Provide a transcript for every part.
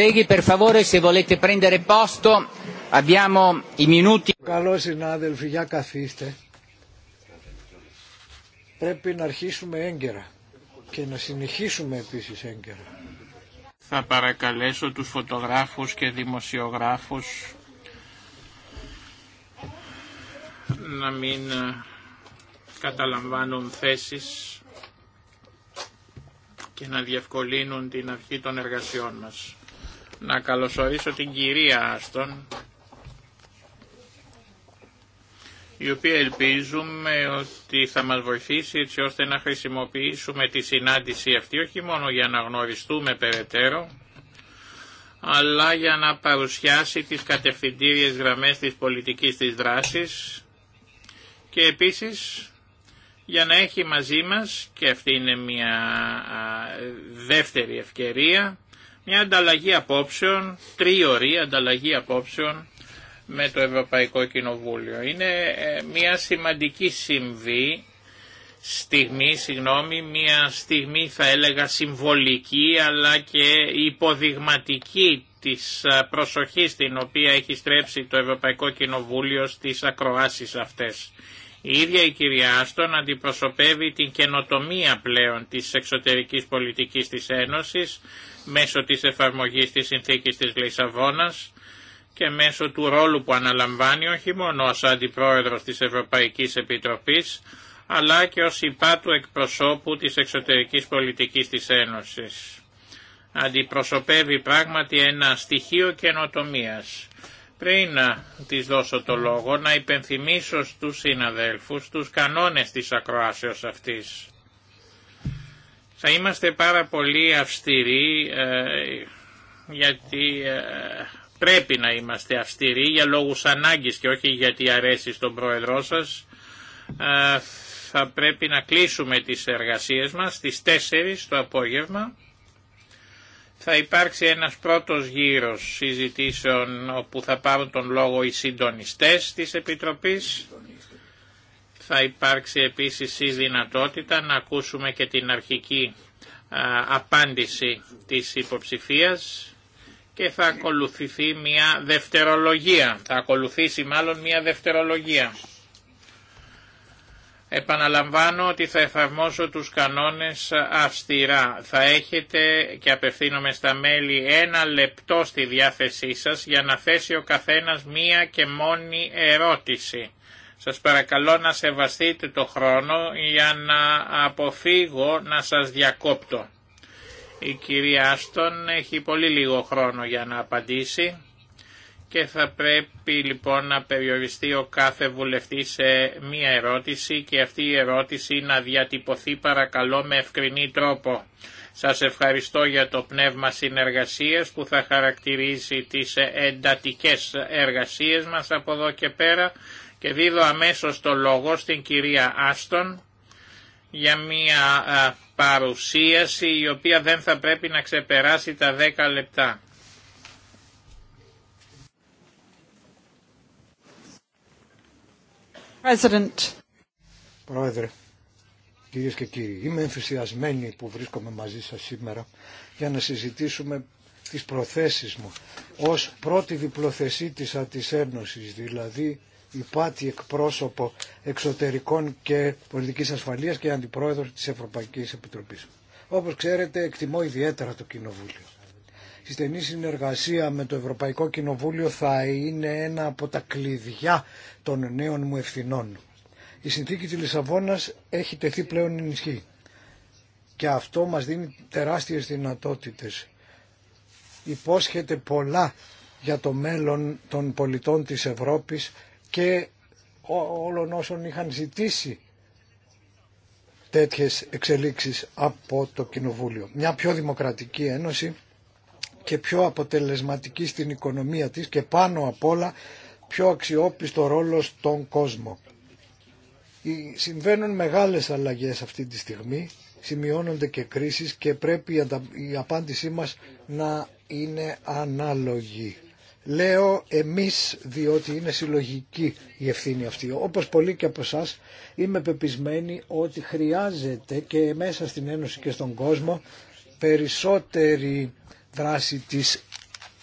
Colleghi, per favore, Καλό συνάδελφοι, για καθίστε. Πρέπει να αρχίσουμε έγκαιρα και να συνεχίσουμε επίσης έγκαιρα. Θα παρακαλέσω τους φωτογράφους και δημοσιογράφους να μην ε, καταλαμβάνουν θέσεις και να διευκολύνουν την αρχή των εργασιών μας να καλωσορίσω την κυρία Άστον, η οποία ελπίζουμε ότι θα μας βοηθήσει έτσι ώστε να χρησιμοποιήσουμε τη συνάντηση αυτή όχι μόνο για να γνωριστούμε περαιτέρω, αλλά για να παρουσιάσει τις κατευθυντήριες γραμμές της πολιτικής της δράσης και επίσης για να έχει μαζί μας, και αυτή είναι μια δεύτερη ευκαιρία, μια ανταλλαγή απόψεων, τρίωρη ανταλλαγή απόψεων με το Ευρωπαϊκό Κοινοβούλιο. Είναι ε, μια σημαντική συμβή, στιγμή, συγγνώμη, μια στιγμή θα έλεγα συμβολική αλλά και υποδειγματική της ε, προσοχής την οποία έχει στρέψει το Ευρωπαϊκό Κοινοβούλιο στις ακροάσεις αυτές. Η ίδια η κυρία Άστον αντιπροσωπεύει την καινοτομία πλέον της εξωτερικής πολιτικής της Ένωσης μέσω της εφαρμογής της συνθήκης της Λισαβόνας και μέσω του ρόλου που αναλαμβάνει όχι μόνο ως αντιπρόεδρος της Ευρωπαϊκής Επιτροπής, αλλά και ως υπάτου εκπροσώπου της εξωτερικής πολιτικής της Ένωσης. Αντιπροσωπεύει πράγματι ένα στοιχείο καινοτομίας. Πριν να της δώσω το λόγο, να υπενθυμίσω στους συναδέλφους τους κανόνες της ακροάσεως αυτής. Θα είμαστε πάρα πολύ αυστηροί ε, γιατί ε, πρέπει να είμαστε αυστηροί για λόγους ανάγκης και όχι γιατί αρέσει στον Πρόεδρό σας. Ε, θα πρέπει να κλείσουμε τις εργασίες μας στις 4 το απόγευμα. Θα υπάρξει ένας πρώτος γύρος συζητήσεων όπου θα πάρουν τον λόγο οι συντονιστές της Επιτροπής. Θα υπάρξει επίσης η δυνατότητα να ακούσουμε και την αρχική απάντηση της υποψηφίας και θα ακολουθηθεί μια δευτερολογία. Θα ακολουθήσει μάλλον μια δευτερολογία. Επαναλαμβάνω ότι θα εφαρμόσω τους κανόνες αυστηρά. Θα έχετε και απευθύνομαι στα μέλη ένα λεπτό στη διάθεσή σας για να θέσει ο καθένας μία και μόνη ερώτηση. Σας παρακαλώ να σεβαστείτε το χρόνο για να αποφύγω να σας διακόπτω. Η κυρία Άστον έχει πολύ λίγο χρόνο για να απαντήσει και θα πρέπει λοιπόν να περιοριστεί ο κάθε βουλευτή σε μία ερώτηση και αυτή η ερώτηση να διατυπωθεί παρακαλώ με ευκρινή τρόπο. Σας ευχαριστώ για το πνεύμα συνεργασίας που θα χαρακτηρίζει τις εντατικές εργασίες μας από εδώ και πέρα και δίδω αμέσως το λόγο στην κυρία Άστον για μια παρουσίαση η οποία δεν θα πρέπει να ξεπεράσει τα 10 λεπτά. President. Πρόεδρε, κυρίες και κύριοι, είμαι ενθουσιασμένη που βρίσκομαι μαζί σας σήμερα για να συζητήσουμε τις προθέσεις μου ως πρώτη διπλοθεσίτησα της Ένωσης, δηλαδή υπάτη εκπρόσωπο εξωτερικών και πολιτικής ασφαλείας και αντιπρόεδρος της Ευρωπαϊκής Επιτροπής. Όπως ξέρετε εκτιμώ ιδιαίτερα το Κοινοβούλιο. Η στενή συνεργασία με το Ευρωπαϊκό Κοινοβούλιο θα είναι ένα από τα κλειδιά των νέων μου ευθυνών. Η συνθήκη της Λισαβόνας έχει τεθεί πλέον ενισχύ και αυτό μας δίνει τεράστιες δυνατότητες. Υπόσχεται πολλά για το μέλλον των πολιτών της Ευρώπης και όλων όσων είχαν ζητήσει τέτοιες εξελίξεις από το Κοινοβούλιο. Μια πιο δημοκρατική ένωση και πιο αποτελεσματική στην οικονομία της και πάνω απ' όλα πιο αξιόπιστο ρόλο στον κόσμο. Συμβαίνουν μεγάλες αλλαγές αυτή τη στιγμή, σημειώνονται και κρίσεις και πρέπει η απάντησή μας να είναι ανάλογη. Λέω εμείς διότι είναι συλλογική η ευθύνη αυτή. Όπως πολλοί και από εσά είμαι πεπισμένοι ότι χρειάζεται και μέσα στην Ένωση και στον κόσμο περισσότερη δράση της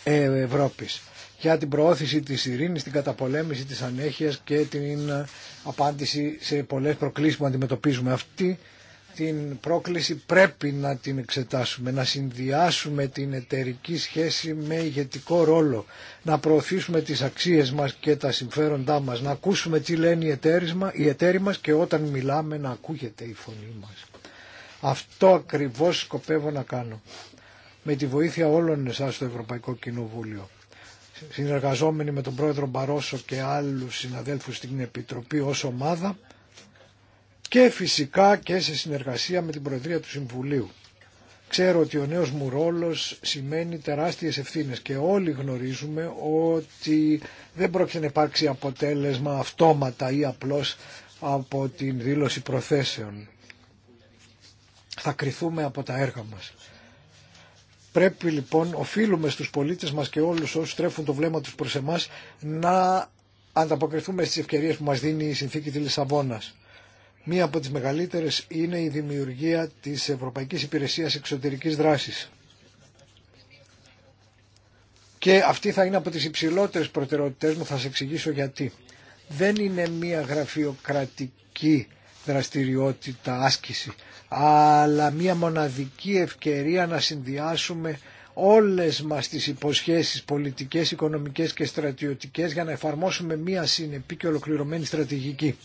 Ευρώπης για την προώθηση της ειρήνης, την καταπολέμηση της ανέχειας και την απάντηση σε πολλές προκλήσεις που αντιμετωπίζουμε. Αυτή την πρόκληση πρέπει να την εξετάσουμε, να συνδυάσουμε την εταιρική σχέση με ηγετικό ρόλο, να προωθήσουμε τις αξίες μας και τα συμφέροντά μας, να ακούσουμε τι λένε οι εταίροι, μας, και όταν μιλάμε να ακούγεται η φωνή μας. Αυτό ακριβώς σκοπεύω να κάνω, με τη βοήθεια όλων εσάς στο Ευρωπαϊκό Κοινοβούλιο συνεργαζόμενοι με τον πρόεδρο Μπαρόσο και άλλους συναδέλφους στην Επιτροπή ως ομάδα, και φυσικά και σε συνεργασία με την Προεδρία του Συμβουλίου. Ξέρω ότι ο νέος μου ρόλος σημαίνει τεράστιες ευθύνες και όλοι γνωρίζουμε ότι δεν πρόκειται να υπάρξει αποτέλεσμα αυτόματα ή απλώς από την δήλωση προθέσεων. Θα κριθούμε από τα έργα μας. Πρέπει λοιπόν, οφείλουμε στους πολίτες μας και όλους όσους τρέφουν το βλέμμα τους προς εμάς να ανταποκριθούμε στις ευκαιρίες που μας δίνει η συνθήκη της Λισαβόνας Μία από τις μεγαλύτερες είναι η δημιουργία της Ευρωπαϊκής Υπηρεσίας Εξωτερικής Δράσης. Και αυτή θα είναι από τις υψηλότερες προτεραιότητες μου, θα σε εξηγήσω γιατί. Δεν είναι μία γραφειοκρατική δραστηριότητα άσκηση, αλλά μία μοναδική ευκαιρία να συνδυάσουμε όλες μας τις υποσχέσεις πολιτικές, οικονομικές και στρατιωτικές για να εφαρμόσουμε μία συνεπή και ολοκληρωμένη στρατηγική.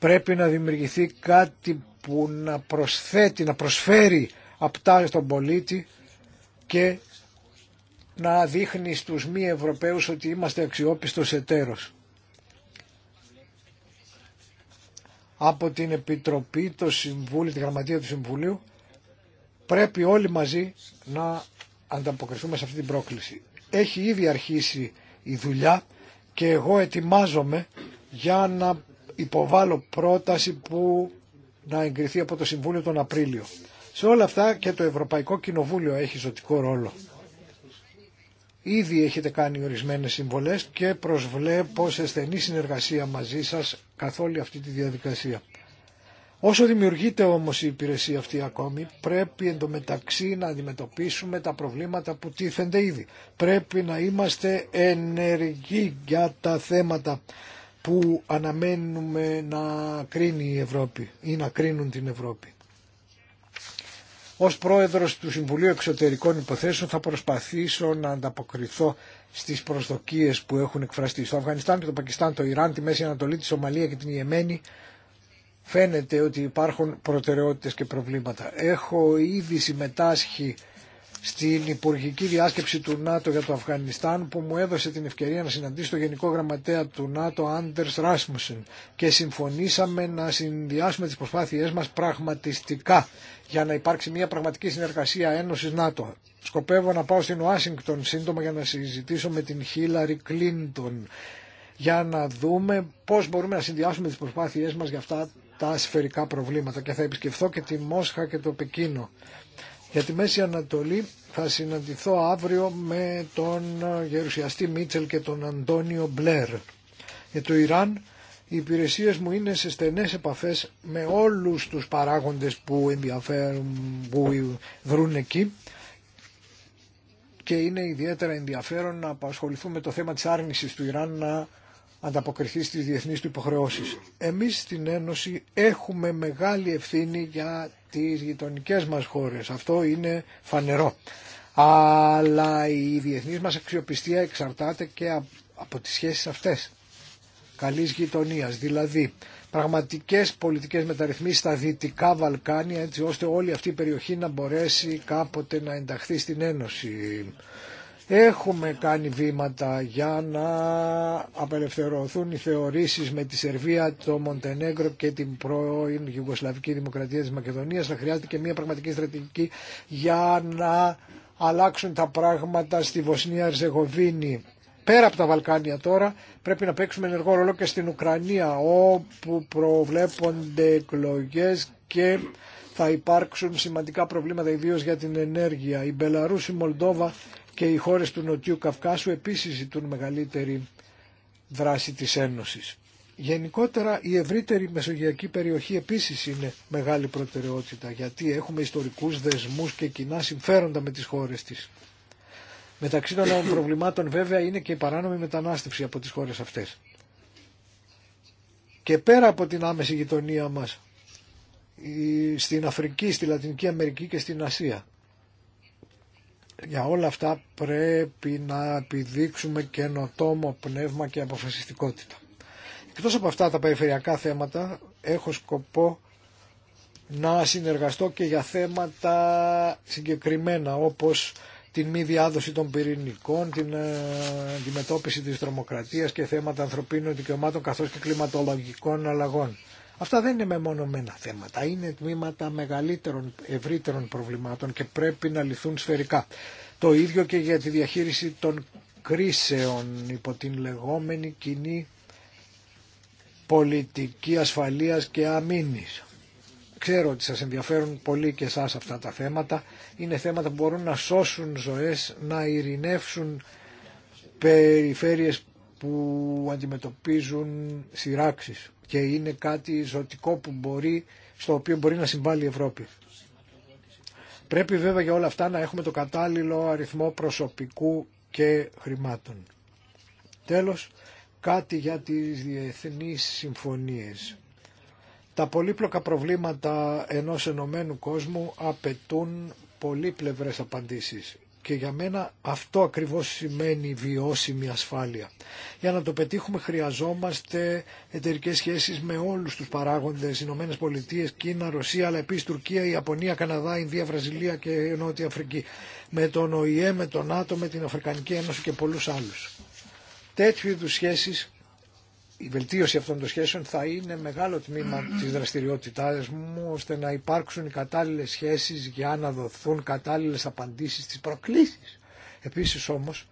Πρέπει να δημιουργηθεί κάτι που να προσθέτει, να προσφέρει απτά στον πολίτη και να δείχνει στους μη Ευρωπαίους ότι είμαστε αξιόπιστος εταίρος. Από την Επιτροπή, το Συμβούλιο, τη Γραμματεία του Συμβουλίου πρέπει όλοι μαζί να ανταποκριθούμε σε αυτή την πρόκληση. Έχει ήδη αρχίσει η δουλειά και εγώ ετοιμάζομαι για να Υποβάλλω πρόταση που να εγκριθεί από το Συμβούλιο τον Απρίλιο. Σε όλα αυτά και το Ευρωπαϊκό Κοινοβούλιο έχει ζωτικό ρόλο. Ήδη έχετε κάνει ορισμένες συμβολές και προσβλέπω σε στενή συνεργασία μαζί σας καθ' όλη αυτή τη διαδικασία. Όσο δημιουργείται όμως η υπηρεσία αυτή ακόμη, πρέπει εντωμεταξύ να αντιμετωπίσουμε τα προβλήματα που τίθενται ήδη. Πρέπει να είμαστε ενεργοί για τα θέματα που αναμένουμε να κρίνει η Ευρώπη ή να κρίνουν την Ευρώπη. Ως πρόεδρος του Συμβουλίου Εξωτερικών Υποθέσεων θα προσπαθήσω να ανταποκριθώ στις προσδοκίες που έχουν εκφραστεί. Στο Αφγανιστάν και το Πακιστάν, το Ιράν, τη Μέση Ανατολή, τη Σομαλία και την Ιεμένη φαίνεται ότι υπάρχουν προτεραιότητες και προβλήματα. Έχω ήδη συμμετάσχει στην υπουργική διάσκεψη του ΝΑΤΟ για το Αφγανιστάν που μου έδωσε την ευκαιρία να συναντήσω τον Γενικό Γραμματέα του ΝΑΤΟ Άντερς Ράσμουσεν και συμφωνήσαμε να συνδυάσουμε τις προσπάθειές μας πραγματιστικά για να υπάρξει μια πραγματική συνεργασία Ένωσης ΝΑΤΟ. Σκοπεύω να πάω στην Ουάσιγκτον σύντομα για να συζητήσω με την Χίλαρη Κλίντον για να δούμε πώς μπορούμε να συνδυάσουμε τις προσπάθειές μας για αυτά τα σφαιρικά προβλήματα και θα επισκεφθώ και τη Μόσχα και το Πεκίνο για τη Μέση Ανατολή θα συναντηθώ αύριο με τον γερουσιαστή Μίτσελ και τον Αντώνιο Μπλερ. Για το Ιράν οι υπηρεσίες μου είναι σε στενές επαφές με όλους τους παράγοντες που ενδιαφέρουν, που δρούν εκεί και είναι ιδιαίτερα ενδιαφέρον να απασχοληθούμε το θέμα της άρνησης του Ιράν να ανταποκριθεί στις διεθνείς του υποχρεώσεις. Εμείς στην Ένωση έχουμε μεγάλη ευθύνη για τις γειτονικέ μας χώρες. Αυτό είναι φανερό. Αλλά η διεθνής μας αξιοπιστία εξαρτάται και από τις σχέσεις αυτές καλής γειτονίας, δηλαδή πραγματικές πολιτικές μεταρρυθμίσεις στα Δυτικά Βαλκάνια έτσι ώστε όλη αυτή η περιοχή να μπορέσει κάποτε να ενταχθεί στην Ένωση. Έχουμε κάνει βήματα για να απελευθερωθούν οι θεωρήσεις με τη Σερβία, το Μοντενέγκρο και την πρώην Ιουγκοσλαβική Δημοκρατία της Μακεδονίας. Θα χρειάζεται και μια πραγματική στρατηγική για να αλλάξουν τα πράγματα στη Βοσνία ριζεγοβινη Πέρα από τα Βαλκάνια τώρα πρέπει να παίξουμε ενεργό ρόλο και στην Ουκρανία όπου προβλέπονται εκλογέ και θα υπάρξουν σημαντικά προβλήματα ιδίω για την ενέργεια. Η η Μολδόβα και οι χώρες του Νοτιού Καυκάσου επίσης ζητούν μεγαλύτερη δράση της Ένωσης. Γενικότερα η ευρύτερη μεσογειακή περιοχή επίσης είναι μεγάλη προτεραιότητα γιατί έχουμε ιστορικούς δεσμούς και κοινά συμφέροντα με τις χώρες της. Μεταξύ των προβλημάτων βέβαια είναι και η παράνομη μετανάστευση από τις χώρες αυτές. Και πέρα από την άμεση γειτονία μας στην Αφρική, στη Λατινική Αμερική και στην Ασία για όλα αυτά πρέπει να επιδείξουμε καινοτόμο πνεύμα και αποφασιστικότητα. Εκτός από αυτά τα περιφερειακά θέματα έχω σκοπό να συνεργαστώ και για θέματα συγκεκριμένα όπως την μη διάδοση των πυρηνικών, την ε, αντιμετώπιση της τρομοκρατίας και θέματα ανθρωπίνων δικαιωμάτων καθώς και κλιματολογικών αλλαγών. Αυτά δεν είναι μεμονωμένα θέματα, είναι τμήματα μεγαλύτερων, ευρύτερων προβλημάτων και πρέπει να λυθούν σφαιρικά. Το ίδιο και για τη διαχείριση των κρίσεων υπό την λεγόμενη κοινή πολιτική ασφαλείας και αμήνης. Ξέρω ότι σας ενδιαφέρουν πολύ και εσάς αυτά τα θέματα. Είναι θέματα που μπορούν να σώσουν ζωές, να ειρηνεύσουν περιφέρειες που αντιμετωπίζουν σειράξεις και είναι κάτι ζωτικό που μπορεί, στο οποίο μπορεί να συμβάλλει η Ευρώπη. Πρέπει βέβαια για όλα αυτά να έχουμε το κατάλληλο αριθμό προσωπικού και χρημάτων. Τέλος, κάτι για τις διεθνείς συμφωνίες. Τα πολύπλοκα προβλήματα ενός ενωμένου κόσμου απαιτούν πολύπλευρες απαντήσεις. Και για μένα αυτό ακριβώς σημαίνει βιώσιμη ασφάλεια. Για να το πετύχουμε χρειαζόμαστε εταιρικές σχέσεις με όλους τους παράγοντες, Ηνωμένες Πολιτείες, Κίνα, Ρωσία, αλλά επίσης Τουρκία, Ιαπωνία, Καναδά, Ινδία, Βραζιλία και Νότια Αφρική. Με τον ΟΗΕ, με τον ΝΑΤΟ, με την Αφρικανική Ένωση και πολλούς άλλους. Τέτοιου είδους σχέσεις η βελτίωση αυτών των σχέσεων θα είναι μεγάλο τμήμα της δραστηριότητάς μου ώστε να υπάρξουν οι κατάλληλες σχέσεις για να δοθούν κατάλληλες απαντήσεις στις προκλήσεις. Επίσης όμως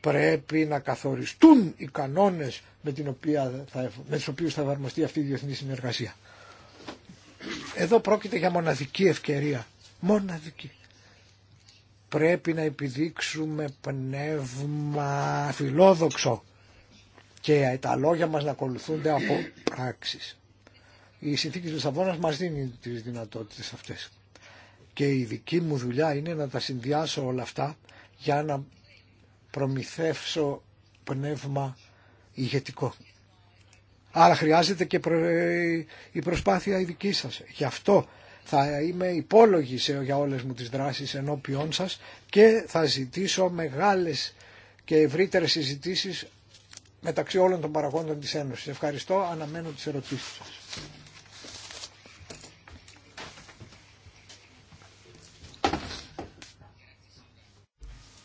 πρέπει να καθοριστούν οι κανόνες με, την οποία θα, με οποίους θα εφαρμοστεί αυτή η διεθνή συνεργασία. Εδώ πρόκειται για μοναδική ευκαιρία. Μοναδική. Πρέπει να επιδείξουμε πνεύμα φιλόδοξο και τα λόγια μας να ακολουθούνται από πράξεις. Η συνθήκη του Λισαβόνας μας δίνει τις δυνατότητες αυτές. Και η δική μου δουλειά είναι να τα συνδυάσω όλα αυτά για να προμηθεύσω πνεύμα ηγετικό. Άρα χρειάζεται και η προσπάθεια η δική σας. Γι' αυτό θα είμαι υπόλογη για όλες μου τις δράσεις ενώπιόν σας και θα ζητήσω μεγάλες και ευρύτερες συζητήσεις μεταξύ όλων των παραγόντων της Ένωσης. Ευχαριστώ, αναμένω τις ερωτήσεις σας.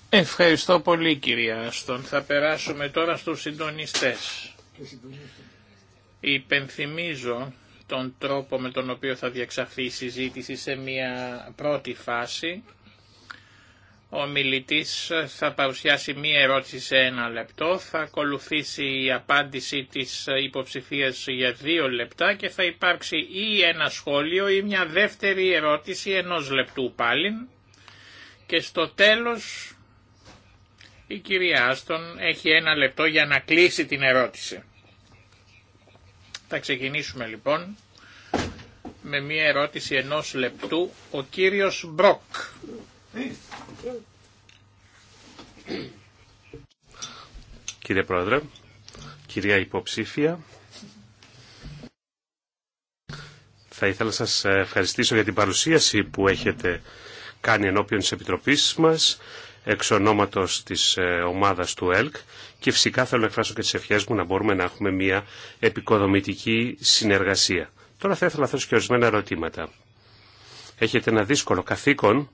Ευχαριστώ πολύ κυρία Άστον. Θα περάσουμε τώρα στους συντονιστές. Υπενθυμίζω τον τρόπο με τον οποίο θα διεξαχθεί η συζήτηση σε μια πρώτη φάση. Ο μιλητής θα παρουσιάσει μία ερώτηση σε ένα λεπτό, θα ακολουθήσει η απάντηση της υποψηφίας για δύο λεπτά και θα υπάρξει ή ένα σχόλιο ή μια δεύτερη ερώτηση ενός λεπτού πάλιν. Και στο τέλος η κυρία Άστον έχει ένα λεπτό για να κλείσει την ερώτηση. Θα ξεκινήσουμε λοιπόν με μία ερώτηση ενός λεπτού. Ο κύριος Μπροκ. Κύριε Πρόεδρε, κυρία υποψήφια, θα ήθελα να σας ευχαριστήσω για την παρουσίαση που έχετε κάνει ενώπιον της Επιτροπής μας εξ ονόματος της ε, ομάδας του ΕΛΚ και φυσικά θέλω να εκφράσω και τις ευχές μου να μπορούμε να έχουμε μια επικοδομητική συνεργασία. Τώρα θα ήθελα να θέσω και ορισμένα ερωτήματα. Έχετε ένα δύσκολο καθήκον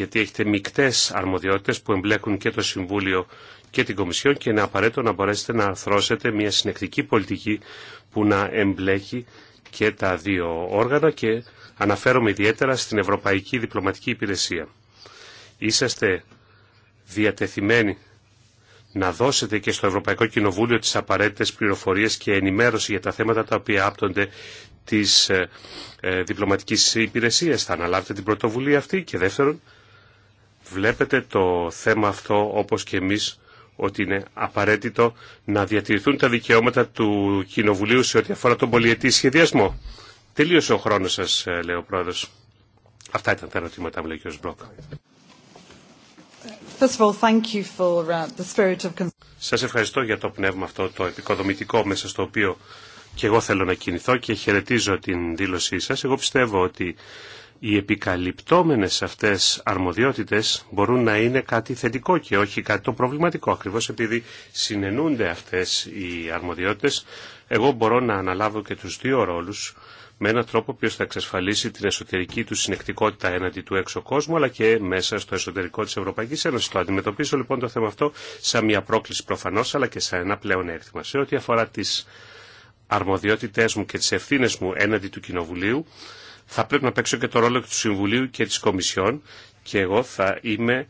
γιατί έχετε μεικτές αρμοδιότητες που εμπλέκουν και το Συμβούλιο και την Κομισιόν και είναι απαραίτητο να μπορέσετε να αρθρώσετε μια συνεκτική πολιτική που να εμπλέκει και τα δύο όργανα και αναφέρομαι ιδιαίτερα στην Ευρωπαϊκή Διπλωματική Υπηρεσία. Είσαστε διατεθειμένοι να δώσετε και στο Ευρωπαϊκό Κοινοβούλιο τις απαραίτητες πληροφορίες και ενημέρωση για τα θέματα τα οποία άπτονται της ε, ε διπλωματικής υπηρεσίας. Θα αναλάβετε την πρωτοβουλία αυτή και δεύτερον βλέπετε το θέμα αυτό όπως και εμείς ότι είναι απαραίτητο να διατηρηθούν τα δικαιώματα του Κοινοβουλίου σε ό,τι αφορά τον πολιετή σχεδιασμό. Τελείωσε ο χρόνος σας, ε, λέει ο Πρόεδρος. Αυτά ήταν τα ερωτήματα μου, λέει ο κ. Uh, σας ευχαριστώ για το πνεύμα αυτό, το επικοδομητικό μέσα στο οποίο και εγώ θέλω να κινηθώ και χαιρετίζω την δήλωσή σας. Εγώ πιστεύω ότι οι επικαλυπτόμενες αυτές αρμοδιότητες μπορούν να είναι κάτι θετικό και όχι κάτι το προβληματικό. Ακριβώς επειδή συνενούνται αυτές οι αρμοδιότητες, εγώ μπορώ να αναλάβω και τους δύο ρόλους με έναν τρόπο που θα εξασφαλίσει την εσωτερική του συνεκτικότητα έναντι του έξω κόσμου, αλλά και μέσα στο εσωτερικό της Ευρωπαϊκής Ένωσης. Το αντιμετωπίζω λοιπόν το θέμα αυτό σαν μια πρόκληση προφανώς αλλά και σαν ένα πλέον έκτημα. Σε ό,τι αφορά τι αρμοδιότητέ μου και τι ευθύνε μου έναντι του Κοινοβουλίου, θα πρέπει να παίξω και το ρόλο του Συμβουλίου και της Κομισιόν και εγώ θα είμαι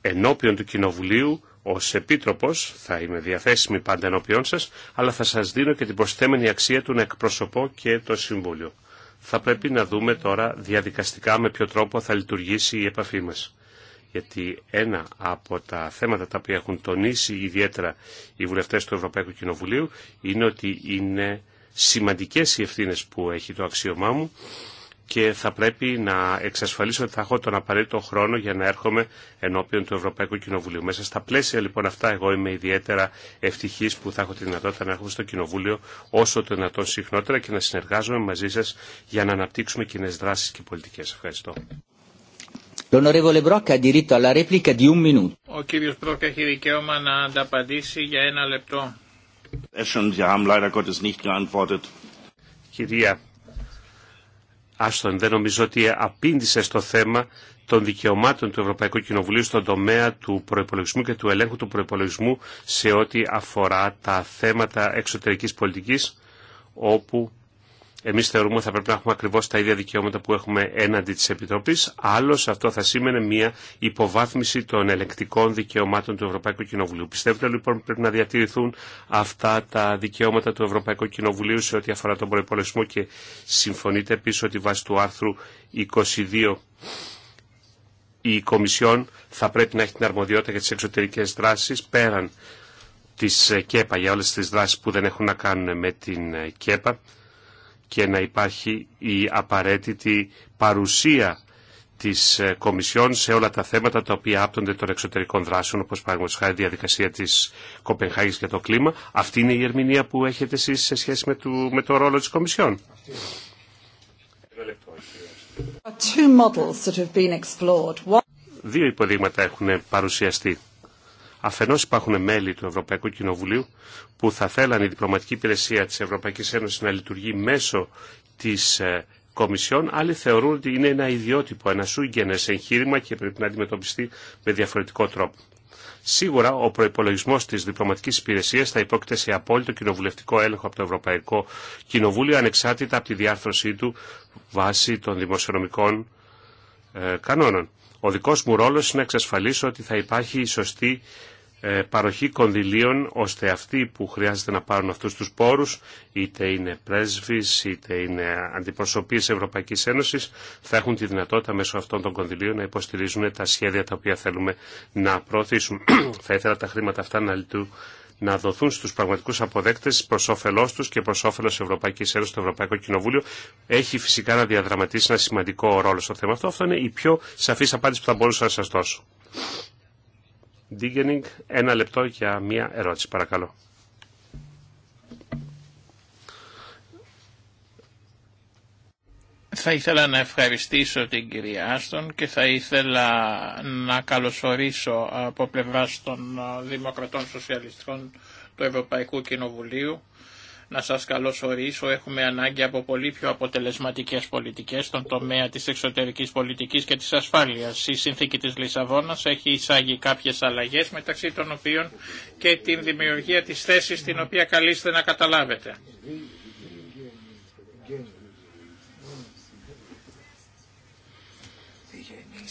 ενώπιον του Κοινοβουλίου ως Επίτροπος, θα είμαι διαθέσιμη πάντα ενώπιον σας, αλλά θα σας δίνω και την προσθέμενη αξία του να εκπροσωπώ και το Συμβούλιο. Θα πρέπει να δούμε τώρα διαδικαστικά με ποιο τρόπο θα λειτουργήσει η επαφή μας. Γιατί ένα από τα θέματα τα οποία έχουν τονίσει ιδιαίτερα οι βουλευτές του Ευρωπαϊκού Κοινοβουλίου είναι ότι είναι σημαντικές οι ευθύνε που έχει το αξίωμά μου και θα πρέπει να εξασφαλίσω ότι θα έχω τον απαραίτητο χρόνο για να έρχομαι ενώπιον του Ευρωπαϊκού Κοινοβουλίου. Μέσα στα πλαίσια λοιπόν αυτά εγώ είμαι ιδιαίτερα ευτυχή που θα έχω τη δυνατότητα να έρχομαι στο Κοινοβούλιο όσο το δυνατόν συχνότερα και να συνεργάζομαι μαζί σα για να αναπτύξουμε κοινέ δράσει και πολιτικέ. Ευχαριστώ. Ο Κυρία Άστον, δεν νομίζω ότι απήντησε στο θέμα των δικαιωμάτων του Ευρωπαϊκού Κοινοβουλίου στον τομέα του προπολογισμού και του ελέγχου του προπολογισμού σε ό,τι αφορά τα θέματα εξωτερικής πολιτικής, όπου εμείς θεωρούμε ότι θα πρέπει να έχουμε ακριβώς τα ίδια δικαιώματα που έχουμε έναντι της Επιτροπής, άλλως αυτό θα σήμαινε μια υποβάθμιση των ελεκτικών δικαιωμάτων του Ευρωπαϊκού Κοινοβουλίου. Πιστεύετε λοιπόν πρέπει να διατηρηθούν αυτά τα δικαιώματα του Ευρωπαϊκού Κοινοβουλίου σε ό,τι αφορά τον προπολογισμό και συμφωνείτε επίση ότι βάσει του άρθρου 22 η Κομισιόν θα πρέπει να έχει την αρμοδιότητα για τις εξωτερικές δράσεις πέραν της ΚΕΠΑ για όλες τις δράσεις που δεν έχουν να κάνουν με την ΚΕΠΑ και να υπάρχει η απαραίτητη παρουσία της ε, Κομισιόν σε όλα τα θέματα τα οποία άπτονται των εξωτερικών δράσεων, όπως παραδείγματος χάρη διαδικασία της Κοπενχάγης για το κλίμα. Αυτή είναι η ερμηνεία που έχετε εσείς σε σχέση με, το, με το ρόλο της Κομισιόν. Δύο υποδείγματα έχουν παρουσιαστεί. Αφενός υπάρχουν μέλη του Ευρωπαϊκού Κοινοβουλίου που θα θέλαν η διπλωματική υπηρεσία της Ευρωπαϊκής Ένωσης να λειτουργεί μέσω της ε, Κομισιόν. Άλλοι θεωρούν ότι είναι ένα ιδιότυπο, ένα σουγγενές εγχείρημα και πρέπει να αντιμετωπιστεί με διαφορετικό τρόπο. Σίγουρα ο προπολογισμό τη διπλωματική υπηρεσία θα υπόκειται σε απόλυτο κοινοβουλευτικό έλεγχο από το Ευρωπαϊκό Κοινοβούλιο ανεξάρτητα από τη διάρθρωσή του βάσει των δημοσιονομικών ε, κανόνων. Ο δικό μου ρόλο είναι να εξασφαλίσω ότι θα υπάρχει η σωστή ε, παροχή κονδυλίων ώστε αυτοί που χρειάζεται να πάρουν αυτούς τους πόρους είτε είναι πρέσβεις είτε είναι αντιπροσωπείς Ευρωπαϊκής Ένωσης θα έχουν τη δυνατότητα μέσω αυτών των κονδυλίων να υποστηρίζουν τα σχέδια τα οποία θέλουμε να προωθήσουν. θα ήθελα τα χρήματα αυτά να να δοθούν στους πραγματικούς αποδέκτες προς όφελός τους και προς όφελος Ευρωπαϊκής Ένωσης, το Ευρωπαϊκό Κοινοβούλιο, έχει φυσικά να διαδραματίσει ένα σημαντικό ρόλο στο θέμα αυτό. Αυτό είναι η πιο σαφής απάντηση που θα μπορούσα να σας δώσω. Ντίγκενινγκ, ένα λεπτό για μία ερώτηση, παρακαλώ. Θα ήθελα να ευχαριστήσω την κυρία Άστον και θα ήθελα να καλωσορίσω από πλευράς των Δημοκρατών Σοσιαλιστών του Ευρωπαϊκού Κοινοβουλίου να σας καλωσορίσω. Έχουμε ανάγκη από πολύ πιο αποτελεσματικές πολιτικές στον τομέα της εξωτερικής πολιτικής και της ασφάλειας. Η συνθήκη της Λισαβόνα, έχει εισάγει κάποιες αλλαγές μεταξύ των οποίων και την δημιουργία της θέσης την οποία καλείστε να καταλάβετε.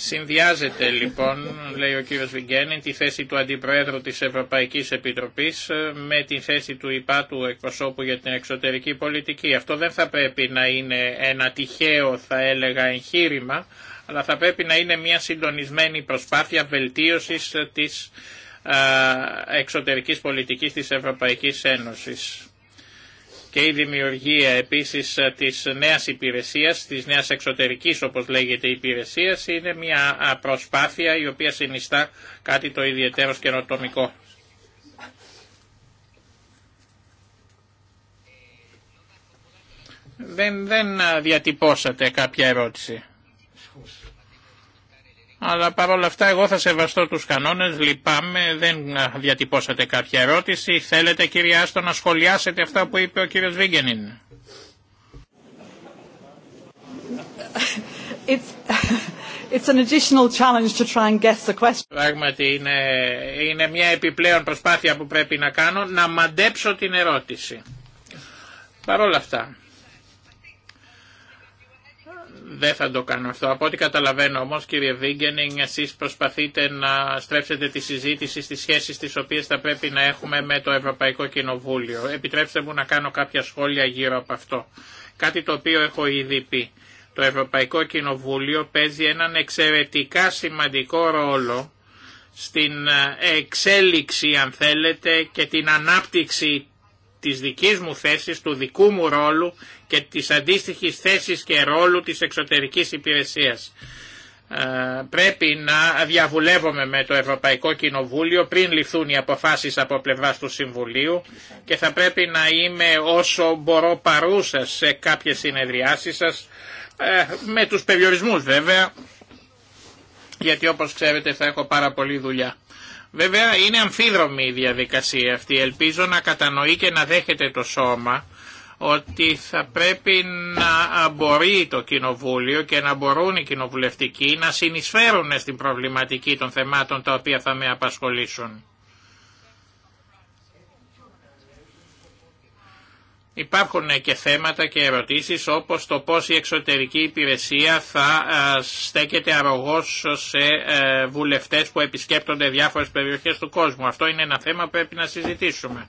Συνδυάζεται λοιπόν, λέει ο κύριος Βιγγένη, τη θέση του Αντιπροέδρου της Ευρωπαϊκής Επιτροπής ε, με τη θέση του υπάτου εκπροσώπου για την εξωτερική πολιτική. Αυτό δεν θα πρέπει να είναι ένα τυχαίο, θα έλεγα, εγχείρημα, αλλά θα πρέπει να είναι μια συντονισμένη προσπάθεια βελτίωσης της ε, εξωτερικής πολιτικής της Ευρωπαϊκής Ένωσης και η δημιουργία επίσης ε, της νέας υπηρεσίας, της νέας εξωτερικής όπως λέγεται υπηρεσίας είναι μια προσπάθεια η οποία συνιστά κάτι το ιδιαίτερο καινοτομικό. Δεν, δεν διατυπώσατε κάποια ερώτηση. Αλλά παρόλα αυτά εγώ θα σεβαστώ τους κανόνες, λυπάμαι, δεν διατυπώσατε κάποια ερώτηση. Θέλετε κύριε Άστο να σχολιάσετε αυτά που είπε ο κύριος Βίγγενιν. It's... It's an additional challenge to try and guess the question. Πράγματι είναι, είναι μια επιπλέον προσπάθεια που πρέπει να κάνω να μαντέψω την ερώτηση. Παρ' όλα αυτά, δεν θα το κάνω αυτό. Από ό,τι καταλαβαίνω όμω κύριε Βίγκενινγκ εσεί προσπαθείτε να στρέψετε τη συζήτηση στι σχέσεις τις οποίε θα πρέπει να έχουμε με το Ευρωπαϊκό Κοινοβούλιο. Επιτρέψτε μου να κάνω κάποια σχόλια γύρω από αυτό. Κάτι το οποίο έχω ήδη πει. Το Ευρωπαϊκό Κοινοβούλιο παίζει έναν εξαιρετικά σημαντικό ρόλο στην εξέλιξη αν θέλετε και την ανάπτυξη της δικής μου θέσης, του δικού μου ρόλου και της αντίστοιχης θέσης και ρόλου της εξωτερικής υπηρεσίας. Ε, πρέπει να διαβουλεύομαι με το Ευρωπαϊκό Κοινοβούλιο πριν ληφθούν οι αποφάσεις από πλευράς του Συμβουλίου και θα πρέπει να είμαι όσο μπορώ παρούσα σε κάποιες συνεδριάσεις σας, ε, με τους περιορισμούς βέβαια, γιατί όπως ξέρετε θα έχω πάρα πολλή δουλειά. Βέβαια είναι αμφίδρομη η διαδικασία αυτή, ελπίζω να κατανοεί και να δέχεται το σώμα ότι θα πρέπει να μπορεί το Κοινοβούλιο και να μπορούν οι κοινοβουλευτικοί να συνεισφέρουν στην προβληματική των θεμάτων τα οποία θα με απασχολήσουν. Υπάρχουν και θέματα και ερωτήσεις όπως το πώς η εξωτερική υπηρεσία θα ε, στέκεται αρρωγός σε ε, βουλευτές που επισκέπτονται διάφορες περιοχές του κόσμου. Αυτό είναι ένα θέμα που πρέπει να συζητήσουμε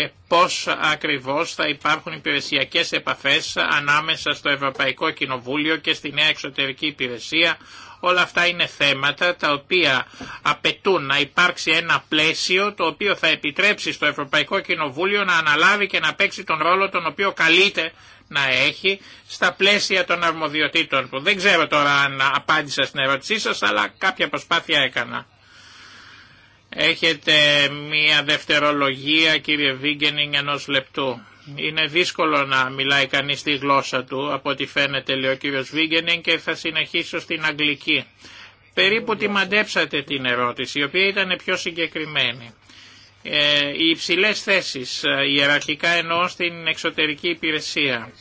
και πώς ακριβώς θα υπάρχουν υπηρεσιακές επαφές ανάμεσα στο Ευρωπαϊκό Κοινοβούλιο και στη Νέα Εξωτερική Υπηρεσία. Όλα αυτά είναι θέματα τα οποία απαιτούν να υπάρξει ένα πλαίσιο το οποίο θα επιτρέψει στο Ευρωπαϊκό Κοινοβούλιο να αναλάβει και να παίξει τον ρόλο τον οποίο καλείται να έχει στα πλαίσια των αρμοδιοτήτων Δεν ξέρω τώρα αν απάντησα στην ερώτησή σας αλλά κάποια προσπάθεια έκανα. Έχετε μία δευτερολογία κύριε Βίγκενινγκ ενός λεπτού. Είναι δύσκολο να μιλάει κανείς τη γλώσσα του από ό,τι φαίνεται λέει ο κύριος Βίγκενινγκ και θα συνεχίσω στην αγγλική. Περίπου τη μαντέψατε την ερώτηση η οποία ήταν πιο συγκεκριμένη. Ε, οι υψηλές θέσεις ε, ιεραρχικά εννοώ στην εξωτερική υπηρεσία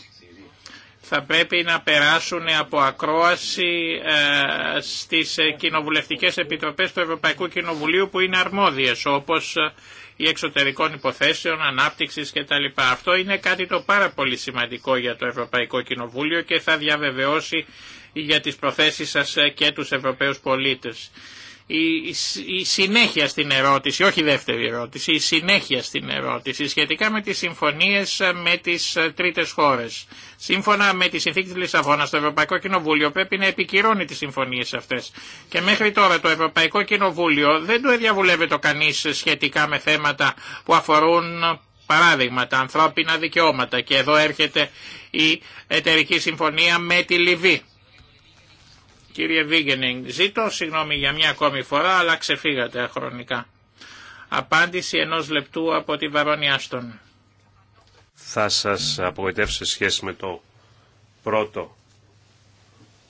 θα πρέπει να περάσουν από ακρόαση ε, στις ε, κοινοβουλευτικές επιτροπές του Ευρωπαϊκού Κοινοβουλίου που είναι αρμόδιες όπως ή ε, εξωτερικών υποθέσεων, ανάπτυξης κτλ. Αυτό είναι κάτι το πάρα πολύ σημαντικό για το Ευρωπαϊκό Κοινοβούλιο και θα διαβεβαιώσει για τις προθέσεις σας και τους Ευρωπαίους πολίτες η, συνέχεια στην ερώτηση, όχι η δεύτερη ερώτηση, η συνέχεια στην ερώτηση σχετικά με τις συμφωνίες με τις τρίτες χώρες. Σύμφωνα με τη συνθήκη της Λισαβόνας, το Ευρωπαϊκό Κοινοβούλιο πρέπει να επικυρώνει τις συμφωνίες αυτές. Και μέχρι τώρα το Ευρωπαϊκό Κοινοβούλιο δεν το διαβουλεύεται κανείς σχετικά με θέματα που αφορούν παράδειγμα τα ανθρώπινα δικαιώματα. Και εδώ έρχεται η εταιρική συμφωνία με τη Λιβύη Κύριε Βίγενινγκ, ζήτω συγγνώμη για μια ακόμη φορά, αλλά ξεφύγατε χρονικά. Απάντηση ενός λεπτού από τη Βαρονιάστον. Θα σας απογοητεύσω σε σχέση με το πρώτο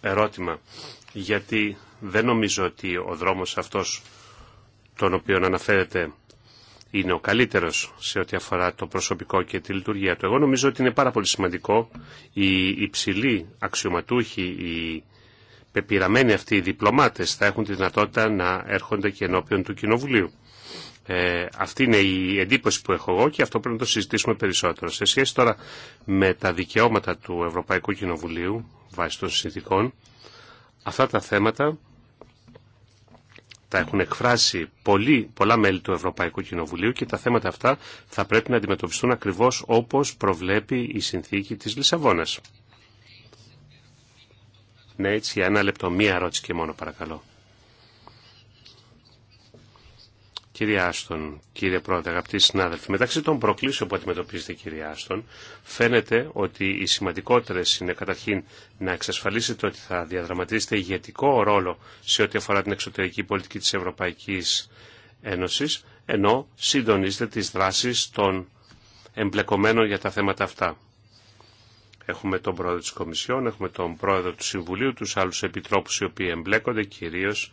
ερώτημα, γιατί δεν νομίζω ότι ο δρόμος αυτός τον οποίο αναφέρεται είναι ο καλύτερος σε ό,τι αφορά το προσωπικό και τη λειτουργία του. Εγώ νομίζω ότι είναι πάρα πολύ σημαντικό οι υψηλοί αξιωματούχοι, οι πεπειραμένοι αυτοί οι διπλωμάτες θα έχουν τη δυνατότητα να έρχονται και ενώπιον του Κοινοβουλίου. Ε, αυτή είναι η εντύπωση που έχω εγώ και αυτό πρέπει να το συζητήσουμε περισσότερο. Σε σχέση τώρα με τα δικαιώματα του Ευρωπαϊκού Κοινοβουλίου βάσει των συνθήκων, αυτά τα θέματα τα έχουν εκφράσει πολύ πολλά μέλη του Ευρωπαϊκού Κοινοβουλίου και τα θέματα αυτά θα πρέπει να αντιμετωπιστούν ακριβώς όπως προβλέπει η συνθήκη της Λισαβόνας. Ναι, έτσι, για ένα λεπτό, μία ερώτηση και μόνο παρακαλώ. Κύριε Άστον, κύριε Πρόεδρε, αγαπητοί συνάδελφοι, μεταξύ των προκλήσεων που αντιμετωπίζετε, κύριε Άστον, φαίνεται ότι οι σημαντικότερε είναι καταρχήν να εξασφαλίσετε ότι θα διαδραματίσετε ηγετικό ρόλο σε ό,τι αφορά την εξωτερική πολιτική τη Ευρωπαϊκή Ένωση, ενώ συντονίζετε τι δράσει των εμπλεκομένων για τα θέματα αυτά. Έχουμε τον πρόεδρο της Κομισιόν, έχουμε τον πρόεδρο του Συμβουλίου, τους άλλους επιτρόπους οι οποίοι εμπλέκονται, κυρίως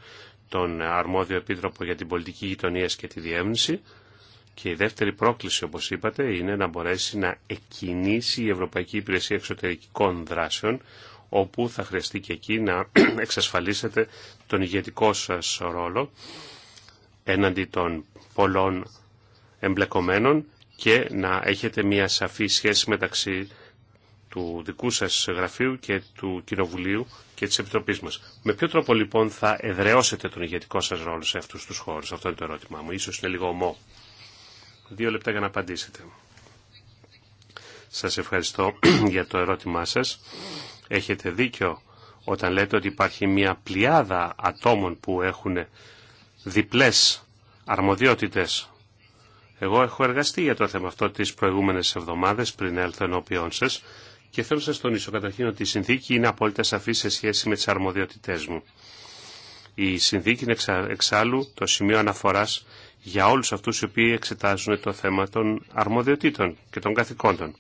τον αρμόδιο επίτροπο για την πολιτική γειτονία και τη διεύνηση. Και η δεύτερη πρόκληση, όπως είπατε, είναι να μπορέσει να εκκινήσει η Ευρωπαϊκή Υπηρεσία Εξωτερικών Δράσεων, όπου θα χρειαστεί και εκεί να εξασφαλίσετε τον ηγετικό σας ρόλο έναντι των πολλών εμπλεκομένων και να έχετε μια σαφή σχέση μεταξύ του δικού σας γραφείου και του Κοινοβουλίου και της Επιτροπής μας. Με ποιο τρόπο λοιπόν θα εδραιώσετε τον ηγετικό σας ρόλο σε αυτούς τους χώρους. Αυτό είναι το ερώτημά μου. Ίσως είναι λίγο ομό. Δύο λεπτά για να απαντήσετε. Σας ευχαριστώ για το ερώτημά σας. Έχετε δίκιο όταν λέτε ότι υπάρχει μια πλειάδα ατόμων που έχουν διπλές αρμοδιότητες. Εγώ έχω εργαστεί για το θέμα αυτό τις προηγούμενες εβδομάδες πριν έλθω ενώπιόν σας και θέλω να σας τονίσω καταρχήν ότι η συνθήκη είναι απόλυτα σαφή σε σχέση με τις αρμοδιότητές μου. Η συνθήκη είναι εξάλλου το σημείο αναφοράς για όλους αυτούς οι οποίοι εξετάζουν το θέμα των αρμοδιοτήτων και των καθηκόντων.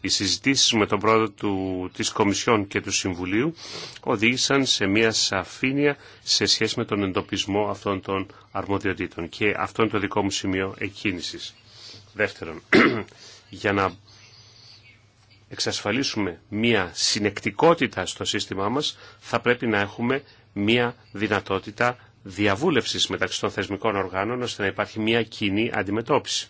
Οι συζητήσεις με τον πρόεδρο του, της Κομισιόν και του Συμβουλίου οδήγησαν σε μια σαφήνεια σε σχέση με τον εντοπισμό αυτών των αρμοδιοτήτων και αυτό είναι το δικό μου σημείο εκκίνησης. Δεύτερον, για να εξασφαλίσουμε μία συνεκτικότητα στο σύστημά μας, θα πρέπει να έχουμε μία δυνατότητα διαβούλευσης μεταξύ των θεσμικών οργάνων, ώστε να υπάρχει μία κοινή αντιμετώπιση.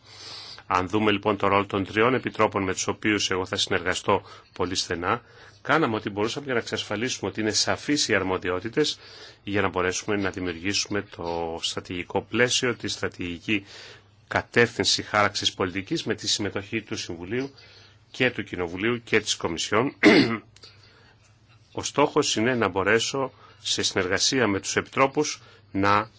Αν δούμε λοιπόν το ρόλο των τριών επιτρόπων με τους οποίους εγώ θα συνεργαστώ πολύ στενά, κάναμε ό,τι μπορούσαμε για να εξασφαλίσουμε ότι είναι σαφείς οι αρμοδιότητες για να μπορέσουμε να δημιουργήσουμε το στρατηγικό πλαίσιο, τη στρατηγική κατεύθυνση χάραξης πολιτικής με τη συμμετοχή του Συμβουλίου και του Κοινοβουλίου και της Κομισιόν. Ο στόχος είναι να μπορέσω σε συνεργασία με τους επιτρόπους να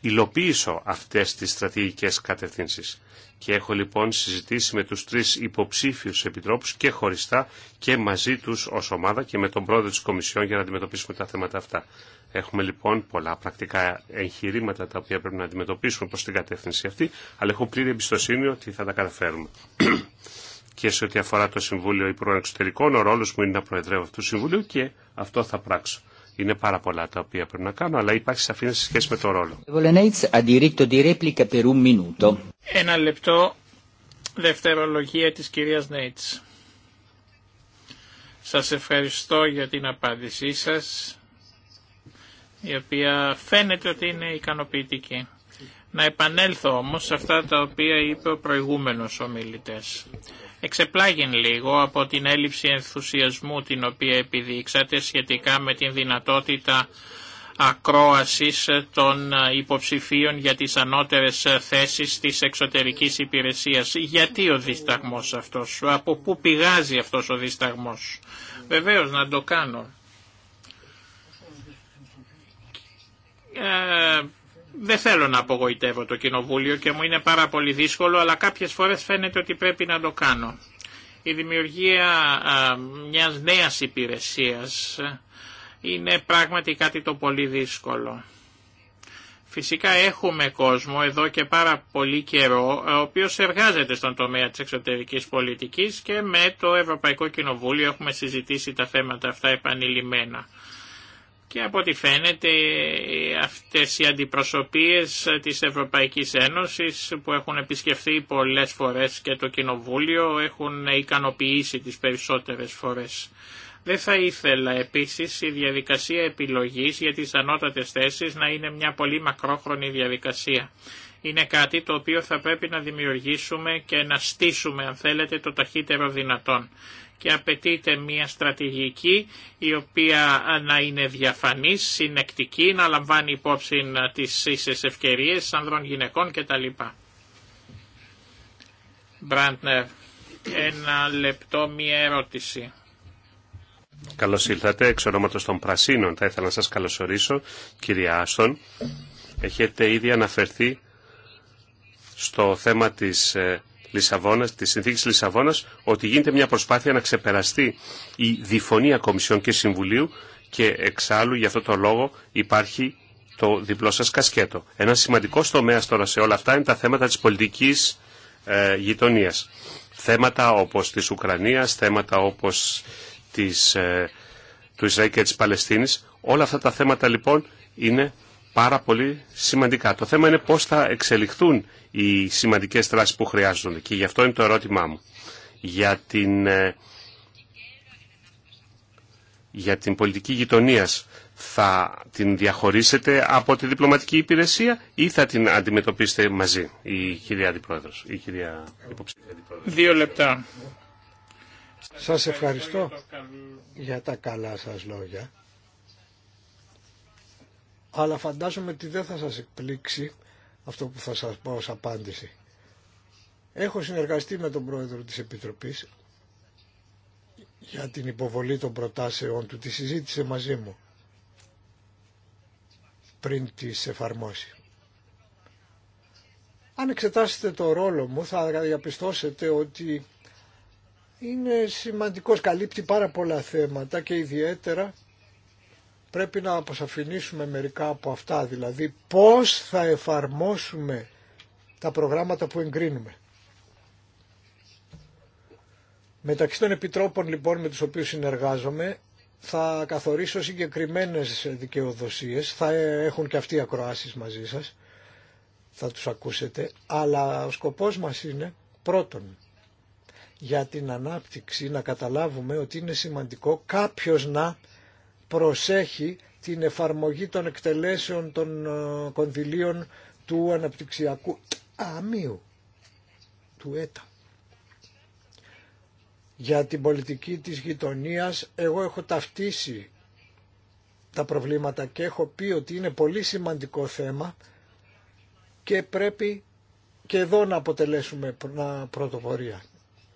υλοποιήσω αυτές τις στρατηγικές κατευθύνσεις. Και έχω λοιπόν συζητήσει με τους τρεις υποψήφιους επιτρόπους και χωριστά και μαζί τους ως ομάδα και με τον πρόεδρο της Κομισιόν για να αντιμετωπίσουμε τα θέματα αυτά. Έχουμε λοιπόν πολλά πρακτικά εγχειρήματα τα οποία πρέπει να αντιμετωπίσουμε προς την κατεύθυνση αυτή, αλλά έχω πλήρη εμπιστοσύνη ότι θα τα καταφέρουμε. και σε ό,τι αφορά το Συμβούλιο Υπουργών Εξωτερικών, ο ρόλο μου είναι να προεδρεύω αυτού του Συμβουλίου και αυτό θα πράξω. Είναι πάρα πολλά τα οποία πρέπει να κάνω, αλλά υπάρχει σαφήνεια σε σχέση με το ρόλο. Ένα λεπτό δευτερολογία της κυρίας Νέιτς. Σας ευχαριστώ για την απάντησή σας, η οποία φαίνεται ότι είναι ικανοποιητική. Να επανέλθω όμως σε αυτά τα οποία είπε ο προηγούμενος ομιλητές. Εξεπλάγην λίγο από την έλλειψη ενθουσιασμού την οποία επιδείξατε σχετικά με την δυνατότητα ακρόασης των υποψηφίων για τις ανώτερες θέσεις της εξωτερικής υπηρεσίας. Γιατί ο δισταγμός αυτός, από πού πηγάζει αυτός ο δισταγμός. Βεβαίως να το κάνω. Ε, δεν θέλω να απογοητεύω το κοινοβούλιο και μου είναι πάρα πολύ δύσκολο, αλλά κάποιες φορές φαίνεται ότι πρέπει να το κάνω. Η δημιουργία μιας νέας υπηρεσίας είναι πράγματι κάτι το πολύ δύσκολο. Φυσικά έχουμε κόσμο εδώ και πάρα πολύ καιρό, ο οποίος εργάζεται στον τομέα της εξωτερικής πολιτικής και με το Ευρωπαϊκό Κοινοβούλιο έχουμε συζητήσει τα θέματα αυτά επανειλημμένα και από ό,τι φαίνεται αυτές οι αντιπροσωπείες της Ευρωπαϊκής Ένωσης που έχουν επισκεφθεί πολλές φορές και το Κοινοβούλιο έχουν ικανοποιήσει τις περισσότερες φορές. Δεν θα ήθελα επίσης η διαδικασία επιλογής για τις ανώτατες θέσεις να είναι μια πολύ μακρόχρονη διαδικασία. Είναι κάτι το οποίο θα πρέπει να δημιουργήσουμε και να στήσουμε αν θέλετε το ταχύτερο δυνατόν και απαιτείται μια στρατηγική η οποία να είναι διαφανής, συνεκτική, να λαμβάνει υπόψη ε, τις ίσες ευκαιρίες ανδρών γυναικών κτλ. Μπραντνερ, ένα λεπτό μία ερώτηση. Καλώς ήλθατε, εξ ονόματος των Πρασίνων θα ήθελα να σας καλωσορίσω, κυρία Άστον. Έχετε ήδη αναφερθεί στο θέμα της ε, Λισαβόνας, της συνθήκης Λισαβόνας ότι γίνεται μια προσπάθεια να ξεπεραστεί η διφωνία Κομισιών και Συμβουλίου και εξάλλου για αυτό το λόγο υπάρχει το διπλό σας κασκέτο. Ένα σημαντικό τομέα τώρα σε όλα αυτά είναι τα θέματα της πολιτικής ε, γειτονίας. Θέματα όπως της Ουκρανίας, θέματα όπως ε, του Ισραήλ και της Παλαιστίνης. Όλα αυτά τα θέματα λοιπόν είναι πάρα πολύ σημαντικά. Το θέμα είναι πώς θα εξελιχθούν οι σημαντικές δράσεις που χρειάζονται και γι' αυτό είναι το ερώτημά μου. Για την, ε, για την πολιτική γειτονίας θα την διαχωρίσετε από τη διπλωματική υπηρεσία ή θα την αντιμετωπίσετε μαζί, η κυρία Αντιπρόεδρος, η κυρία Υποψήφια Δύο λεπτά. Σας ευχαριστώ για τα καλά σας λόγια αλλά φαντάζομαι ότι δεν θα σας εκπλήξει αυτό που θα σας πω ως απάντηση. Έχω συνεργαστεί με τον πρόεδρο της Επιτροπής για την υποβολή των προτάσεων του. Τη συζήτησε μαζί μου πριν τις εφαρμόσει. Αν εξετάσετε το ρόλο μου θα διαπιστώσετε ότι είναι σημαντικός, καλύπτει πάρα πολλά θέματα και ιδιαίτερα πρέπει να αποσαφηνίσουμε μερικά από αυτά, δηλαδή πώς θα εφαρμόσουμε τα προγράμματα που εγκρίνουμε. Μεταξύ των επιτρόπων λοιπόν με τους οποίους συνεργάζομαι θα καθορίσω συγκεκριμένες δικαιοδοσίες, θα έχουν και αυτοί οι ακροάσεις μαζί σας, θα τους ακούσετε, αλλά ο σκοπός μας είναι πρώτον για την ανάπτυξη να καταλάβουμε ότι είναι σημαντικό κάποιος να προσέχει την εφαρμογή των εκτελέσεων των ε, κονδυλίων του αναπτυξιακού αμύου, του ΕΤΑ. Για την πολιτική της γειτονίας εγώ έχω ταυτίσει τα προβλήματα και έχω πει ότι είναι πολύ σημαντικό θέμα και πρέπει και εδώ να αποτελέσουμε πρωτοπορία.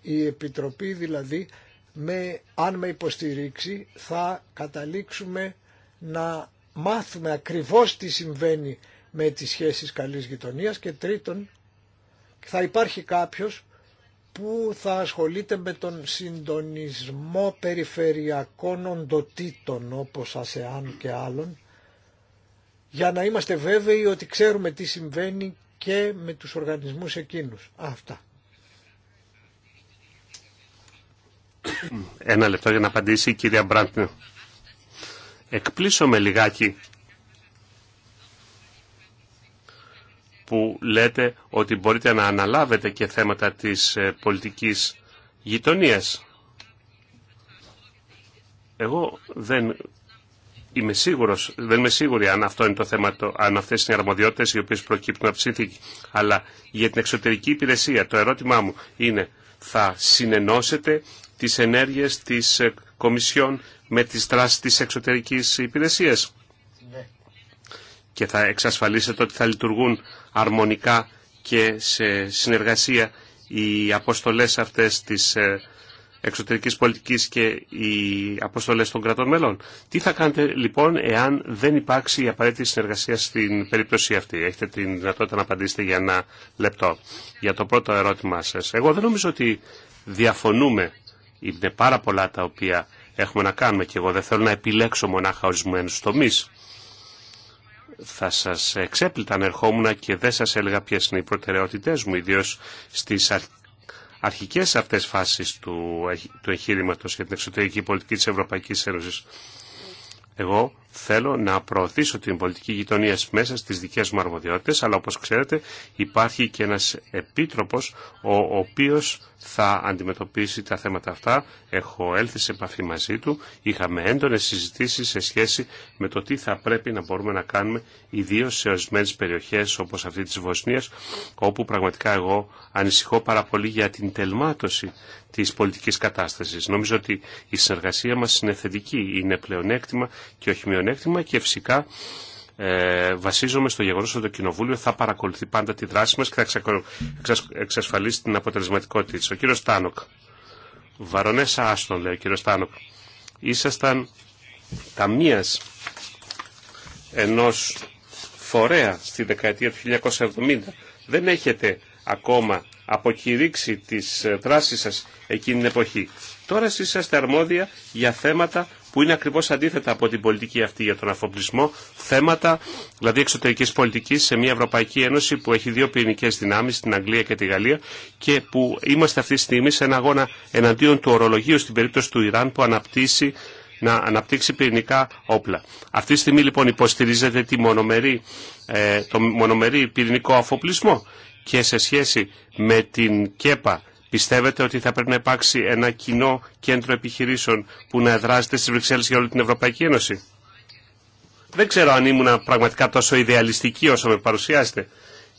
Η Επιτροπή δηλαδή με, αν με υποστηρίξει θα καταλήξουμε να μάθουμε ακριβώς τι συμβαίνει με τις σχέσεις καλής γειτονίας και τρίτον θα υπάρχει κάποιος που θα ασχολείται με τον συντονισμό περιφερειακών οντοτήτων όπως ΑΣΕΑΝ και άλλων για να είμαστε βέβαιοι ότι ξέρουμε τι συμβαίνει και με τους οργανισμούς εκείνους. Αυτά. Ένα λεπτό για να απαντήσει η κυρία Μπραντνε. Εκπλήσω λιγάκι που λέτε ότι μπορείτε να αναλάβετε και θέματα της ε, πολιτικής γειτονίας. Εγώ δεν είμαι σίγουρος, δεν είμαι σίγουρη αν αυτό είναι το θέμα, το, αν αυτές είναι οι αρμοδιότητες οι οποίες προκύπτουν από τη συνθήκη. Αλλά για την εξωτερική υπηρεσία το ερώτημά μου είναι θα συνενώσετε τις ενέργειες της ε, Κομισιόν με τις δράσεις της εξωτερικής υπηρεσίας. Και θα εξασφαλίσετε ότι θα λειτουργούν αρμονικά και σε συνεργασία οι αποστολές αυτές της ε, εξωτερικής πολιτικής και οι αποστολές των κρατών μέλων. Τι θα κάνετε λοιπόν εάν δεν υπάρξει η απαραίτητη συνεργασία στην περίπτωση αυτή. Έχετε την δυνατότητα να απαντήσετε για ένα λεπτό. Για το πρώτο ερώτημά σας. Εγώ δεν νομίζω ότι διαφωνούμε είναι πάρα πολλά τα οποία έχουμε να κάνουμε και εγώ δεν θέλω να επιλέξω μονάχα ορισμένου τομεί. Θα σα εξέπλητα αν ερχόμουν και δεν σα έλεγα ποιε είναι οι προτεραιότητέ μου, ιδίως στις αρχικές αυτές φάσεις του, του εγχείρηματος για την εξωτερική πολιτική τη Ευρωπαϊκής Ένωση. Εγώ θέλω να προωθήσω την πολιτική γειτονία μέσα στις δικές μου αρμοδιότητε, αλλά όπως ξέρετε υπάρχει και ένας επίτροπος ο οποίος θα αντιμετωπίσει τα θέματα αυτά. Έχω έλθει σε επαφή μαζί του, είχαμε έντονε συζητήσει σε σχέση με το τι θα πρέπει να μπορούμε να κάνουμε, ιδίω σε ορισμένε περιοχές όπω αυτή της Βοσνίας, όπου πραγματικά εγώ ανησυχώ πάρα πολύ για την τελμάτωση της πολιτικής κατάστασης. Νομίζω ότι η συνεργασία μας είναι θετική, είναι πλεονέκτημα και όχι μειονέκτημα και φυσικά ε, βασίζομαι στο γεγονός ότι το Κοινοβούλιο θα παρακολουθεί πάντα τη δράση μας και θα εξασφαλίσει την αποτελεσματικότητα της. Ο κύριος Τάνοκ, Βαρονέσα Άστον λέει ο κύριος Τάνοκ, ήσασταν ταμείας ενός φορέα στη δεκαετία του 1970. Δεν έχετε ακόμα αποκηρύξει τις ε, δράσεις σας εκείνη την εποχή. Τώρα εσείς είστε αρμόδια για θέματα που είναι ακριβώς αντίθετα από την πολιτική αυτή για τον αφοπλισμό, θέματα δηλαδή εξωτερικής πολιτικής σε μια Ευρωπαϊκή Ένωση που έχει δύο πυρηνικές δυνάμεις, την Αγγλία και τη Γαλλία και που είμαστε αυτή τη στιγμή σε ένα αγώνα εναντίον του ορολογίου στην περίπτωση του Ιράν που αναπτύσσει να αναπτύξει πυρηνικά όπλα. Αυτή τη στιγμή λοιπόν υποστηρίζεται τη μονομερή, ε, το μονομερή πυρηνικό αφοπλισμό και σε σχέση με την ΚΕΠΑ πιστεύετε ότι θα πρέπει να υπάρξει ένα κοινό κέντρο επιχειρήσεων που να εδράζεται στις Βρυξέλλες για όλη την Ευρωπαϊκή Ένωση. Δεν ξέρω αν ήμουν πραγματικά τόσο ιδεαλιστική όσο με παρουσιάζετε.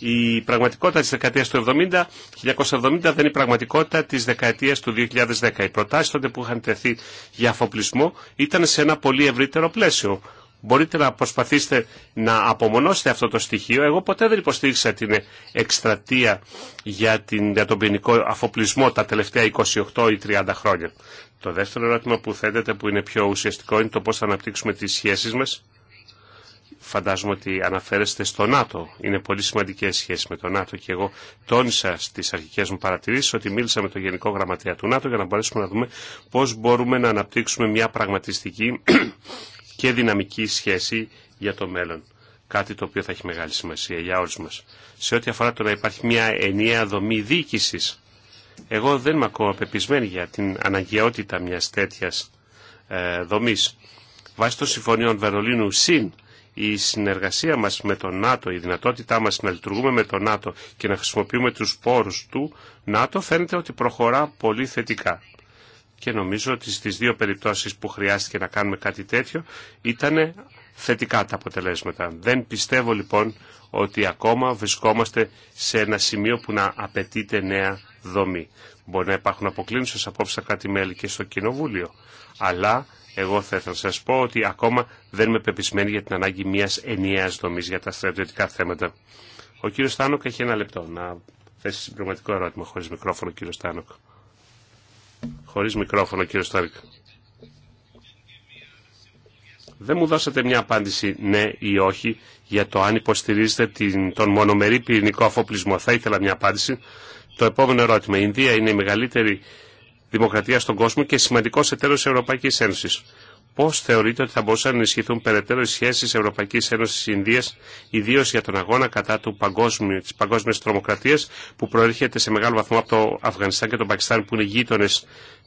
Η πραγματικότητα της δεκαετίας του 70, 1970 δεν είναι η πραγματικότητα της δεκαετίας του 2010. Οι προτάσεις τότε που είχαν τεθεί για αφοπλισμό ήταν σε ένα πολύ ευρύτερο πλαίσιο. Μπορείτε να προσπαθήσετε να απομονώσετε αυτό το στοιχείο. Εγώ ποτέ δεν υποστήριξα την εκστρατεία για, την, για τον ποινικό αφοπλισμό τα τελευταία 28 ή 30 χρόνια. Το δεύτερο ερώτημα που θέτεται που είναι πιο ουσιαστικό είναι το πώς θα αναπτύξουμε τις σχέσεις μας. Φαντάζομαι ότι αναφέρεστε στο ΝΑΤΟ. Είναι πολύ σημαντικές σχέσεις με το ΝΑΤΟ και εγώ τόνισα στις αρχικέ μου παρατηρήσει, ότι μίλησα με τον Γενικό Γραμματέα του ΝΑΤΟ για να μπορέσουμε να δούμε πώ μπορούμε να αναπτύξουμε μια πραγματιστική και δυναμική σχέση για το μέλλον. Κάτι το οποίο θα έχει μεγάλη σημασία για όλους μας. Σε ό,τι αφορά το να υπάρχει μια ενιαία δομή διοίκησης, εγώ δεν είμαι ακόμα πεπισμένη για την αναγκαιότητα μιας τέτοιας ε, δομής. Βάσει των συμφωνιών Βερολίνου ΣΥΝ, η συνεργασία μας με το ΝΑΤΟ, η δυνατότητά μας να λειτουργούμε με το ΝΑΤΟ και να χρησιμοποιούμε τους πόρους του ΝΑΤΟ φαίνεται ότι προχωρά πολύ θετικά και νομίζω ότι στις δύο περιπτώσεις που χρειάστηκε να κάνουμε κάτι τέτοιο ήταν θετικά τα αποτελέσματα. Δεν πιστεύω λοιπόν ότι ακόμα βρισκόμαστε σε ένα σημείο που να απαιτείται νέα δομή. Μπορεί να υπάρχουν αποκλίνουσες απόψε κάτι μέλη και στο Κοινοβούλιο, αλλά εγώ θα ήθελα να σας πω ότι ακόμα δεν είμαι πεπισμένη για την ανάγκη μιας ενιαίας δομής για τα στρατιωτικά θέματα. Ο κύριος Στάνοκ έχει ένα λεπτό να θέσει συμπληρωματικό ερώτημα χωρίς μικρόφωνο, κύριο Στάνοκ. Χωρίς μικρόφωνο κύριε Στάρικ. Δεν μου δώσατε μια απάντηση ναι ή όχι για το αν υποστηρίζετε την, τον μονομερή πυρηνικό αφοπλισμό. Θα ήθελα μια απάντηση. Το επόμενο ερώτημα. Η Ινδία είναι η μεγαλύτερη δημοκρατία στον κόσμο και σημαντικό εταίρο τη Ευρωπαϊκή Ένωση πώς θεωρείτε ότι θα μπορούσαν να ενισχυθούν περαιτέρω οι σχέσεις Ευρωπαϊκής ενωση Ινδία, ιδίως για τον αγώνα κατά του παγκόσμιου, της παγκόσμιας τρομοκρατίας που προέρχεται σε μεγάλο βαθμό από το Αφγανιστάν και το Πακιστάν που είναι γείτονε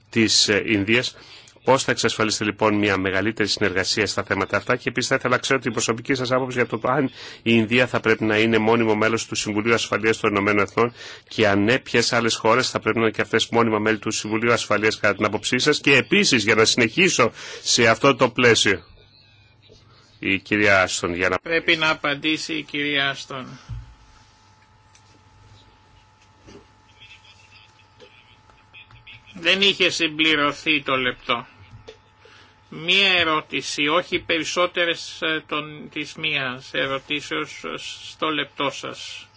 της ε, Ινδίας Πώ θα εξασφαλίσετε λοιπόν μια μεγαλύτερη συνεργασία στα θέματα αυτά και επίση θα ήθελα να ξέρω την προσωπική σα άποψη για το αν η Ινδία θα πρέπει να είναι μόνιμο μέλο του Συμβουλίου Ασφαλεία των Ηνωμένων Εθνών και αν ναι, ποιε άλλε χώρε θα πρέπει να είναι και αυτέ μόνιμα μέλη του Συμβουλίου Ασφαλεία κατά την άποψή σα και επίση για να συνεχίσω σε αυτό το πλαίσιο. Η κυρία Άστον για να. Πρέπει να απαντήσει η κυρία Άστον. Δεν είχε συμπληρωθεί το λεπτό. Μία ερώτηση, όχι περισσότερες ε, των, της μίας ερωτήσεως ε, στο λεπτό σας.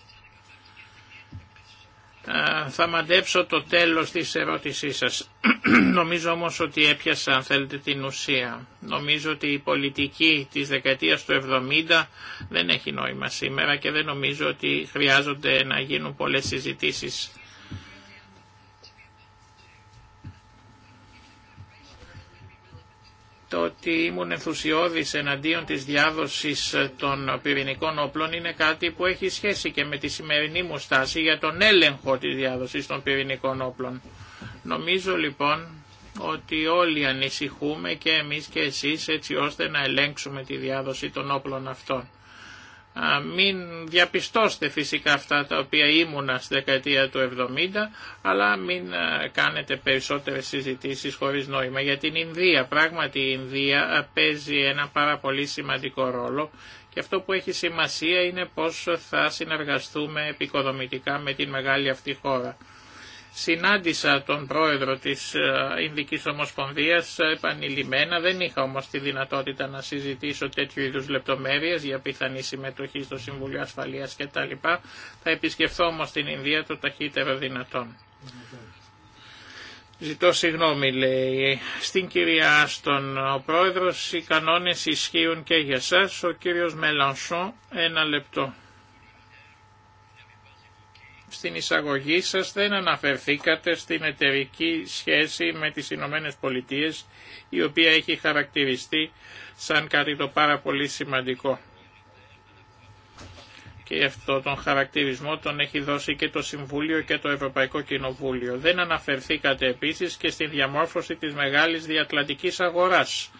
Ε, θα μαντέψω το τέλος της ερώτησής σας. Νομίζω όμως ότι έπιασα, αν θέλετε, την ουσία. Νομίζω ότι η πολιτική της δεκαετίας του 70 δεν έχει νόημα σήμερα και δεν νομίζω ότι χρειάζονται να γίνουν πολλές συζητήσεις το ότι ήμουν ενθουσιώδης εναντίον της διάδοσης των πυρηνικών όπλων είναι κάτι που έχει σχέση και με τη σημερινή μου στάση για τον έλεγχο της διάδοσης των πυρηνικών όπλων. Νομίζω λοιπόν ότι όλοι ανησυχούμε και εμείς και εσείς έτσι ώστε να ελέγξουμε τη διάδοση των όπλων αυτών μην διαπιστώστε φυσικά αυτά τα οποία ήμουνα στη δεκαετία του 70, αλλά μην κάνετε περισσότερες συζητήσεις χωρίς νόημα. Για την Ινδία, πράγματι η Ινδία παίζει ένα πάρα πολύ σημαντικό ρόλο και αυτό που έχει σημασία είναι πώς θα συνεργαστούμε επικοδομητικά με την μεγάλη αυτή χώρα. Συνάντησα τον πρόεδρο της ε, Ινδικής Ομοσπονδίας ε, επανειλημμένα, δεν είχα όμως τη δυνατότητα να συζητήσω τέτοιου είδους λεπτομέρειες για πιθανή συμμετοχή στο Συμβουλίο Ασφαλείας κτλ. Θα επισκεφθώ όμως την Ινδία το ταχύτερο δυνατόν. Ζητώ συγγνώμη, λέει. Στην κυρία Άστον, ο πρόεδρος, οι κανόνες ισχύουν και για σας. Ο κύριος Μελανσόν, ένα λεπτό στην εισαγωγή σας δεν αναφερθήκατε στην εταιρική σχέση με τις Ηνωμένε Πολιτείε, η οποία έχει χαρακτηριστεί σαν κάτι το πάρα πολύ σημαντικό. Και αυτό τον χαρακτηρισμό τον έχει δώσει και το Συμβούλιο και το Ευρωπαϊκό Κοινοβούλιο. Δεν αναφερθήκατε επίσης και στη διαμόρφωση της μεγάλης διατλαντικής αγοράς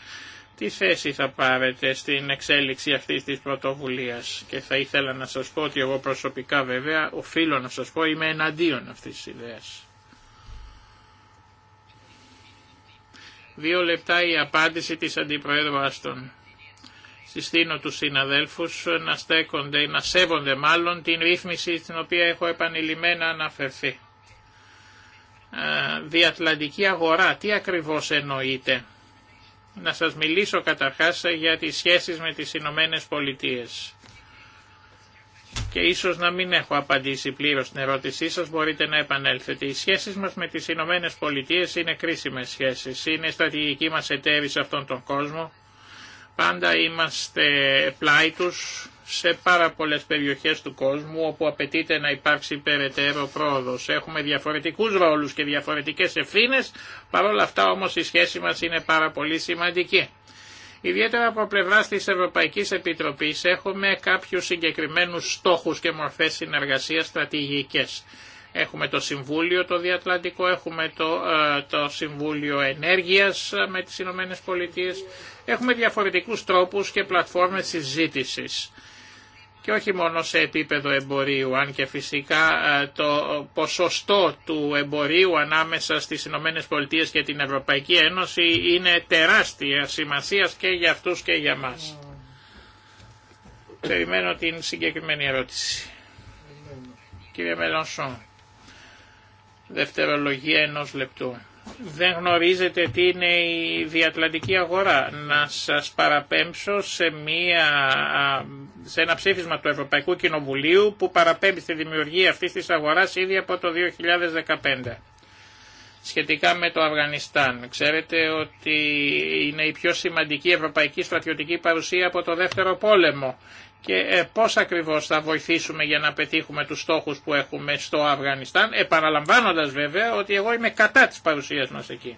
τι θέση θα πάρετε στην εξέλιξη αυτής της πρωτοβουλίας και θα ήθελα να σας πω ότι εγώ προσωπικά βέβαια οφείλω να σας πω είμαι εναντίον αυτής της ιδέας. Δύο λεπτά η απάντηση της Αντιπροέδρου Άστον. Συστήνω τους συναδέλφους να στέκονται, να σέβονται μάλλον την ρύθμιση στην οποία έχω επανειλημμένα αναφερθεί. Διατλαντική αγορά, τι ακριβώς εννοείται να σας μιλήσω καταρχάς για τις σχέσεις με τις Ηνωμένε Πολιτείες. Και ίσως να μην έχω απαντήσει πλήρως την ερώτησή σας, μπορείτε να επανέλθετε. Οι σχέσεις μας με τις Ηνωμένε Πολιτείες είναι κρίσιμες σχέσεις. Είναι στρατηγική μας εταίρη σε αυτόν τον κόσμο. Πάντα είμαστε πλάι τους, σε πάρα πολλές περιοχές του κόσμου όπου απαιτείται να υπάρξει περαιτέρω πρόοδος. Έχουμε διαφορετικούς ρόλους και διαφορετικές ευθύνες, παρόλα αυτά όμως η σχέση μας είναι πάρα πολύ σημαντική. Ιδιαίτερα από πλευρά τη Ευρωπαϊκή Επιτροπή έχουμε κάποιου συγκεκριμένου στόχου και μορφέ συνεργασία στρατηγικέ. Έχουμε το Συμβούλιο το Διατλαντικό, έχουμε το, ε, το Συμβούλιο Ενέργειας ε, με τις Ηνωμένε Πολιτείε, Έχουμε διαφορετικούς τρόπους και πλατφόρμες συζήτησης και όχι μόνο σε επίπεδο εμπορίου, αν και φυσικά ε, το ποσοστό του εμπορίου ανάμεσα στις Ηνωμένε Πολιτείες και την Ευρωπαϊκή Ένωση είναι τεράστια σημασία και για αυτούς και για μας. Περιμένω την συγκεκριμένη ερώτηση. Κύριε Μελανσόν, δευτερολογία ενός λεπτού δεν γνωρίζετε τι είναι η διατλαντική αγορά. Να σας παραπέμψω σε, μία, σε ένα ψήφισμα του Ευρωπαϊκού Κοινοβουλίου που παραπέμπει στη δημιουργία αυτής της αγοράς ήδη από το 2015. Σχετικά με το Αφγανιστάν, ξέρετε ότι είναι η πιο σημαντική ευρωπαϊκή στρατιωτική παρουσία από το δεύτερο πόλεμο και ε, πώς ακριβώς θα βοηθήσουμε για να πετύχουμε τους στόχους που έχουμε στο Αφγανιστάν, επαναλαμβάνοντας βέβαια ότι εγώ είμαι κατά της παρουσίας μας εκεί.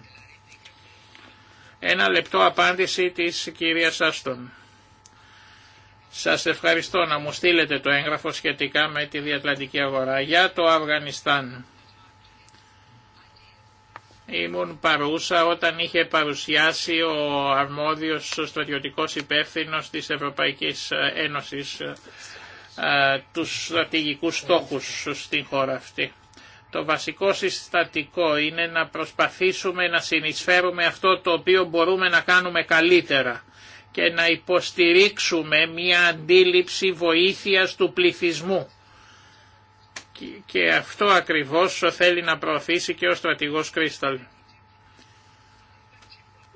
Ένα λεπτό απάντηση της κυρίας Άστον. Σας ευχαριστώ να μου στείλετε το έγγραφο σχετικά με τη διατλαντική αγορά για το Αφγανιστάν. Ήμουν παρούσα όταν είχε παρουσιάσει ο αρμόδιος στρατιωτικός υπεύθυνος της Ευρωπαϊκής Ένωσης ε, τους στρατηγικούς στόχους στην χώρα αυτή. Το βασικό συστατικό είναι να προσπαθήσουμε να συνεισφέρουμε αυτό το οποίο μπορούμε να κάνουμε καλύτερα και να υποστηρίξουμε μια αντίληψη βοήθειας του πληθυσμού και αυτό ακριβώς θέλει να προωθήσει και ο στρατηγός Κρίσταλ.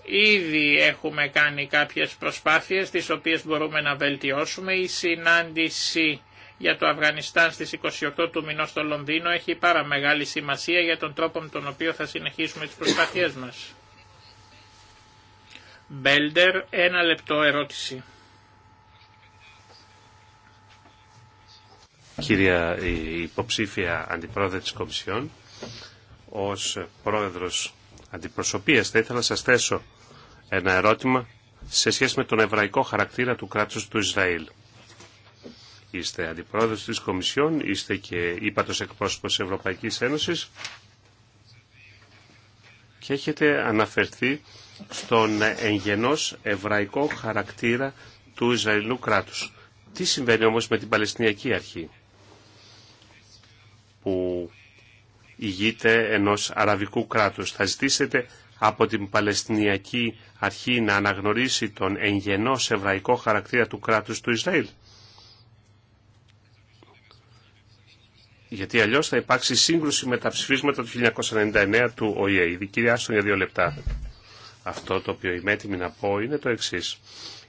Ήδη έχουμε κάνει κάποιες προσπάθειες τις οποίες μπορούμε να βελτιώσουμε. Η συνάντηση για το Αφγανιστάν στις 28 του μηνός στο Λονδίνο έχει πάρα μεγάλη σημασία για τον τρόπο με τον οποίο θα συνεχίσουμε τις προσπάθειές μας. Μπέλντερ, ένα λεπτό ερώτηση. κυρία υποψήφια αντιπρόεδρε της Κομισιόν, ως πρόεδρος αντιπροσωπείας θα ήθελα να σας θέσω ένα ερώτημα σε σχέση με τον εβραϊκό χαρακτήρα του κράτους του Ισραήλ. Είστε αντιπρόεδρος της Κομισιόν, είστε και ύπατος εκπρόσωπος της Ευρωπαϊκής Ένωσης και έχετε αναφερθεί στον εγγενός εβραϊκό χαρακτήρα του Ισραηλού κράτους. Τι συμβαίνει όμως με την Παλαιστινιακή αρχή που ηγείται ενός αραβικού κράτους. Θα ζητήσετε από την Παλαιστινιακή Αρχή να αναγνωρίσει τον εγγενός εβραϊκό χαρακτήρα του κράτους του Ισραήλ. Γιατί αλλιώς θα υπάρξει σύγκρουση με τα ψηφίσματα του 1999 του ΟΗΕ. Η Άστον για δύο λεπτά. Αυτό το οποίο είμαι έτοιμη να πω είναι το εξής.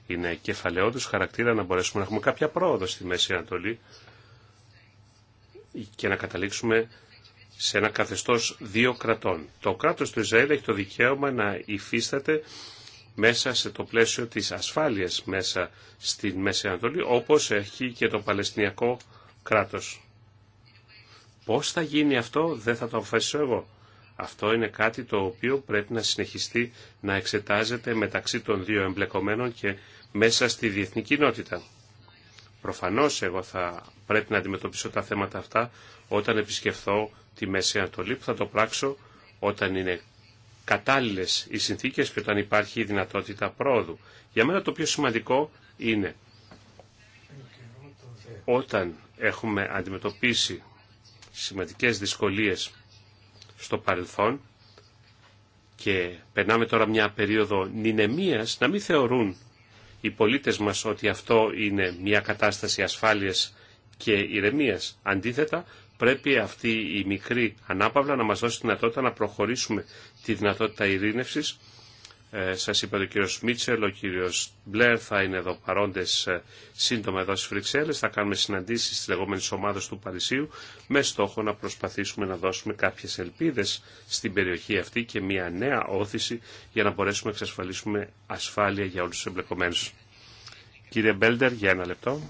Είναι κεφαλαιόδους χαρακτήρα να μπορέσουμε να έχουμε κάποια πρόοδο στη Μέση Ανατολή και να καταλήξουμε σε ένα καθεστώς δύο κρατών. Το κράτος του Ισραήλ έχει το δικαίωμα να υφίσταται μέσα σε το πλαίσιο της ασφάλειας μέσα στην Μέση Ανατολή, όπως έχει και το Παλαιστινιακό κράτος. Πώς θα γίνει αυτό δεν θα το αποφασίσω εγώ. Αυτό είναι κάτι το οποίο πρέπει να συνεχιστεί να εξετάζεται μεταξύ των δύο εμπλεκομένων και μέσα στη διεθνή κοινότητα. Προφανώς εγώ θα πρέπει να αντιμετωπίσω τα θέματα αυτά όταν επισκεφθώ τη Μέση Ανατολή που θα το πράξω όταν είναι κατάλληλες οι συνθήκες και όταν υπάρχει η δυνατότητα πρόοδου. Για μένα το πιο σημαντικό είναι όταν έχουμε αντιμετωπίσει σημαντικές δυσκολίες στο παρελθόν και περνάμε τώρα μια περίοδο νυνεμίας να μην θεωρούν οι πολίτες μας ότι αυτό είναι μια κατάσταση ασφάλειας και ηρεμίας. Αντίθετα, πρέπει αυτή η μικρή ανάπαυλα να μας δώσει τη δυνατότητα να προχωρήσουμε τη δυνατότητα ειρήνευσης ε, σας είπα ο κύριος Μίτσελ, ο κύριος Μπλερ θα είναι εδώ παρόντες ε, σύντομα εδώ στις Φρυξέλλες. Θα κάνουμε συναντήσεις στις λεγόμενες ομάδες του Παρισίου με στόχο να προσπαθήσουμε να δώσουμε κάποιες ελπίδες στην περιοχή αυτή και μια νέα όθηση για να μπορέσουμε να εξασφαλίσουμε ασφάλεια για όλους τους εμπλεκομένους. Κύριε Μπέλντερ, για ένα λεπτό.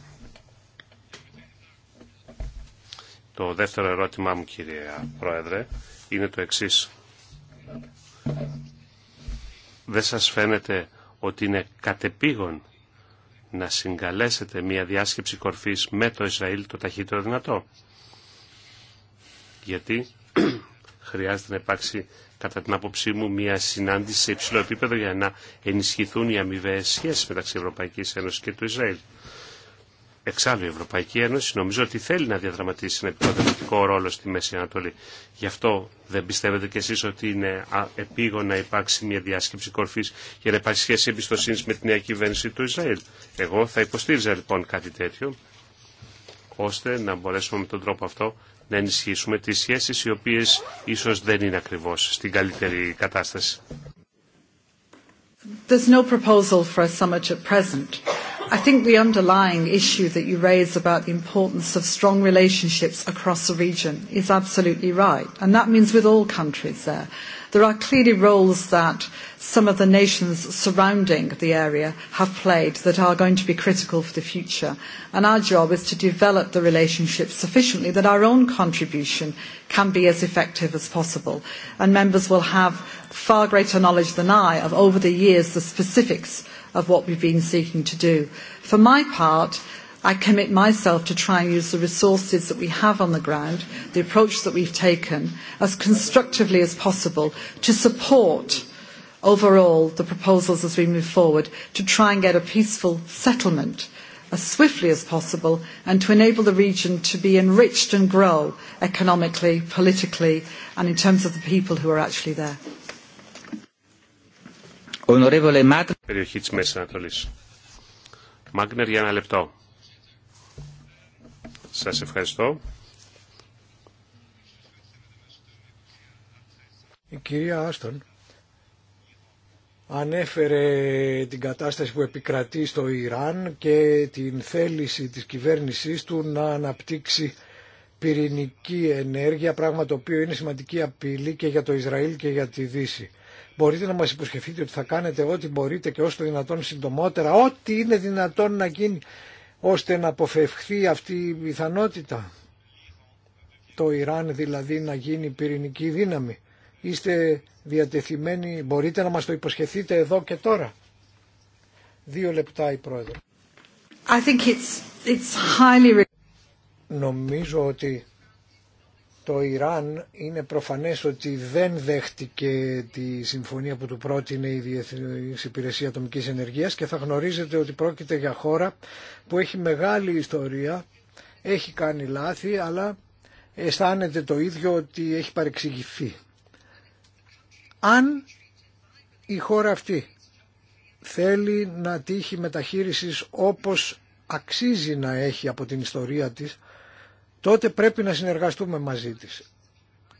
Το δεύτερο ερώτημά μου, κύριε Πρόεδρε, είναι το εξής δεν σας φαίνεται ότι είναι κατεπήγον να συγκαλέσετε μια διάσκεψη κορφής με το Ισραήλ το ταχύτερο δυνατό. Γιατί χρειάζεται να υπάρξει κατά την άποψή μου μια συνάντηση σε υψηλό επίπεδο για να ενισχυθούν οι αμοιβαίες σχέσεις μεταξύ Ευρωπαϊκής Ένωσης και του Ισραήλ. Εξάλλου η Ευρωπαϊκή Ένωση νομίζω ότι θέλει να διαδραματίσει ένα επιπροδευτικό ρόλο στη Μέση Ανατολή. Γι' αυτό δεν πιστεύετε κι εσείς ότι είναι επίγον να υπάρξει μια διάσκεψη κορφής για να υπάρξει σχέση εμπιστοσύνη με την νέα κυβέρνηση του Ισραήλ. Εγώ θα υποστήριζα λοιπόν κάτι τέτοιο, ώστε να μπορέσουμε με τον τρόπο αυτό να ενισχύσουμε τις σχέσεις οι οποίες ίσως δεν είναι ακριβώς στην καλύτερη κατάσταση. I think the underlying issue that you raise about the importance of strong relationships across the region is absolutely right, and that means with all countries there. There are clearly roles that some of the nations surrounding the area have played that are going to be critical for the future, and our job is to develop the relationships sufficiently that our own contribution can be as effective as possible. And members will have far greater knowledge than I of over the years the specifics of what we've been seeking to do. For my part, I commit myself to try and use the resources that we have on the ground, the approach that we've taken, as constructively as possible to support overall the proposals as we move forward to try and get a peaceful settlement as swiftly as possible and to enable the region to be enriched and grow economically, politically and in terms of the people who are actually there για ένα λεπτό. Σας ευχαριστώ. Η κυρία Άστον ανέφερε την κατάσταση που επικρατεί στο Ιράν και την θέληση της κυβέρνησής του να αναπτύξει πυρηνική ενέργεια, πράγμα το οποίο είναι σημαντική απειλή και για το Ισραήλ και για τη Δύση. Μπορείτε να μας υποσχεθείτε ότι θα κάνετε ό,τι μπορείτε και όσο το δυνατόν συντομότερα, ό,τι είναι δυνατόν να γίνει, ώστε να αποφευχθεί αυτή η πιθανότητα. Το Ιράν δηλαδή να γίνει πυρηνική δύναμη. Είστε διατεθειμένοι, μπορείτε να μας το υποσχεθείτε εδώ και τώρα. Δύο λεπτά η πρόεδρο. I think it's, it's highly... Νομίζω ότι το Ιράν είναι προφανές ότι δεν δέχτηκε τη συμφωνία που του πρότεινε η Διεθνής Υπηρεσία Ατομικής Ενεργείας και θα γνωρίζετε ότι πρόκειται για χώρα που έχει μεγάλη ιστορία, έχει κάνει λάθη αλλά αισθάνεται το ίδιο ότι έχει παρεξηγηθεί. Αν η χώρα αυτή θέλει να τύχει μεταχείρισης όπως αξίζει να έχει από την ιστορία της, τότε πρέπει να συνεργαστούμε μαζί της.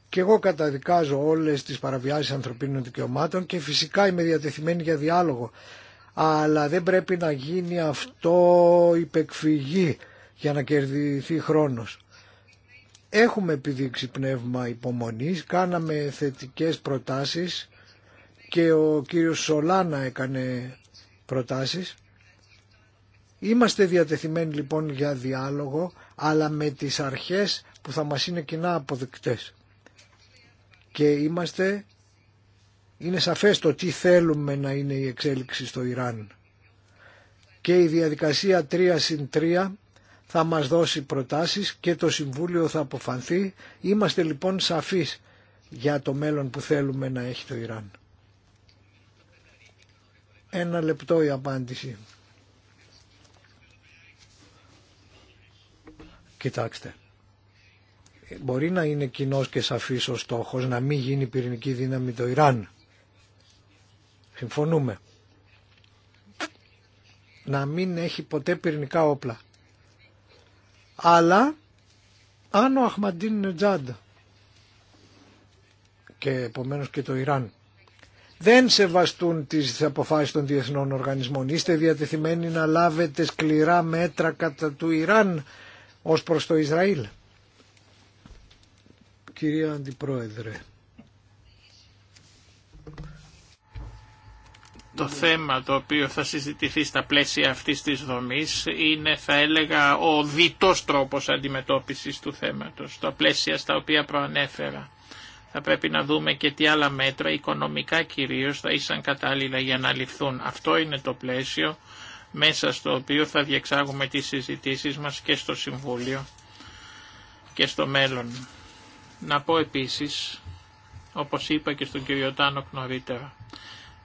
Και εγώ καταδικάζω όλες τις παραβιάσεις ανθρωπίνων δικαιωμάτων και φυσικά είμαι διατεθειμένη για διάλογο. Αλλά δεν πρέπει να γίνει αυτό υπεκφυγή για να κερδιθεί χρόνος. Έχουμε επιδείξει πνεύμα υπομονής, κάναμε θετικές προτάσεις και ο κύριος Σολάνα έκανε προτάσεις. Είμαστε διατεθειμένοι λοιπόν για διάλογο αλλά με τις αρχές που θα μας είναι κοινά αποδεκτές. Και είμαστε, είναι σαφές το τι θέλουμε να είναι η εξέλιξη στο Ιράν. Και η διαδικασία 3 συν 3 θα μας δώσει προτάσεις και το Συμβούλιο θα αποφανθεί. Είμαστε λοιπόν σαφείς για το μέλλον που θέλουμε να έχει το Ιράν. Ένα λεπτό η απάντηση. Κοιτάξτε, μπορεί να είναι κοινό και σαφής ο στόχο να μην γίνει πυρηνική δύναμη το Ιράν. Συμφωνούμε. Να μην έχει ποτέ πυρηνικά όπλα. Αλλά αν ο Αχμαντίν Νετζάντ και επομένως και το Ιράν δεν σεβαστούν τις αποφάσεις των διεθνών οργανισμών. Είστε διατεθειμένοι να λάβετε σκληρά μέτρα κατά του Ιράν ως προς το Ισραήλ. Κυρία Αντιπρόεδρε. Το θέμα το οποίο θα συζητηθεί στα πλαίσια αυτής της δομής είναι θα έλεγα ο διτός τρόπος αντιμετώπισης του θέματος, τα πλαίσια στα οποία προανέφερα. Θα πρέπει να δούμε και τι άλλα μέτρα, οικονομικά κυρίως, θα ήσαν κατάλληλα για να ληφθούν. Αυτό είναι το πλαίσιο μέσα στο οποίο θα διεξάγουμε τις συζητήσεις μας και στο Συμβούλιο και στο μέλλον. Να πω επίσης, όπως είπα και στον κύριο Τάνοκ νωρίτερα,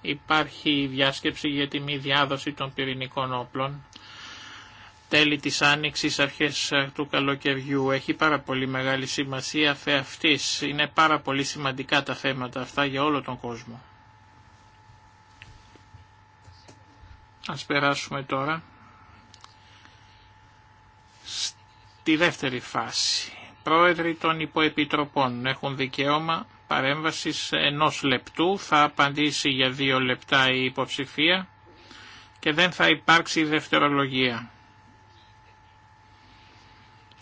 υπάρχει διάσκεψη για τη μη διάδοση των πυρηνικών όπλων. Τέλη της Άνοιξης, αρχές του καλοκαιριού. Έχει πάρα πολύ μεγάλη σημασία φε αυτής. Είναι πάρα πολύ σημαντικά τα θέματα αυτά για όλο τον κόσμο. Ας περάσουμε τώρα στη δεύτερη φάση. Πρόεδροι των υποεπιτροπών έχουν δικαίωμα παρέμβασης ενός λεπτού, θα απαντήσει για δύο λεπτά η υποψηφία και δεν θα υπάρξει δευτερολογία.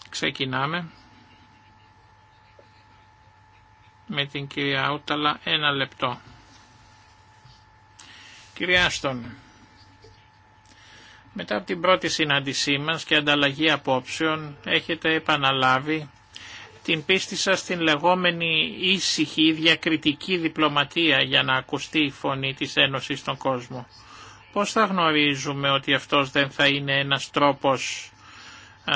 Ξεκινάμε με την κυρία Άουταλα ένα λεπτό. Κυρία Άστον, μετά από την πρώτη συνάντησή μας και ανταλλαγή απόψεων έχετε επαναλάβει την πίστη σας στην λεγόμενη ήσυχη διακριτική διπλωματία για να ακουστεί η φωνή της Ένωσης στον κόσμο. Πώς θα γνωρίζουμε ότι αυτός δεν θα είναι ένας τρόπος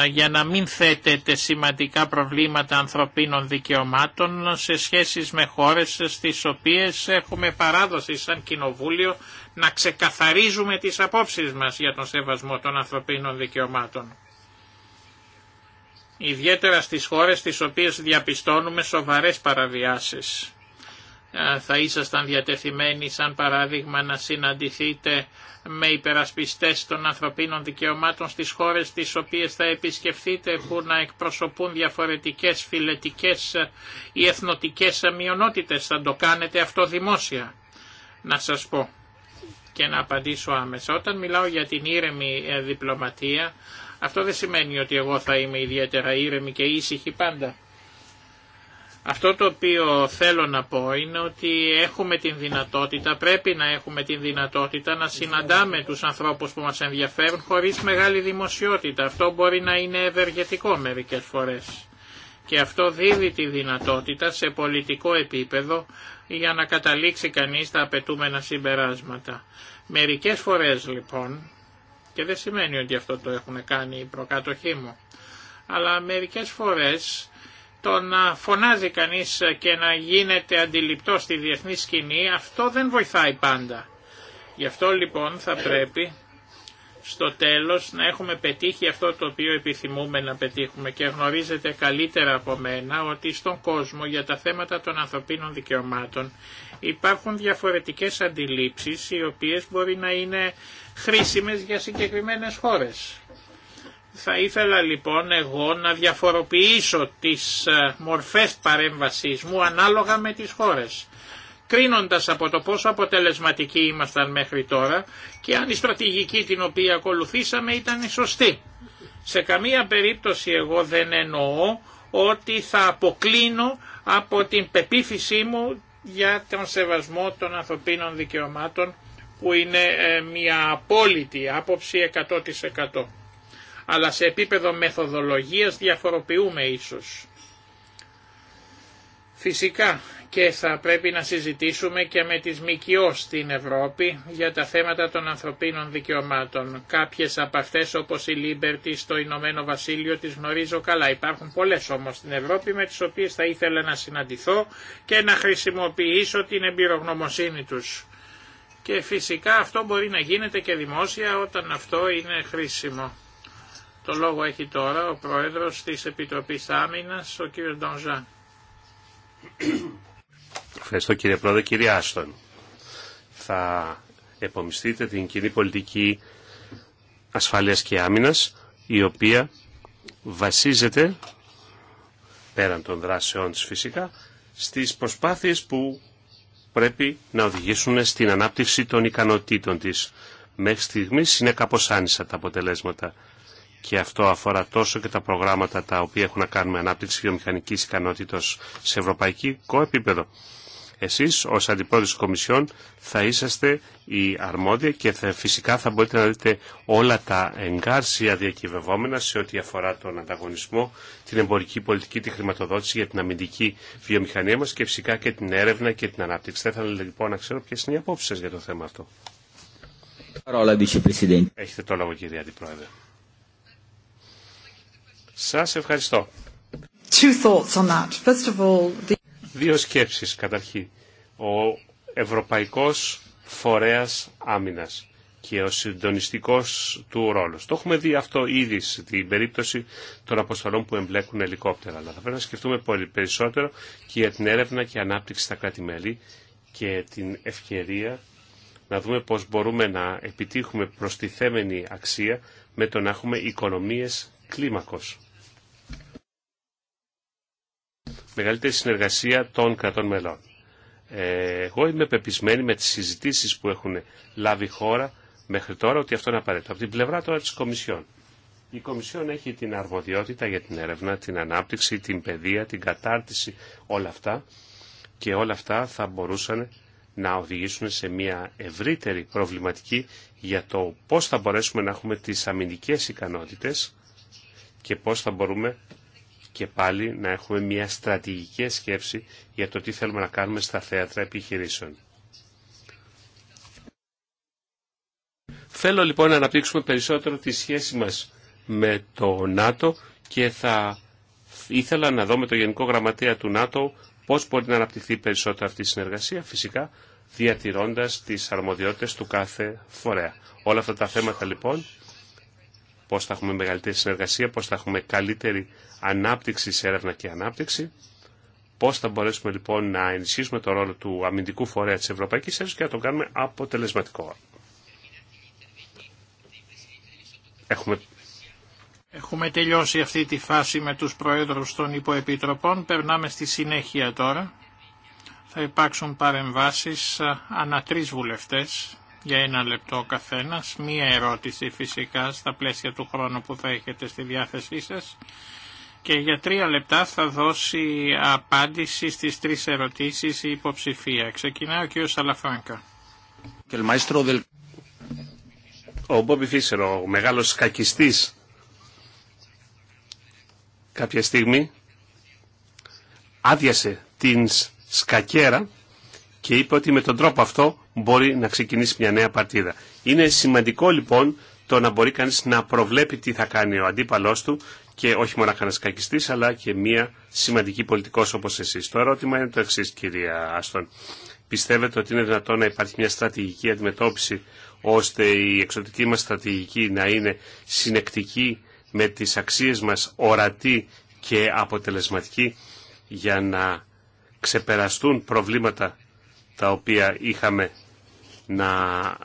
για να μην θέτεται σημαντικά προβλήματα ανθρωπίνων δικαιωμάτων σε σχέση με χώρες στις οποίες έχουμε παράδοση σαν κοινοβούλιο να ξεκαθαρίζουμε τις απόψεις μας για τον σεβασμό των ανθρωπίνων δικαιωμάτων. Ιδιαίτερα στις χώρες στις οποίες διαπιστώνουμε σοβαρές παραβιάσεις θα ήσασταν διατεθειμένοι σαν παράδειγμα να συναντηθείτε με υπερασπιστές των ανθρωπίνων δικαιωμάτων στις χώρες τις οποίες θα επισκεφθείτε που να εκπροσωπούν διαφορετικές φιλετικές ή εθνοτικές μειονότητες. Θα το κάνετε αυτό δημόσια, να σας πω και να απαντήσω άμεσα. Όταν μιλάω για την ήρεμη ε, διπλωματία, αυτό δεν σημαίνει ότι εγώ θα είμαι ιδιαίτερα ήρεμη και ήσυχη πάντα. Αυτό το οποίο θέλω να πω είναι ότι έχουμε την δυνατότητα, πρέπει να έχουμε την δυνατότητα να συναντάμε τους ανθρώπους που μας ενδιαφέρουν χωρίς μεγάλη δημοσιότητα. Αυτό μπορεί να είναι ευεργετικό μερικές φορές. Και αυτό δίδει τη δυνατότητα σε πολιτικό επίπεδο για να καταλήξει κανείς τα απαιτούμενα συμπεράσματα. Μερικές φορές λοιπόν, και δεν σημαίνει ότι αυτό το έχουν κάνει οι προκάτοχοί μου, αλλά μερικές φορές το να φωνάζει κανείς και να γίνεται αντιληπτό στη διεθνή σκηνή, αυτό δεν βοηθάει πάντα. Γι' αυτό λοιπόν θα πρέπει στο τέλος να έχουμε πετύχει αυτό το οποίο επιθυμούμε να πετύχουμε και γνωρίζετε καλύτερα από μένα ότι στον κόσμο για τα θέματα των ανθρωπίνων δικαιωμάτων υπάρχουν διαφορετικές αντιλήψεις οι οποίες μπορεί να είναι χρήσιμες για συγκεκριμένες χώρες. Θα ήθελα λοιπόν εγώ να διαφοροποιήσω τις ε, μορφές παρέμβασής μου ανάλογα με τις χώρες. Κρίνοντας από το πόσο αποτελεσματικοί ήμασταν μέχρι τώρα και αν η στρατηγική την οποία ακολουθήσαμε ήταν σωστή. Σε καμία περίπτωση εγώ δεν εννοώ ότι θα αποκλίνω από την πεποίθησή μου για τον σεβασμό των ανθρωπίνων δικαιωμάτων που είναι ε, μια απόλυτη άποψη 100% αλλά σε επίπεδο μεθοδολογίας διαφοροποιούμε ίσως. Φυσικά και θα πρέπει να συζητήσουμε και με τις ΜΚΟ στην Ευρώπη για τα θέματα των ανθρωπίνων δικαιωμάτων. Κάποιες από αυτές όπως η Λίμπερτη στο Ηνωμένο Βασίλειο τις γνωρίζω καλά. Υπάρχουν πολλές όμως στην Ευρώπη με τις οποίες θα ήθελα να συναντηθώ και να χρησιμοποιήσω την εμπειρογνωμοσύνη τους. Και φυσικά αυτό μπορεί να γίνεται και δημόσια όταν αυτό είναι χρήσιμο. Το λόγο έχει τώρα ο Πρόεδρος της Επιτροπής Άμυνας, ο κύριος Ντονζάν. Ευχαριστώ κύριε Πρόεδρε. Κύριε Άστον, θα επομιστείτε την κοινή πολιτική ασφάλειας και άμυνας, η οποία βασίζεται, πέραν των δράσεών της φυσικά, στις προσπάθειες που πρέπει να οδηγήσουν στην ανάπτυξη των ικανοτήτων της. Μέχρι στιγμής είναι κάπως τα αποτελέσματα και αυτό αφορά τόσο και τα προγράμματα τα οποία έχουν να κάνουν με ανάπτυξη βιομηχανικής ικανότητας σε ευρωπαϊκό επίπεδο. Εσείς ως αντιπρόεδρος της Κομισιόν θα είσαστε οι αρμόδια και θα, φυσικά θα μπορείτε να δείτε όλα τα εγκάρσια διακυβευόμενα σε ό,τι αφορά τον ανταγωνισμό, την εμπορική πολιτική, τη χρηματοδότηση για την αμυντική βιομηχανία μας και φυσικά και την έρευνα και την ανάπτυξη. Θα ήθελα λοιπόν να ξέρω ποιε είναι οι απόψεις για το θέμα αυτό. Έχετε το λόγο κύριε Αντιπρόεδρε. Σας ευχαριστώ. Δύο σκέψεις καταρχήν. Ο Ευρωπαϊκός Φορέας Άμυνας και ο συντονιστικός του ρόλος. Το έχουμε δει αυτό ήδη στην περίπτωση των αποστολών που εμπλέκουν ελικόπτερα. Αλλά θα πρέπει να σκεφτούμε πολύ περισσότερο και για την έρευνα και ανάπτυξη στα κράτη-μέλη και την ευκαιρία να δούμε πώς μπορούμε να επιτύχουμε προστιθέμενη αξία με το να έχουμε οικονομίες κλίμακος μεγαλύτερη συνεργασία των κρατών μελών. Ε, εγώ είμαι πεπισμένη με τις συζητήσεις που έχουν λάβει η χώρα μέχρι τώρα ότι αυτό είναι απαραίτητο. Από την πλευρά τώρα της Κομισιόν. Η Κομισιόν έχει την αρμοδιότητα για την έρευνα, την ανάπτυξη, την παιδεία, την κατάρτιση, όλα αυτά και όλα αυτά θα μπορούσαν να οδηγήσουν σε μια ευρύτερη προβληματική για το πώς θα μπορέσουμε να έχουμε τις αμυντικές ικανότητες και πώς θα μπορούμε και πάλι να έχουμε μια στρατηγική σκέψη για το τι θέλουμε να κάνουμε στα θέατρα επιχειρήσεων. Θέλω λοιπόν να αναπτύξουμε περισσότερο τη σχέση μας με το ΝΑΤΟ και θα ήθελα να δω με το Γενικό Γραμματέα του ΝΑΤΟ πώς μπορεί να αναπτυχθεί περισσότερο αυτή η συνεργασία, φυσικά διατηρώντας τις αρμοδιότητες του κάθε φορέα. Όλα αυτά τα θέματα λοιπόν πώς θα έχουμε μεγαλύτερη συνεργασία, πώς θα έχουμε καλύτερη ανάπτυξη σε έρευνα και ανάπτυξη, πώς θα μπορέσουμε λοιπόν να ενισχύσουμε το ρόλο του αμυντικού φορέα της Ευρωπαϊκής Ένωσης και να τον κάνουμε αποτελεσματικό. Έχουμε... Έχουμε τελειώσει αυτή τη φάση με τους Προέδρους των Υποεπιτροπών. Περνάμε στη συνέχεια τώρα. Θα υπάρξουν παρεμβάσεις ε, ανά τρεις βουλευτές για ένα λεπτό ο καθένας, μία ερώτηση φυσικά στα πλαίσια του χρόνου που θα έχετε στη διάθεσή σας και για τρία λεπτά θα δώσει απάντηση στις τρεις ερωτήσεις η υποψηφία. Ξεκινάει ο κ. Σαλαφράγκα. Ο Μπόμπι Φίσερ, ο μεγάλος σκακιστής, κάποια στιγμή άδειασε την σκακέρα και είπε ότι με τον τρόπο αυτό μπορεί να ξεκινήσει μια νέα παρτίδα. Είναι σημαντικό λοιπόν το να μπορεί κανείς να προβλέπει τι θα κάνει ο αντίπαλός του και όχι μόνο ένα κακιστής αλλά και μια σημαντική πολιτικός όπως εσείς. Το ερώτημα είναι το εξή, κυρία Άστον. Πιστεύετε ότι είναι δυνατόν να υπάρχει μια στρατηγική αντιμετώπιση ώστε η εξωτική μας στρατηγική να είναι συνεκτική με τις αξίες μας ορατή και αποτελεσματική για να ξεπεραστούν προβλήματα τα οποία είχαμε να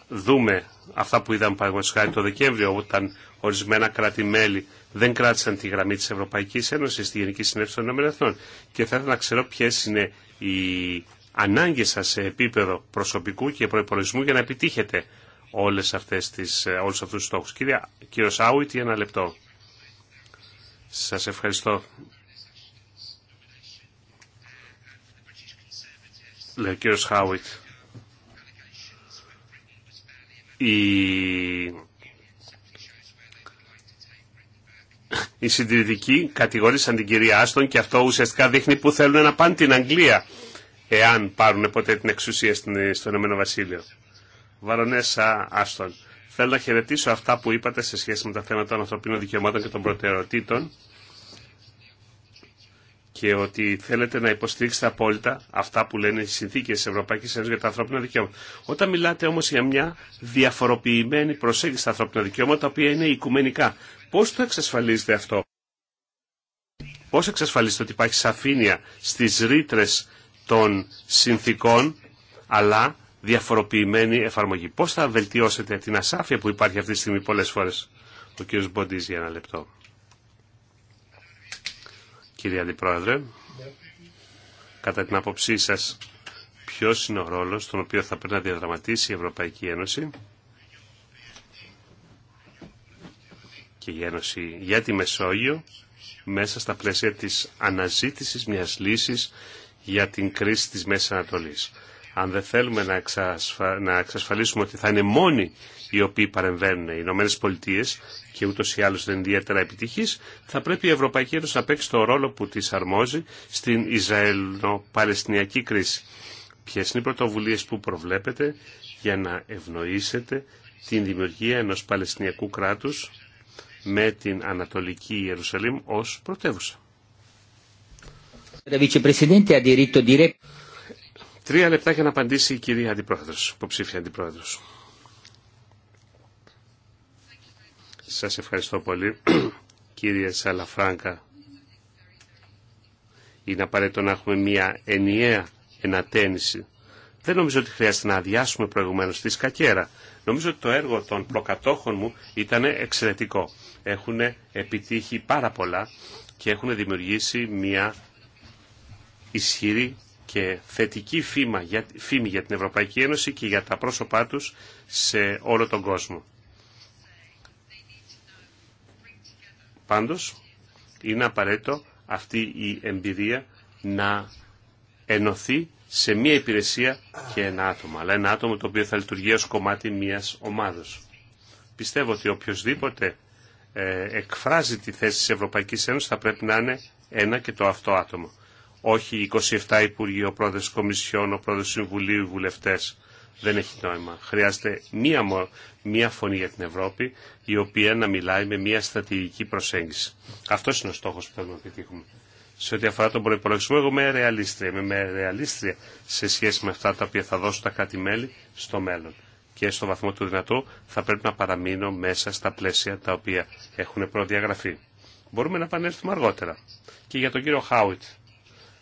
δούμε αυτά που είδαμε χάρη το Δεκέμβριο όταν ορισμένα κράτη-μέλη δεν κράτησαν τη γραμμή της Ευρωπαϊκής Ένωσης στη Γενική Συνέλευση των Εθνών. και θα ήθελα να ξέρω ποιες είναι οι ανάγκες σας σε επίπεδο προσωπικού και προπολογισμού για να επιτύχετε όλες αυτές τις, όλους αυτούς τους στόχους. Κύριε, κύριο Σάουιτ, ένα λεπτό. Σας ευχαριστώ λέει ο κύριος Χάουιτ. Η... Οι συντηρητικοί κατηγόρησαν την κυρία Άστον και αυτό ουσιαστικά δείχνει που θέλουν να πάνε την Αγγλία εάν πάρουν ποτέ την εξουσία στο Ηνωμένο Βασίλειο. Βαρονέσα Άστον. Θέλω να χαιρετήσω αυτά που είπατε σε σχέση με τα θέματα των ανθρωπίνων δικαιωμάτων και των προτεραιοτήτων και ότι θέλετε να υποστηρίξετε απόλυτα αυτά που λένε οι συνθήκε τη Ευρωπαϊκή Ένωση για τα ανθρώπινα δικαιώματα. Όταν μιλάτε όμω για μια διαφοροποιημένη προσέγγιση στα ανθρώπινα δικαιώματα, τα οποία είναι οικουμενικά, πώ το εξασφαλίζετε αυτό, πώ εξασφαλίζετε ότι υπάρχει σαφήνεια στι ρήτρε των συνθήκων, αλλά διαφοροποιημένη εφαρμογή. Πώ θα βελτιώσετε την ασάφεια που υπάρχει αυτή τη στιγμή πολλέ φορέ. Ο κ. Μποντή για ένα λεπτό κύριε Αντιπρόεδρε. Κατά την άποψή σας, ποιος είναι ο ρόλος τον οποίο θα πρέπει να διαδραματίσει η Ευρωπαϊκή Ένωση και η Ένωση για τη Μεσόγειο μέσα στα πλαίσια της αναζήτησης μιας λύσης για την κρίση της Μέσης Ανατολής. Αν δεν θέλουμε να, να εξασφαλίσουμε ότι θα είναι μόνη οι οποίοι παρεμβαίνουν, οι Ηνωμένε Πολιτείε και ούτω ή άλλω δεν είναι ιδιαίτερα επιτυχή, θα πρέπει η αλλω δεν ιδιαιτερα επιτυχη Ένωση να παίξει το ρόλο που τη αρμόζει στην Ισραηλο-Παλαιστινιακή κρίση. Ποιε είναι οι πρωτοβουλίε που προβλέπετε για να ευνοήσετε την δημιουργία ενό Παλαιστινιακού κράτου με την Ανατολική Ιερουσαλήμ ω πρωτεύουσα. Τρία λεπτά για να απαντήσει η κυρία Αντιπρόεδρος, υποψήφια Αντιπρόεδρος. Σας ευχαριστώ πολύ, κύριε Σαλαφράγκα. Είναι απαραίτητο να έχουμε μια ενιαία ενατένιση. Δεν νομίζω ότι χρειάζεται να αδειάσουμε προηγουμένως τη σκακέρα. Νομίζω ότι το έργο των προκατόχων μου ήταν εξαιρετικό. Έχουν επιτύχει πάρα πολλά και έχουν δημιουργήσει μια ισχυρή και θετική φήμη για, για την Ευρωπαϊκή Ένωση και για τα πρόσωπά τους σε όλο τον κόσμο. Πάντως, είναι απαραίτητο αυτή η εμπειρία να ενωθεί σε μία υπηρεσία και ένα άτομο, αλλά ένα άτομο το οποίο θα λειτουργεί ως κομμάτι μιας ομάδος. Πιστεύω ότι οποιοδήποτε ε, εκφράζει τη θέση της Ευρωπαϊκής Ένωσης θα πρέπει να είναι ένα και το αυτό άτομο. Όχι 27 Υπουργοί, ο Πρόεδρος Κομισιόν, ο Πρόεδρος Συμβουλίου, οι βουλευτές δεν έχει νόημα. Χρειάζεται μία, μία φωνή για την Ευρώπη, η οποία να μιλάει με μία στρατηγική προσέγγιση. Αυτό είναι ο στόχο που θέλουμε να πετύχουμε. Σε ό,τι αφορά τον προπολογισμό, εγώ είμαι ρεαλίστρια. Είμαι ρεαλίστρια σε σχέση με αυτά τα οποία θα δώσουν τα κράτη-μέλη στο μέλλον. Και στο βαθμό του δυνατό θα πρέπει να παραμείνω μέσα στα πλαίσια τα οποία έχουν προδιαγραφεί. Μπορούμε να επανέλθουμε αργότερα. Και για τον κύριο Χάουιτ.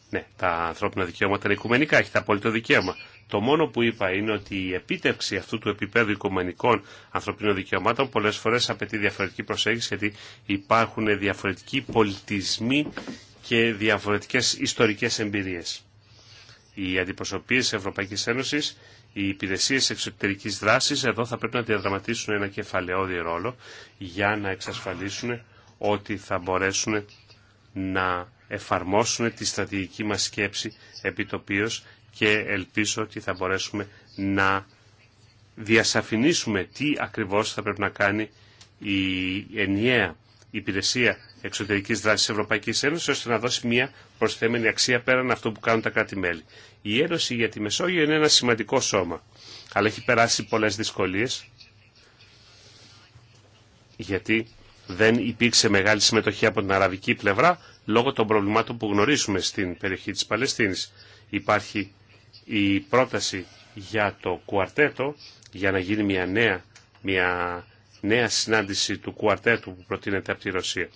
Ναι, τα ανθρώπινα δικαιώματα είναι οικουμενικά, έχει τα απόλυτο δικαίωμα. Το μόνο που είπα είναι ότι η επίτευξη αυτού του επίπεδου οικουμενικών ανθρωπίνων δικαιωμάτων πολλέ φορέ απαιτεί διαφορετική προσέγγιση γιατί υπάρχουν διαφορετικοί πολιτισμοί και διαφορετικέ ιστορικέ εμπειρίε. Οι αντιπροσωπείε Ευρωπαϊκή Ένωση, οι υπηρεσίε εξωτερική δράση εδώ θα πρέπει να διαδραματίσουν ένα κεφαλαιόδη ρόλο για να εξασφαλίσουν ότι θα μπορέσουν να εφαρμόσουν τη στρατηγική μα σκέψη επιτοπίως και ελπίζω ότι θα μπορέσουμε να διασαφηνίσουμε τι ακριβώς θα πρέπει να κάνει η ενιαία υπηρεσία εξωτερικής δράσης Ευρωπαϊκής Ένωσης ώστε να δώσει μια προσθέμενη αξία πέραν αυτού που κάνουν τα κράτη-μέλη. Η Ένωση για τη Μεσόγειο είναι ένα σημαντικό σώμα, αλλά έχει περάσει πολλές δυσκολίες γιατί δεν υπήρξε μεγάλη συμμετοχή από την αραβική πλευρά λόγω των προβλημάτων που γνωρίζουμε στην περιοχή της Παλαιστίνης. Υπάρχει η πρόταση για το κουαρτέτο, για να γίνει μια νέα, μια νέα συνάντηση του κουαρτέτου που προτείνεται από τη Ρωσία.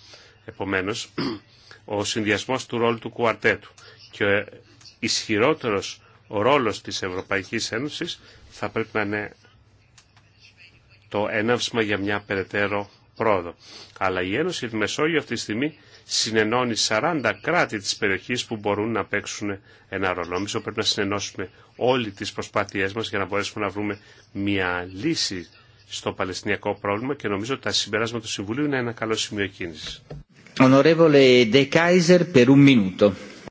Επομένως, ο συνδυασμός του ρόλου του κουαρτέτου και ο ισχυρότερος ρόλος της Ευρωπαϊκής Ένωσης θα πρέπει να είναι το έναυσμα για μια περαιτέρω πρόοδο. Αλλά η Ένωση της Μεσόγειο αυτή τη στιγμή συνενώνει 40 κράτη της περιοχής που μπορούν να παίξουν ένα ρόλο. Νομίζω πρέπει να συνενώσουμε όλοι τις προσπάθειές μας για να μπορέσουμε να βρούμε μια λύση στο Παλαιστινιακό πρόβλημα και νομίζω ότι τα συμπεράσματα του Συμβουλίου είναι ένα καλό σημείο κίνησης.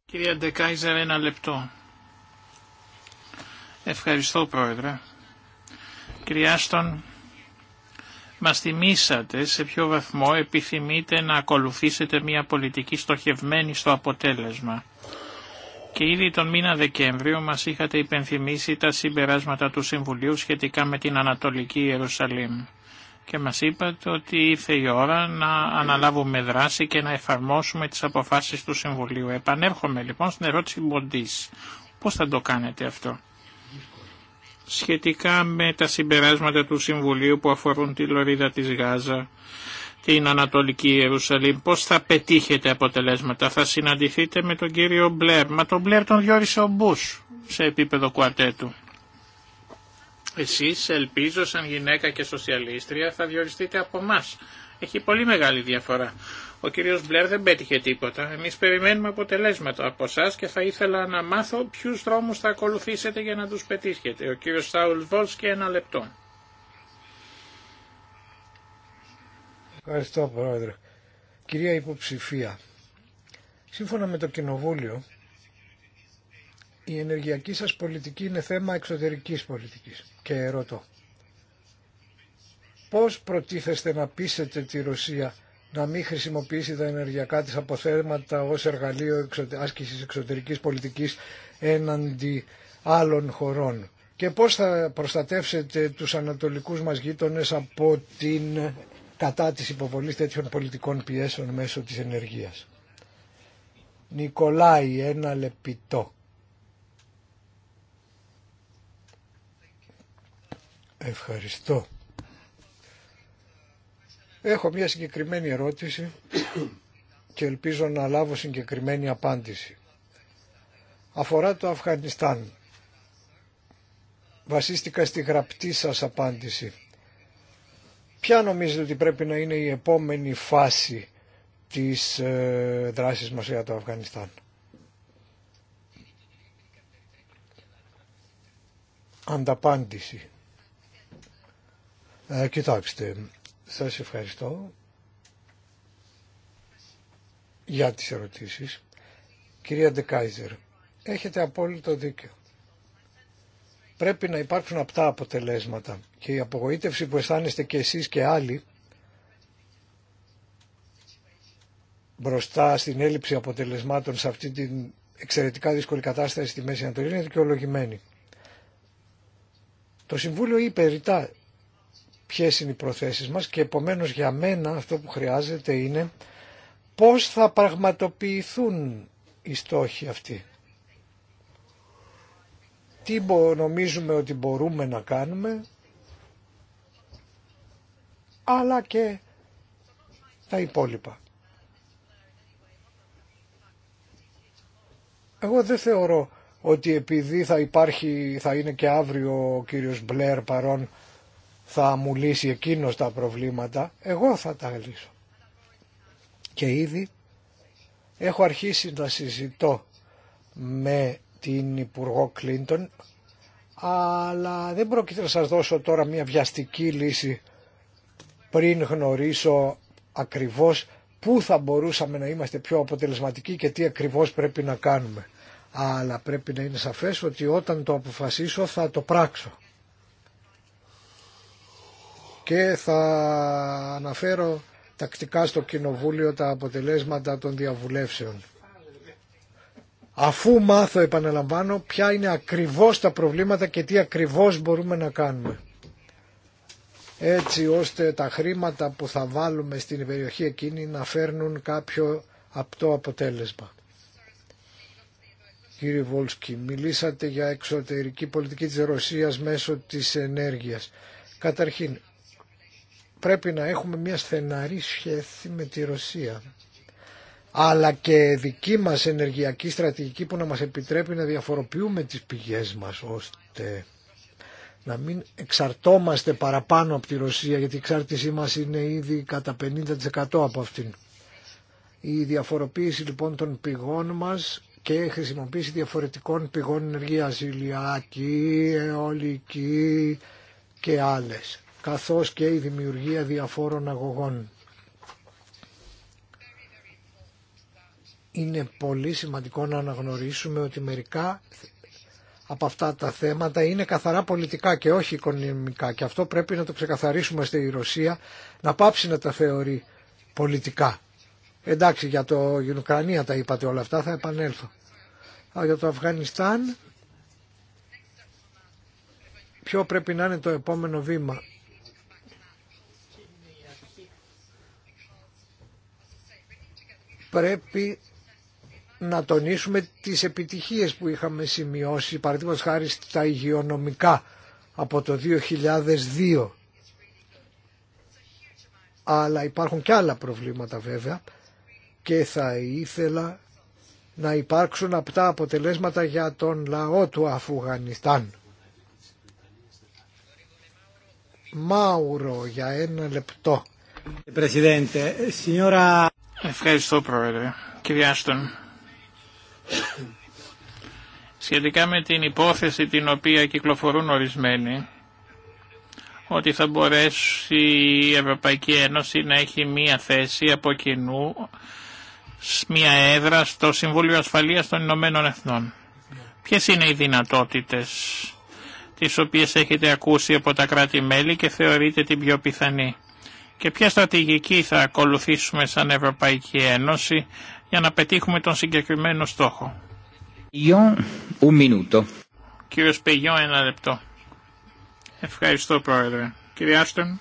Κυρία Ντεκάιζερ, ένα λεπτό. Ευχαριστώ, Πρόεδρε. Κυρία Άστον, μας θυμήσατε σε ποιο βαθμό επιθυμείτε να ακολουθήσετε μια πολιτική στοχευμένη στο αποτέλεσμα. Και ήδη τον μήνα Δεκέμβριο μας είχατε υπενθυμίσει τα συμπεράσματα του Συμβουλίου σχετικά με την Ανατολική Ιερουσαλήμ. Και μας είπατε ότι ήρθε η ώρα να αναλάβουμε δράση και να εφαρμόσουμε τις αποφάσεις του Συμβουλίου. Επανέρχομαι λοιπόν στην ερώτηση Μποντής. Πώς θα το κάνετε αυτό σχετικά με τα συμπεράσματα του Συμβουλίου που αφορούν τη Λωρίδα της Γάζα, την Ανατολική Ιερουσαλήμ. Πώς θα πετύχετε αποτελέσματα, θα συναντηθείτε με τον κύριο Μπλερ. Μα τον Μπλερ τον διόρισε ο Μπούς σε επίπεδο κουαρτέτου. Εσείς ελπίζω σαν γυναίκα και σοσιαλίστρια θα διοριστείτε από εμά. Έχει πολύ μεγάλη διαφορά. Ο κύριος Μπλερ δεν πέτυχε τίποτα. Εμείς περιμένουμε αποτελέσματα από εσά και θα ήθελα να μάθω ποιους δρόμους θα ακολουθήσετε για να τους πετύχετε. Ο κύριος Σάουλ και ένα λεπτό. Ευχαριστώ Πρόεδρε. Κυρία Υποψηφία, σύμφωνα με το Κοινοβούλιο, η ενεργειακή σας πολιτική είναι θέμα εξωτερικής πολιτικής. Και ερώτω, πώς προτίθεστε να πείσετε τη Ρωσία να μην χρησιμοποιήσει τα ενεργειακά της αποθέματα ως εργαλείο άσκησης εξωτερικής πολιτικής έναντι άλλων χωρών. Και πώς θα προστατεύσετε τους ανατολικούς μας γείτονες από την κατά της υποβολής τέτοιων πολιτικών πιέσεων μέσω της ενεργείας. Νικολάη, ένα λεπιτό. Ευχαριστώ. Έχω μια συγκεκριμένη ερώτηση και ελπίζω να λάβω συγκεκριμένη απάντηση. Αφορά το Αφγανιστάν. Βασίστηκα στη γραπτή σας απάντηση. Ποια νομίζετε ότι πρέπει να είναι η επόμενη φάση της ε, δράσης μας για το Αφγανιστάν. Ανταπάντηση. Ε, κοιτάξτε, σας ευχαριστώ για τις ερωτήσεις. Κυρία Ντεκάιζερ, έχετε απόλυτο δίκιο. Πρέπει να υπάρξουν απτά αποτελέσματα και η απογοήτευση που αισθάνεστε και εσείς και άλλοι μπροστά στην έλλειψη αποτελεσμάτων σε αυτή την εξαιρετικά δύσκολη κατάσταση στη Μέση Ανατολή είναι δικαιολογημένη. Το Συμβούλιο είπε ρητά ποιες είναι οι προθέσεις μας και επομένως για μένα αυτό που χρειάζεται είναι πώς θα πραγματοποιηθούν οι στόχοι αυτοί. Τι νομίζουμε ότι μπορούμε να κάνουμε αλλά και τα υπόλοιπα. Εγώ δεν θεωρώ ότι επειδή θα υπάρχει, θα είναι και αύριο ο κύριος Μπλερ παρόν θα μου λύσει εκείνος τα προβλήματα, εγώ θα τα λύσω. Και ήδη έχω αρχίσει να συζητώ με την Υπουργό Κλίντον, αλλά δεν πρόκειται να σας δώσω τώρα μια βιαστική λύση πριν γνωρίσω ακριβώς πού θα μπορούσαμε να είμαστε πιο αποτελεσματικοί και τι ακριβώς πρέπει να κάνουμε. Αλλά πρέπει να είναι σαφές ότι όταν το αποφασίσω θα το πράξω και θα αναφέρω τακτικά στο Κοινοβούλιο τα αποτελέσματα των διαβουλεύσεων. Αφού μάθω, επαναλαμβάνω, ποια είναι ακριβώς τα προβλήματα και τι ακριβώς μπορούμε να κάνουμε. Έτσι ώστε τα χρήματα που θα βάλουμε στην περιοχή εκείνη να φέρνουν κάποιο απτό αποτέλεσμα. Κύριε Βόλσκι, μιλήσατε για εξωτερική πολιτική της Ρωσίας μέσω της ενέργειας. Καταρχήν, πρέπει να έχουμε μια στεναρή σχέση με τη Ρωσία αλλά και δική μας ενεργειακή στρατηγική που να μας επιτρέπει να διαφοροποιούμε τις πηγές μας ώστε να μην εξαρτόμαστε παραπάνω από τη Ρωσία γιατί η εξάρτησή μας είναι ήδη κατά 50% από αυτήν. Η διαφοροποίηση λοιπόν των πηγών μας και χρησιμοποίηση διαφορετικών πηγών ενεργείας ηλιακή, αιωλική και άλλες καθώς και η δημιουργία διαφόρων αγωγών. Είναι πολύ σημαντικό να αναγνωρίσουμε ότι μερικά από αυτά τα θέματα είναι καθαρά πολιτικά και όχι οικονομικά και αυτό πρέπει να το ξεκαθαρίσουμε στη Ρωσία να πάψει να τα θεωρεί πολιτικά. Εντάξει για το Ουκρανία τα είπατε όλα αυτά θα επανέλθω. για το Αφγανιστάν ποιο πρέπει να είναι το επόμενο βήμα. πρέπει να τονίσουμε τις επιτυχίες που είχαμε σημειώσει, παραδείγματος χάρη στα υγειονομικά από το 2002. Αλλά υπάρχουν και άλλα προβλήματα βέβαια και θα ήθελα να υπάρξουν απτά αποτελέσματα για τον λαό του Αφουγανιστάν. Μάουρο για ένα λεπτό. Presidente, signora... Ευχαριστώ Πρόεδρε. Κυρία Άστον, σχετικά με την υπόθεση την οποία κυκλοφορούν ορισμένοι, ότι θα μπορέσει η Ευρωπαϊκή Ένωση να έχει μία θέση από κοινού, μία έδρα στο Συμβούλιο Ασφαλείας των Ηνωμένων Εθνών. Ποιες είναι οι δυνατότητες τις οποίες έχετε ακούσει από τα κράτη-μέλη και θεωρείτε την πιο πιθανή και ποια στρατηγική θα ακολουθήσουμε σαν Ευρωπαϊκή Ένωση για να πετύχουμε τον συγκεκριμένο στόχο. Κύριο Πεγιό, ένα λεπτό. Ευχαριστώ, Πρόεδρε. Κύριε Άστον.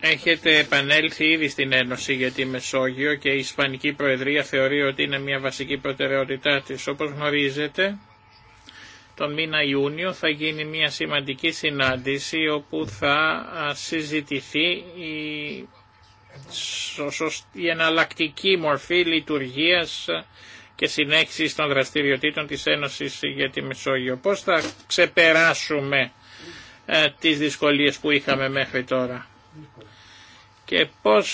Έχετε επανέλθει ήδη στην Ένωση για τη Μεσόγειο και η Ισπανική Προεδρία θεωρεί ότι είναι μια βασική προτεραιότητά της. Όπως γνωρίζετε, τον μήνα Ιούνιο θα γίνει μια σημαντική συνάντηση όπου θα συζητηθεί η, εναλλακτική μορφή λειτουργίας και συνέχιση των δραστηριοτήτων της Ένωσης για τη Μεσόγειο. Πώς θα ξεπεράσουμε ε, τις δυσκολίες που είχαμε μέχρι τώρα και πώς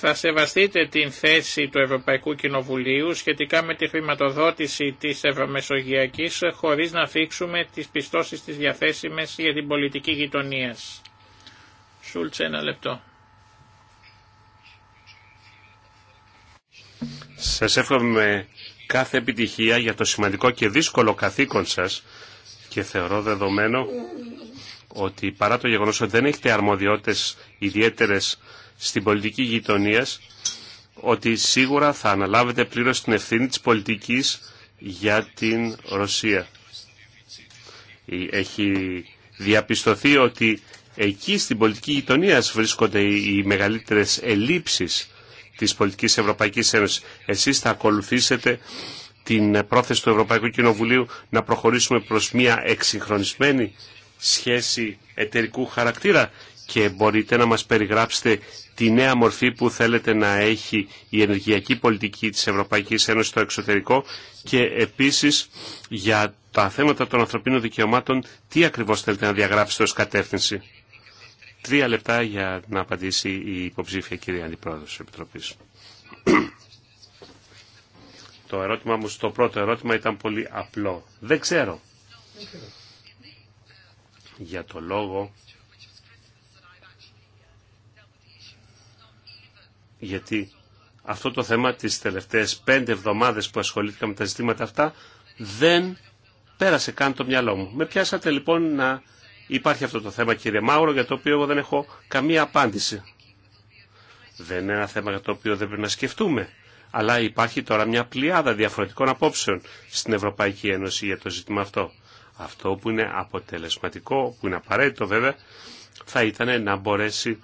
θα σεβαστείτε την θέση του Ευρωπαϊκού Κοινοβουλίου σχετικά με τη χρηματοδότηση της Ευρωμεσογειακής χωρίς να αφήξουμε τις πιστώσεις της διαθέσιμες για την πολιτική γειτονίας. Σούλτς ένα λεπτό. Σας εύχομαι κάθε επιτυχία για το σημαντικό και δύσκολο καθήκον σας και θεωρώ δεδομένο ότι παρά το γεγονός ότι δεν έχετε αρμοδιότητες ιδιαίτερες στην πολιτική γειτονία ότι σίγουρα θα αναλάβετε πλήρως την ευθύνη της πολιτικής για την Ρωσία. Έχει διαπιστωθεί ότι εκεί στην πολιτική γειτονία βρίσκονται οι μεγαλύτερες ελλείψεις της πολιτικής Ευρωπαϊκής Ένωσης. Εσείς θα ακολουθήσετε την πρόθεση του Ευρωπαϊκού Κοινοβουλίου να προχωρήσουμε προς μια εξυγχρονισμένη σχέση εταιρικού χαρακτήρα και μπορείτε να μας περιγράψετε τη νέα μορφή που θέλετε να έχει η ενεργειακή πολιτική της Ευρωπαϊκής Ένωσης στο εξωτερικό και επίσης για τα θέματα των ανθρωπίνων δικαιωμάτων τι ακριβώς θέλετε να διαγράψετε ως κατεύθυνση. Τρία λεπτά για να απαντήσει η υποψήφια κυρία Αντιπρόεδρος της Επιτροπής. Το ερώτημα μου πρώτο ερώτημα ήταν πολύ απλό. Δεν ξέρω. Για το λόγο γιατί αυτό το θέμα τις τελευταίες πέντε εβδομάδες που ασχολήθηκα με τα ζητήματα αυτά δεν πέρασε καν το μυαλό μου. Με πιάσατε λοιπόν να υπάρχει αυτό το θέμα κύριε Μάουρο για το οποίο εγώ δεν έχω καμία απάντηση. Δεν είναι ένα θέμα για το οποίο δεν πρέπει να σκεφτούμε. Αλλά υπάρχει τώρα μια πλειάδα διαφορετικών απόψεων στην Ευρωπαϊκή Ένωση για το ζήτημα αυτό. Αυτό που είναι αποτελεσματικό, που είναι απαραίτητο βέβαια, θα ήταν να μπορέσει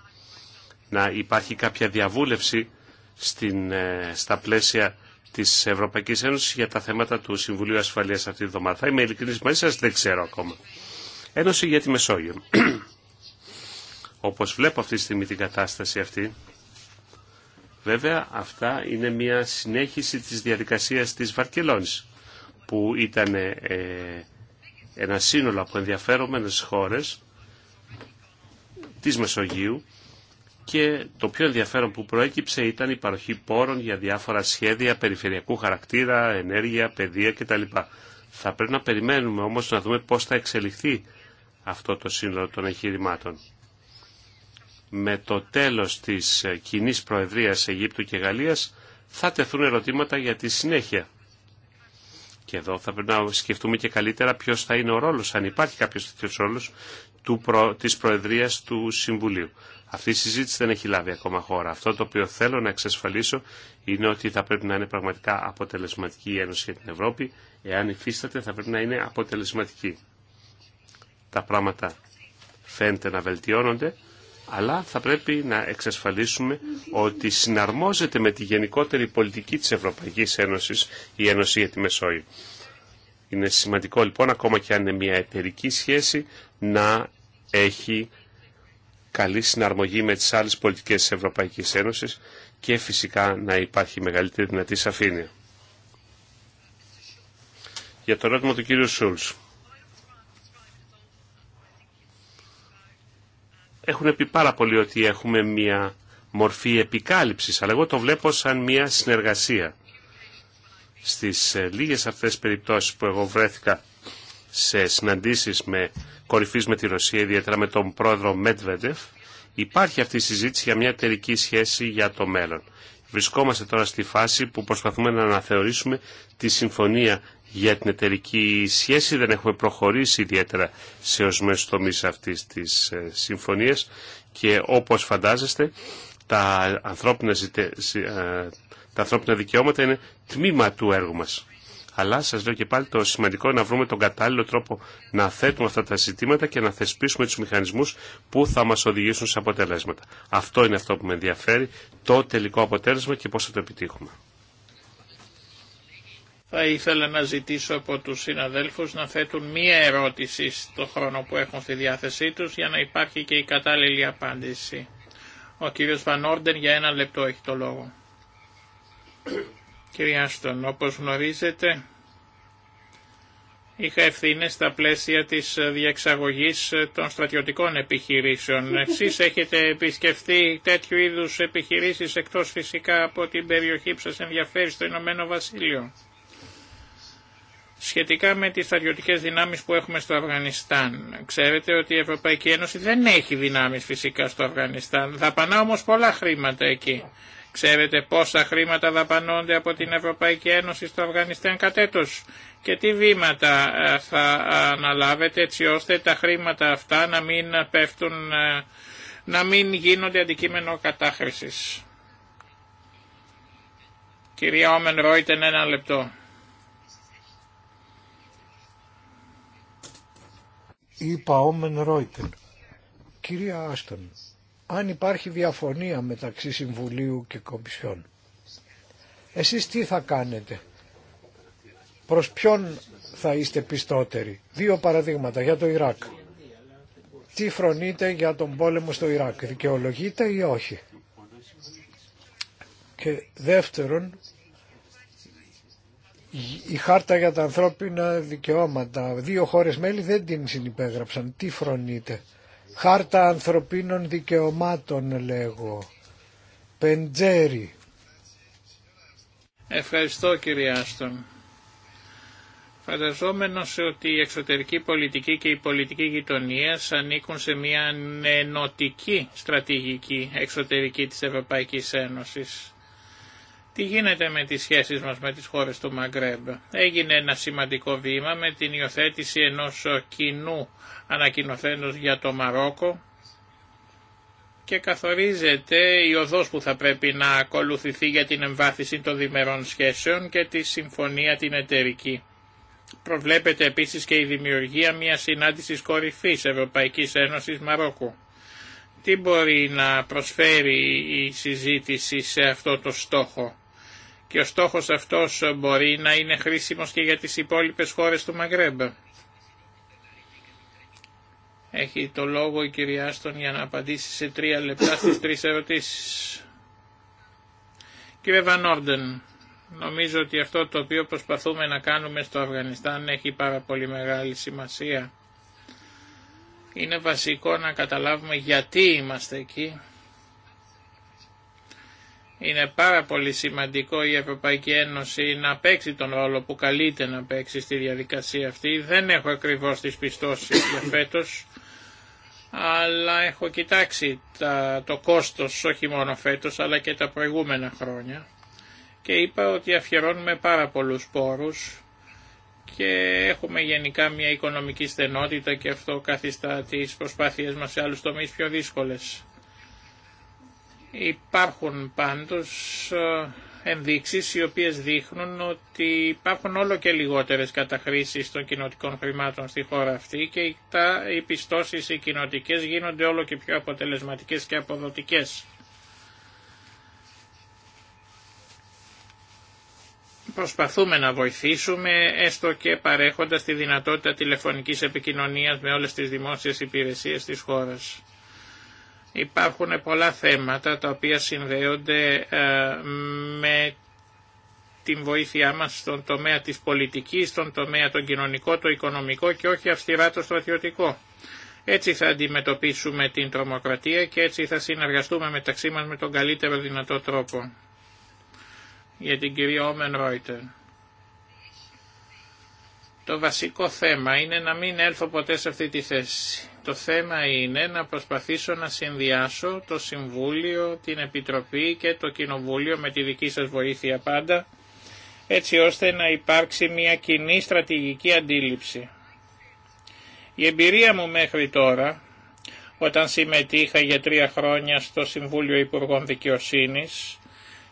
να υπάρχει κάποια διαβούλευση στην, ε, στα πλαίσια τη Ευρωπαϊκή Ένωση για τα θέματα του Συμβουλίου Ασφαλείας αυτή τη βδομάδα. Θα είμαι ειλικρινή μαζί σα, δεν ξέρω ακόμα. Ένωση για τη Μεσόγειο. Όπως βλέπω αυτή τη στιγμή την κατάσταση αυτή, βέβαια αυτά είναι μια συνέχιση της διαδικασίας της Βαρκελόνης, που ήταν ε, ένα σύνολο από ενδιαφέρομενες χώρες της Μεσογείου, και το πιο ενδιαφέρον που προέκυψε ήταν η παροχή πόρων για διάφορα σχέδια περιφερειακού χαρακτήρα, ενέργεια, παιδεία κτλ. Θα πρέπει να περιμένουμε όμως να δούμε πώς θα εξελιχθεί αυτό το σύνολο των εγχειρημάτων. Με το τέλος της κοινή προεδρίας Αιγύπτου και Γαλλίας θα τεθούν ερωτήματα για τη συνέχεια. Και εδώ θα πρέπει να σκεφτούμε και καλύτερα ποιος θα είναι ο ρόλος, αν υπάρχει κάποιος τέτοιος ρόλος, του προ, της Προεδρίας του Συμβουλίου. Αυτή η συζήτηση δεν έχει λάβει ακόμα χώρα. Αυτό το οποίο θέλω να εξασφαλίσω είναι ότι θα πρέπει να είναι πραγματικά αποτελεσματική η Ένωση για την Ευρώπη. Εάν υφίσταται θα πρέπει να είναι αποτελεσματική. Τα πράγματα φαίνεται να βελτιώνονται, αλλά θα πρέπει να εξασφαλίσουμε ότι συναρμόζεται με τη γενικότερη πολιτική της Ευρωπαϊκής Ένωσης η Ένωση για τη Μεσόγειο. Είναι σημαντικό λοιπόν, ακόμα και αν είναι μια εταιρική σχέση, να έχει καλή συναρμογή με τις άλλες πολιτικές της Ευρωπαϊκής Ένωσης και φυσικά να υπάρχει μεγαλύτερη δυνατή σαφήνεια. Για το ερώτημα του κύριου Σούλς. Έχουν πει πάρα πολύ ότι έχουμε μια μορφή επικάλυψης, αλλά εγώ το βλέπω σαν μια συνεργασία. Στις ε, λίγες αυτές περιπτώσεις που εγώ βρέθηκα σε συναντήσεις με κορυφής με τη Ρωσία, ιδιαίτερα με τον πρόεδρο Μέτβεντεφ, υπάρχει αυτή η συζήτηση για μια εταιρική σχέση για το μέλλον. Βρισκόμαστε τώρα στη φάση που προσπαθούμε να αναθεωρήσουμε τη συμφωνία για την εταιρική σχέση. Δεν έχουμε προχωρήσει ιδιαίτερα σε ορισμένου τομεί αυτή τη ε, συμφωνία και όπω φαντάζεστε, τα ανθρώπινα, ε, τα ανθρώπινα δικαιώματα είναι τμήμα του έργου μας. Αλλά σας λέω και πάλι το σημαντικό είναι να βρούμε τον κατάλληλο τρόπο να θέτουμε αυτά τα ζητήματα και να θεσπίσουμε τους μηχανισμούς που θα μας οδηγήσουν σε αποτελέσματα. Αυτό είναι αυτό που με ενδιαφέρει, το τελικό αποτέλεσμα και πώ θα το επιτύχουμε. Θα ήθελα να ζητήσω από τους συναδέλφους να θέτουν μία ερώτηση στο χρόνο που έχουν στη διάθεσή τους για να υπάρχει και η κατάλληλη απάντηση. Ο κύριος Βανόρντεν για ένα λεπτό έχει το λόγο. Κύριε Άστον, όπως γνωρίζετε, είχα ευθύνε στα πλαίσια της διεξαγωγής των στρατιωτικών επιχειρήσεων. Εσείς έχετε επισκεφτεί τέτοιου είδους επιχειρήσεις εκτός φυσικά από την περιοχή που σας ενδιαφέρει στο Ηνωμένο Βασίλειο. Σχετικά με τις στρατιωτικές δυνάμεις που έχουμε στο Αφγανιστάν. Ξέρετε ότι η Ευρωπαϊκή Ένωση δεν έχει δυνάμεις φυσικά στο Αφγανιστάν. Θα πανά όμως πολλά χρήματα εκεί. Ξέρετε πόσα χρήματα δαπανώνται από την Ευρωπαϊκή Ένωση στο Αφγανιστάν κατέτος και τι βήματα ε, θα αναλάβετε έτσι ώστε τα χρήματα αυτά να μην πέφτουν, ε, να μην γίνονται αντικείμενο κατάχρησης. Κυρία Όμεν Ρόιτεν, ένα λεπτό. Είπα Όμεν Ρόιτεν. Κυρία Άστον, αν υπάρχει διαφωνία μεταξύ Συμβουλίου και Κομισιόν. Εσείς τι θα κάνετε, προς ποιον θα είστε πιστότεροι. Δύο παραδείγματα για το Ιράκ. Τι φρονείτε για τον πόλεμο στο Ιράκ, δικαιολογείτε ή όχι. Και δεύτερον, η χάρτα για τα ανθρώπινα δικαιώματα. Δύο χώρες μέλη δεν την συνυπέγραψαν. Τι φρονείτε. Χάρτα ανθρωπίνων δικαιωμάτων λέγω. Πεντζέρι. Ευχαριστώ κύριε Άστον. Φανταζόμενος ότι η εξωτερική πολιτική και η πολιτική γειτονία ανήκουν σε μια ενωτική στρατηγική εξωτερική της Ευρωπαϊκής Ένωσης. Τι γίνεται με τις σχέσεις μας με τις χώρες του Μαγκρέμπ. Έγινε ένα σημαντικό βήμα με την υιοθέτηση ενός κοινού ανακοινωθέντος για το Μαρόκο και καθορίζεται η οδός που θα πρέπει να ακολουθηθεί για την εμβάθυνση των διμερών σχέσεων και τη συμφωνία την εταιρική. Προβλέπεται επίσης και η δημιουργία μιας συνάντησης κορυφής Ευρωπαϊκής Ένωσης Μαρόκου. Τι μπορεί να προσφέρει η συζήτηση σε αυτό το στόχο και ο στόχος αυτός μπορεί να είναι χρήσιμος και για τις υπόλοιπες χώρες του Μαγκρέμπ. Έχει το λόγο η κυρία Άστον για να απαντήσει σε τρία λεπτά στις τρεις ερωτήσεις. Κύριε Βανόρντεν, νομίζω ότι αυτό το οποίο προσπαθούμε να κάνουμε στο Αφγανιστάν έχει πάρα πολύ μεγάλη σημασία. Είναι βασικό να καταλάβουμε γιατί είμαστε εκεί είναι πάρα πολύ σημαντικό η Ευρωπαϊκή Ένωση να παίξει τον ρόλο που καλείται να παίξει στη διαδικασία αυτή. Δεν έχω ακριβώς τις πιστώσεις για φέτος, αλλά έχω κοιτάξει το κόστος όχι μόνο φέτος αλλά και τα προηγούμενα χρόνια και είπα ότι αφιερώνουμε πάρα πολλούς πόρους και έχουμε γενικά μια οικονομική στενότητα και αυτό καθιστά τις προσπάθειές μας σε άλλους τομείς πιο δύσκολες. Υπάρχουν πάντως ε, ενδείξεις οι οποίες δείχνουν ότι υπάρχουν όλο και λιγότερες καταχρήσεις των κοινοτικών χρημάτων στη χώρα αυτή και τα, οι πιστώσεις οι κοινοτικές γίνονται όλο και πιο αποτελεσματικές και αποδοτικές. Προσπαθούμε να βοηθήσουμε έστω και παρέχοντας τη δυνατότητα τηλεφωνικής επικοινωνίας με όλες τις δημόσιες υπηρεσίες της χώρας. Υπάρχουν πολλά θέματα τα οποία συνδέονται ε, με την βοήθειά μας στον τομέα της πολιτικής, στον τομέα τον κοινωνικό, το οικονομικό και όχι αυστηρά το στρατιωτικό. Έτσι θα αντιμετωπίσουμε την τρομοκρατία και έτσι θα συνεργαστούμε μεταξύ μας με τον καλύτερο δυνατό τρόπο. Για την κυρία Όμεν Ρόιτερ. Το βασικό θέμα είναι να μην έλθω ποτέ σε αυτή τη θέση. Το θέμα είναι να προσπαθήσω να συνδυάσω το Συμβούλιο, την Επιτροπή και το Κοινοβούλιο με τη δική σας βοήθεια πάντα, έτσι ώστε να υπάρξει μια κοινή στρατηγική αντίληψη. Η εμπειρία μου μέχρι τώρα, όταν συμμετείχα για τρία χρόνια στο Συμβούλιο Υπουργών Δικαιοσύνης,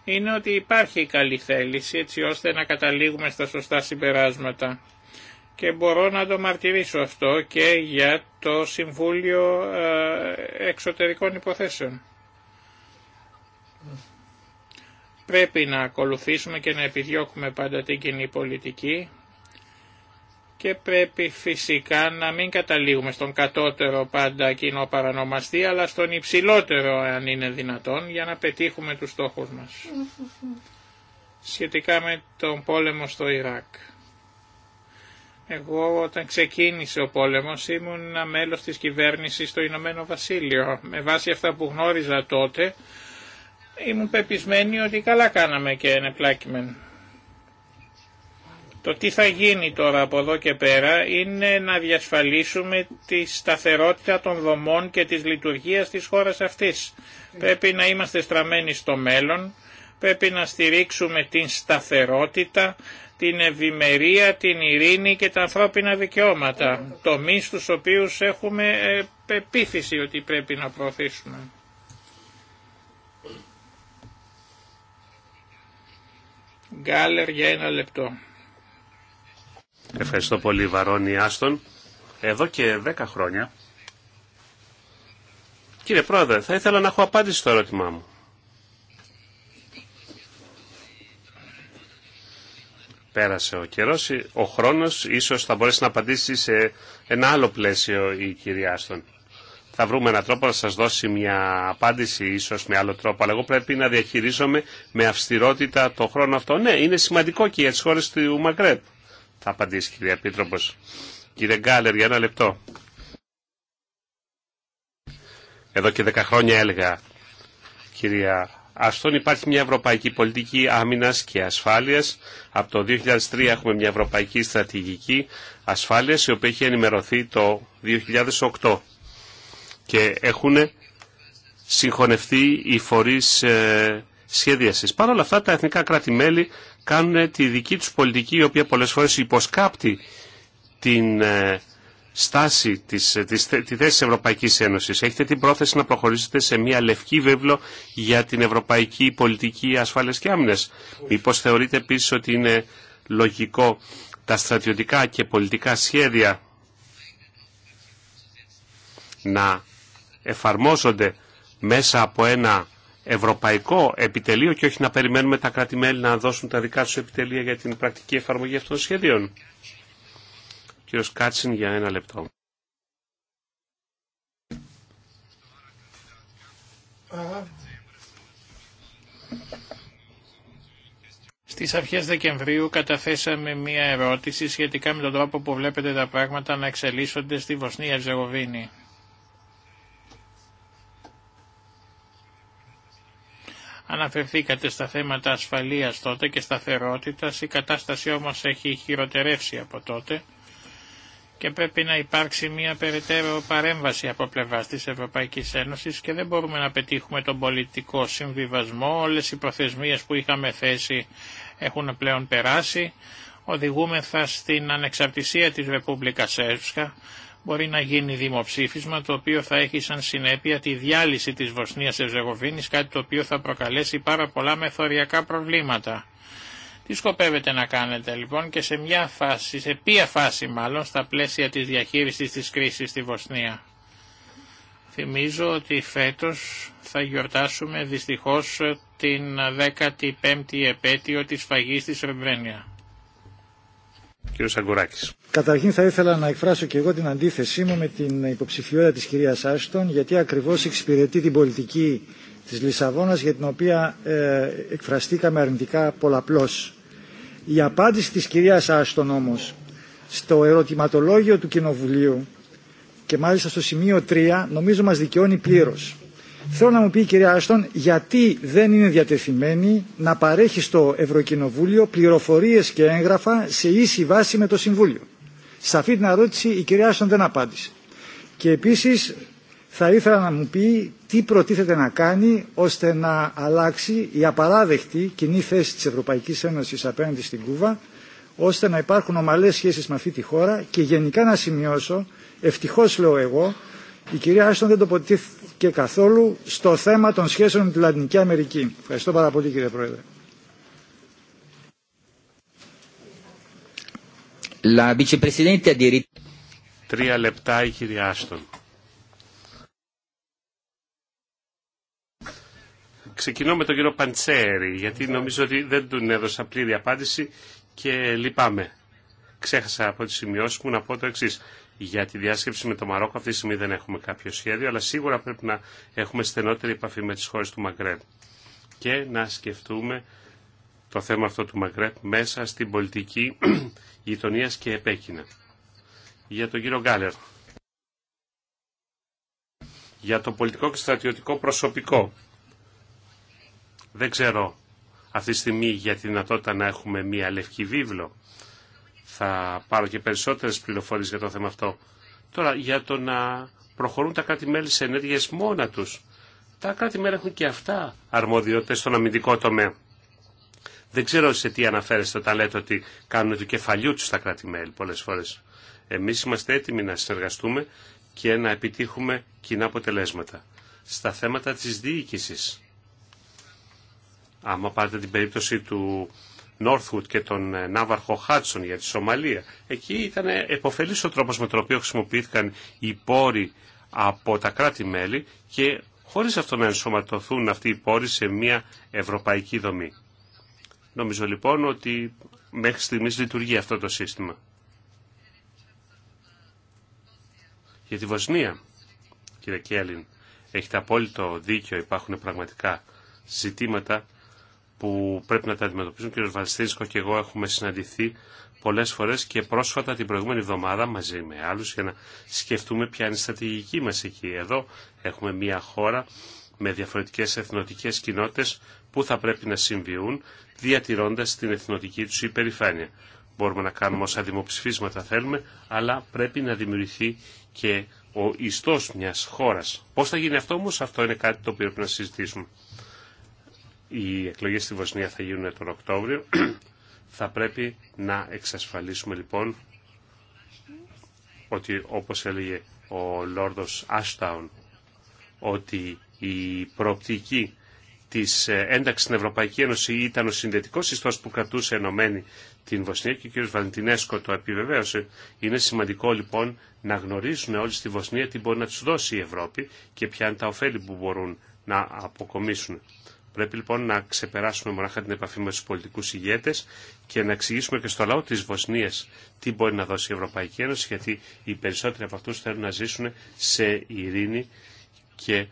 είναι ότι υπάρχει καλή θέληση έτσι ώστε να καταλήγουμε στα σωστά συμπεράσματα και μπορώ να το μαρτυρήσω αυτό και για το Συμβούλιο ε, Εξωτερικών Υποθέσεων. Πρέπει να ακολουθήσουμε και να επιδιώκουμε πάντα την κοινή πολιτική και πρέπει φυσικά να μην καταλήγουμε στον κατώτερο πάντα κοινό παρανομαστή αλλά στον υψηλότερο αν είναι δυνατόν για να πετύχουμε τους στόχους μας. Σχετικά με τον πόλεμο στο Ιράκ. Εγώ όταν ξεκίνησε ο πόλεμος ήμουν ένα μέλος της κυβέρνησης στο Ηνωμένο Βασίλειο. Με βάση αυτά που γνώριζα τότε ήμουν πεπισμένη ότι καλά κάναμε και ενεπλάκημεν. Ναι, Το τι θα γίνει τώρα από εδώ και πέρα είναι να διασφαλίσουμε τη σταθερότητα των δομών και της λειτουργίας της χώρας αυτής. Πρέπει να είμαστε στραμμένοι στο μέλλον, πρέπει να στηρίξουμε την σταθερότητα, την ευημερία, την ειρήνη και τα ανθρώπινα δικαιώματα, τομεί στους οποίους έχουμε ε, πεποίθηση ότι πρέπει να προωθήσουμε. Γκάλερ για ένα λεπτό. Ευχαριστώ πολύ Βαρόνι Άστον. Εδώ και δέκα χρόνια. Κύριε Πρόεδρε, θα ήθελα να έχω απάντηση στο ερώτημά μου. πέρασε ο καιρό. ο χρόνος ίσως θα μπορέσει να απαντήσει σε ένα άλλο πλαίσιο η κυρία Άστον. Θα βρούμε έναν τρόπο να σας δώσει μια απάντηση ίσως με άλλο τρόπο, αλλά εγώ πρέπει να διαχειρίζομαι με αυστηρότητα το χρόνο αυτό. Ναι, είναι σημαντικό και για τι χώρε του Μαγκρέπ, θα απαντήσει η κυρία Πίτροπος. Κύριε Γκάλερ, για ένα λεπτό. Εδώ και δέκα χρόνια έλεγα, κυρία Αστόν υπάρχει μια ευρωπαϊκή πολιτική άμυνας και ασφάλειας. Από το 2003 έχουμε μια ευρωπαϊκή στρατηγική ασφάλειας η οποία έχει ενημερωθεί το 2008 και έχουν συγχωνευτεί οι φορείς ε, σχεδίασης. Παρ' όλα αυτά τα εθνικά κράτη-μέλη κάνουν τη δική τους πολιτική η οποία πολλές φορές υποσκάπτει την ε, στάση της, της, τη θέση της Ευρωπαϊκής Ένωσης. Έχετε την πρόθεση να προχωρήσετε σε μια λευκή βίβλο για την ευρωπαϊκή πολιτική ασφάλειας και άμυνας. Μήπως θεωρείτε επίση ότι είναι λογικό τα στρατιωτικά και πολιτικά σχέδια να εφαρμόζονται μέσα από ένα ευρωπαϊκό επιτελείο και όχι να περιμένουμε τα κράτη-μέλη να δώσουν τα δικά τους επιτελεία για την πρακτική εφαρμογή αυτών των σχεδίων. Κύριος Κάτσιν για ένα λεπτό. Στις αρχές Δεκεμβρίου καταθέσαμε μία ερώτηση σχετικά με τον τρόπο που βλέπετε τα πράγματα να εξελίσσονται στη Βοσνία Ζεγοβίνη. Αναφερθήκατε στα θέματα ασφαλείας τότε και σταθερότητας, η κατάσταση όμως έχει χειροτερεύσει από τότε και πρέπει να υπάρξει μια περαιτέρω παρέμβαση από πλευρά τη Ευρωπαϊκή Ένωση και δεν μπορούμε να πετύχουμε τον πολιτικό συμβιβασμό. Όλε οι προθεσμίε που είχαμε θέσει έχουν πλέον περάσει. Οδηγούμεθα στην ανεξαρτησία τη Ρεπούμπλικα Σέρβσκα. Μπορεί να γίνει δημοψήφισμα το οποίο θα έχει σαν συνέπεια τη διάλυση της Βοσνίας Ευζεγοβίνης, κάτι το οποίο θα προκαλέσει πάρα πολλά μεθοριακά προβλήματα. Τι σκοπεύετε να κάνετε λοιπόν και σε μια φάση, σε ποια φάση μάλλον, στα πλαίσια της διαχείρισης της κρίσης στη Βοσνία. Θυμίζω ότι φέτος θα γιορτάσουμε δυστυχώς την 15η επέτειο της φαγής της Ρεμπρένια. Κύριο Καταρχήν θα ήθελα να εκφράσω και εγώ την αντίθεσή μου με την υποψηφιότητα της κυρίας Άστον γιατί ακριβώς εξυπηρετεί την πολιτική της Λισαβόνας για την οποία ε, εκφραστήκαμε αρνητικά πολλαπλώς. Η απάντηση της κυρίας Άστον όμως στο ερωτηματολόγιο του Κοινοβουλίου και μάλιστα στο σημείο 3 νομίζω μας δικαιώνει πλήρως. Θέλω να μου πει η κυρία Άστον γιατί δεν είναι διατεθειμένη να παρέχει στο Ευρωκοινοβούλιο πληροφορίες και έγγραφα σε ίση βάση με το Συμβούλιο. Σε αυτή την ερώτηση η κυρία Άστον δεν απάντησε. Και επίσης θα ήθελα να μου πει τι προτίθεται να κάνει ώστε να αλλάξει η απαράδεκτη κοινή θέση της Ευρωπαϊκής Ένωσης απέναντι στην Κούβα, ώστε να υπάρχουν ομαλές σχέσεις με αυτή τη χώρα και γενικά να σημειώσω, ευτυχώς λέω εγώ, η κυρία Άστον δεν τοποθετήθηκε καθόλου στο θέμα των σχέσεων με τη Λατινική Αμερική. Ευχαριστώ πάρα πολύ κύριε Πρόεδρε. Τρία λεπτά η κυρία Άστον. Ξεκινώ με τον κύριο Παντσέρη, γιατί νομίζω ότι δεν του έδωσα πλήρη απάντηση και λυπάμαι. Ξέχασα από τις σημειώσει μου να πω το εξή. Για τη διάσκεψη με το Μαρόκο αυτή τη στιγμή δεν έχουμε κάποιο σχέδιο, αλλά σίγουρα πρέπει να έχουμε στενότερη επαφή με τις χώρες του Μαγκρέμπ και να σκεφτούμε το θέμα αυτό του Μαγκρέπ μέσα στην πολιτική γειτονία και επέκεινα. Για τον κύριο Γκάλερ. Για το πολιτικό και στρατιωτικό προσωπικό. Δεν ξέρω αυτή τη στιγμή για τη δυνατότητα να έχουμε μία λευκή βίβλο. Θα πάρω και περισσότερες πληροφορίες για το θέμα αυτό. Τώρα, για το να προχωρούν τα κράτη-μέλη σε ενέργειες μόνα τους. Τα κράτη-μέλη έχουν και αυτά αρμοδιότητες στον αμυντικό τομέα. Δεν ξέρω σε τι αναφέρεστε όταν λέτε ότι κάνουν του κεφαλιού τους τα κράτη-μέλη πολλές φορές. Εμείς είμαστε έτοιμοι να συνεργαστούμε και να επιτύχουμε κοινά αποτελέσματα. Στα θέματα της διοίκησης Άμα πάρετε την περίπτωση του Northwood και τον ε, Ναύαρχο Χάτσον για τη Σομαλία, εκεί ήταν εποφελής ο τρόπος με τον οποίο χρησιμοποιήθηκαν οι πόροι από τα κράτη-μέλη και χωρίς αυτό να ενσωματωθούν αυτοί οι πόροι σε μια ευρωπαϊκή δομή. Νομίζω λοιπόν ότι μέχρι στιγμής λειτουργεί αυτό το σύστημα. Για τη Βοσνία, κύριε Κέλλιν, έχετε απόλυτο δίκιο, υπάρχουν πραγματικά ζητήματα που πρέπει να τα αντιμετωπίζουν. Ο κ. Βαλστίνσκο και εγώ έχουμε συναντηθεί πολλές φορές και πρόσφατα την προηγούμενη εβδομάδα μαζί με άλλους για να σκεφτούμε ποια είναι η στρατηγική μας εκεί. Εδώ έχουμε μια χώρα με διαφορετικές εθνοτικές κοινότητες που θα πρέπει να συμβιούν διατηρώντας την εθνοτική τους υπερηφάνεια. Μπορούμε να κάνουμε όσα δημοψηφίσματα θέλουμε, αλλά πρέπει να δημιουργηθεί και ο ιστός μιας χώρας. Πώς θα γίνει αυτό όμως, αυτό είναι κάτι το οποίο πρέπει να συζητήσουμε. Οι εκλογές στη Βοσνία θα γίνουν τον Οκτώβριο. θα πρέπει να εξασφαλίσουμε λοιπόν ότι όπως έλεγε ο Λόρδος Άσταουν ότι η προοπτική της ε, ένταξης στην Ευρωπαϊκή Ένωση ήταν ο συνδετικός ιστό που κρατούσε ενωμένη την Βοσνία και ο κ. Βαλεντινέσκο το επιβεβαίωσε. Είναι σημαντικό λοιπόν να γνωρίζουν όλοι στη Βοσνία τι μπορεί να του δώσει η Ευρώπη και ποια είναι τα ωφέλη που μπορούν να αποκομίσουν. Πρέπει λοιπόν να ξεπεράσουμε μονάχα την επαφή με του πολιτικούς ηγέτες και να εξηγήσουμε και στο λαό της Βοσνίας τι μπορεί να δώσει η Ευρωπαϊκή Ένωση γιατί οι περισσότεροι από αυτούς θέλουν να ζήσουν σε ειρήνη και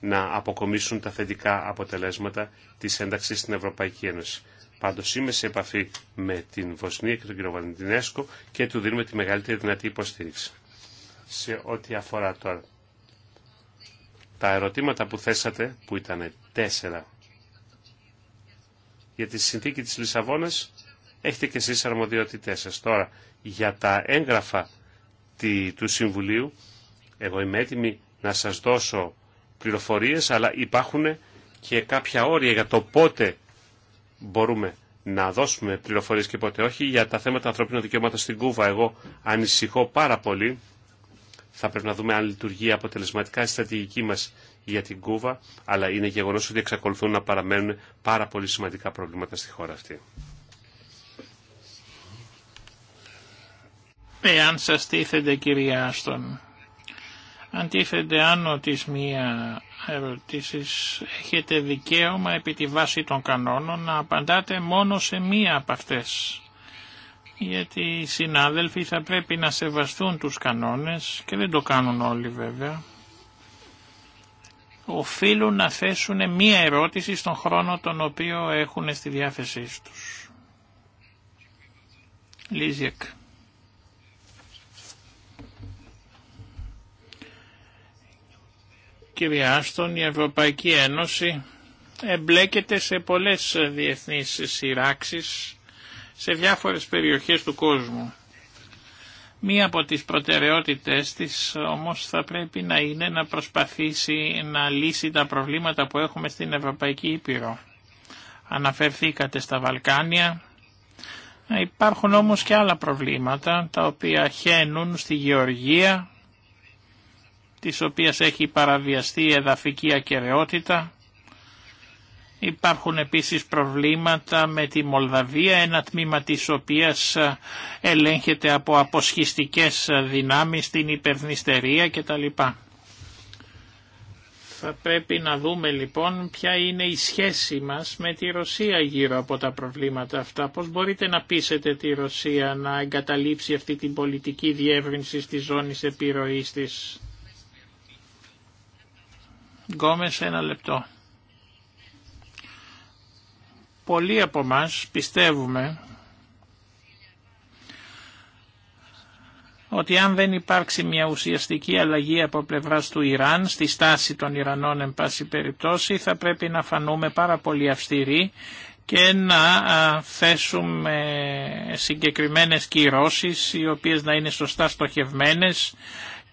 να αποκομίσουν τα θετικά αποτελέσματα της ένταξης στην Ευρωπαϊκή Ένωση. Πάντω είμαι σε επαφή με την Βοσνία και τον κύριο Βαλεντινέσκο και του δίνουμε τη μεγαλύτερη δυνατή υποστήριξη. Σε ό,τι αφορά τώρα τα ερωτήματα που θέσατε, που ήταν τέσσερα, για τη συνθήκη της Λισαβόνας, έχετε και εσείς αρμοδιότητές σας. Τώρα, για τα έγγραφα του Συμβουλίου, εγώ είμαι έτοιμη να σας δώσω πληροφορίες, αλλά υπάρχουν και κάποια όρια για το πότε μπορούμε να δώσουμε πληροφορίες και πότε όχι για τα θέματα ανθρωπίνων δικαιωμάτων στην Κούβα. Εγώ ανησυχώ πάρα πολύ θα πρέπει να δούμε αν λειτουργεί αποτελεσματικά η στρατηγική μας για την Κούβα, αλλά είναι γεγονός ότι εξακολουθούν να παραμένουν πάρα πολύ σημαντικά προβλήματα στη χώρα αυτή. Εάν σας τίθεται κυρία Άστον, τίθεται άνω της μία ερωτήσεις έχετε δικαίωμα επί τη βάση των κανόνων να απαντάτε μόνο σε μία από αυτές γιατί οι συνάδελφοι θα πρέπει να σεβαστούν τους κανόνες και δεν το κάνουν όλοι βέβαια. Οφείλουν να θέσουν μία ερώτηση στον χρόνο τον οποίο έχουν στη διάθεσή τους. Λίζιακ. Κυρία Άστον, η Ευρωπαϊκή Ένωση εμπλέκεται σε πολλές διεθνείς σειράξεις σε διάφορες περιοχές του κόσμου. Μία από τις προτεραιότητες της όμως θα πρέπει να είναι να προσπαθήσει να λύσει τα προβλήματα που έχουμε στην Ευρωπαϊκή Ήπειρο. Αναφερθήκατε στα Βαλκάνια. Υπάρχουν όμως και άλλα προβλήματα τα οποία χαίνουν στη Γεωργία, της οποίας έχει παραβιαστεί η εδαφική ακαιρεότητα Υπάρχουν επίσης προβλήματα με τη Μολδαβία, ένα τμήμα της οποίας ε, ελέγχεται από αποσχιστικές ε, δυνάμεις στην υπερνηστερία κτλ. Θα πρέπει να δούμε λοιπόν ποια είναι η σχέση μας με τη Ρωσία γύρω από τα προβλήματα αυτά. Πώς μπορείτε να πείσετε τη Ρωσία να εγκαταλείψει αυτή την πολιτική διεύρυνση της ζώνης επιρροής της. Γκόμες ένα λεπτό. Πολλοί από εμά πιστεύουμε ότι αν δεν υπάρξει μια ουσιαστική αλλαγή από πλευράς του Ιράν, στη στάση των Ιρανών εν πάση περιπτώσει, θα πρέπει να φανούμε πάρα πολύ αυστηροί και να θέσουμε συγκεκριμένες κυρώσεις οι οποίες να είναι σωστά στοχευμένες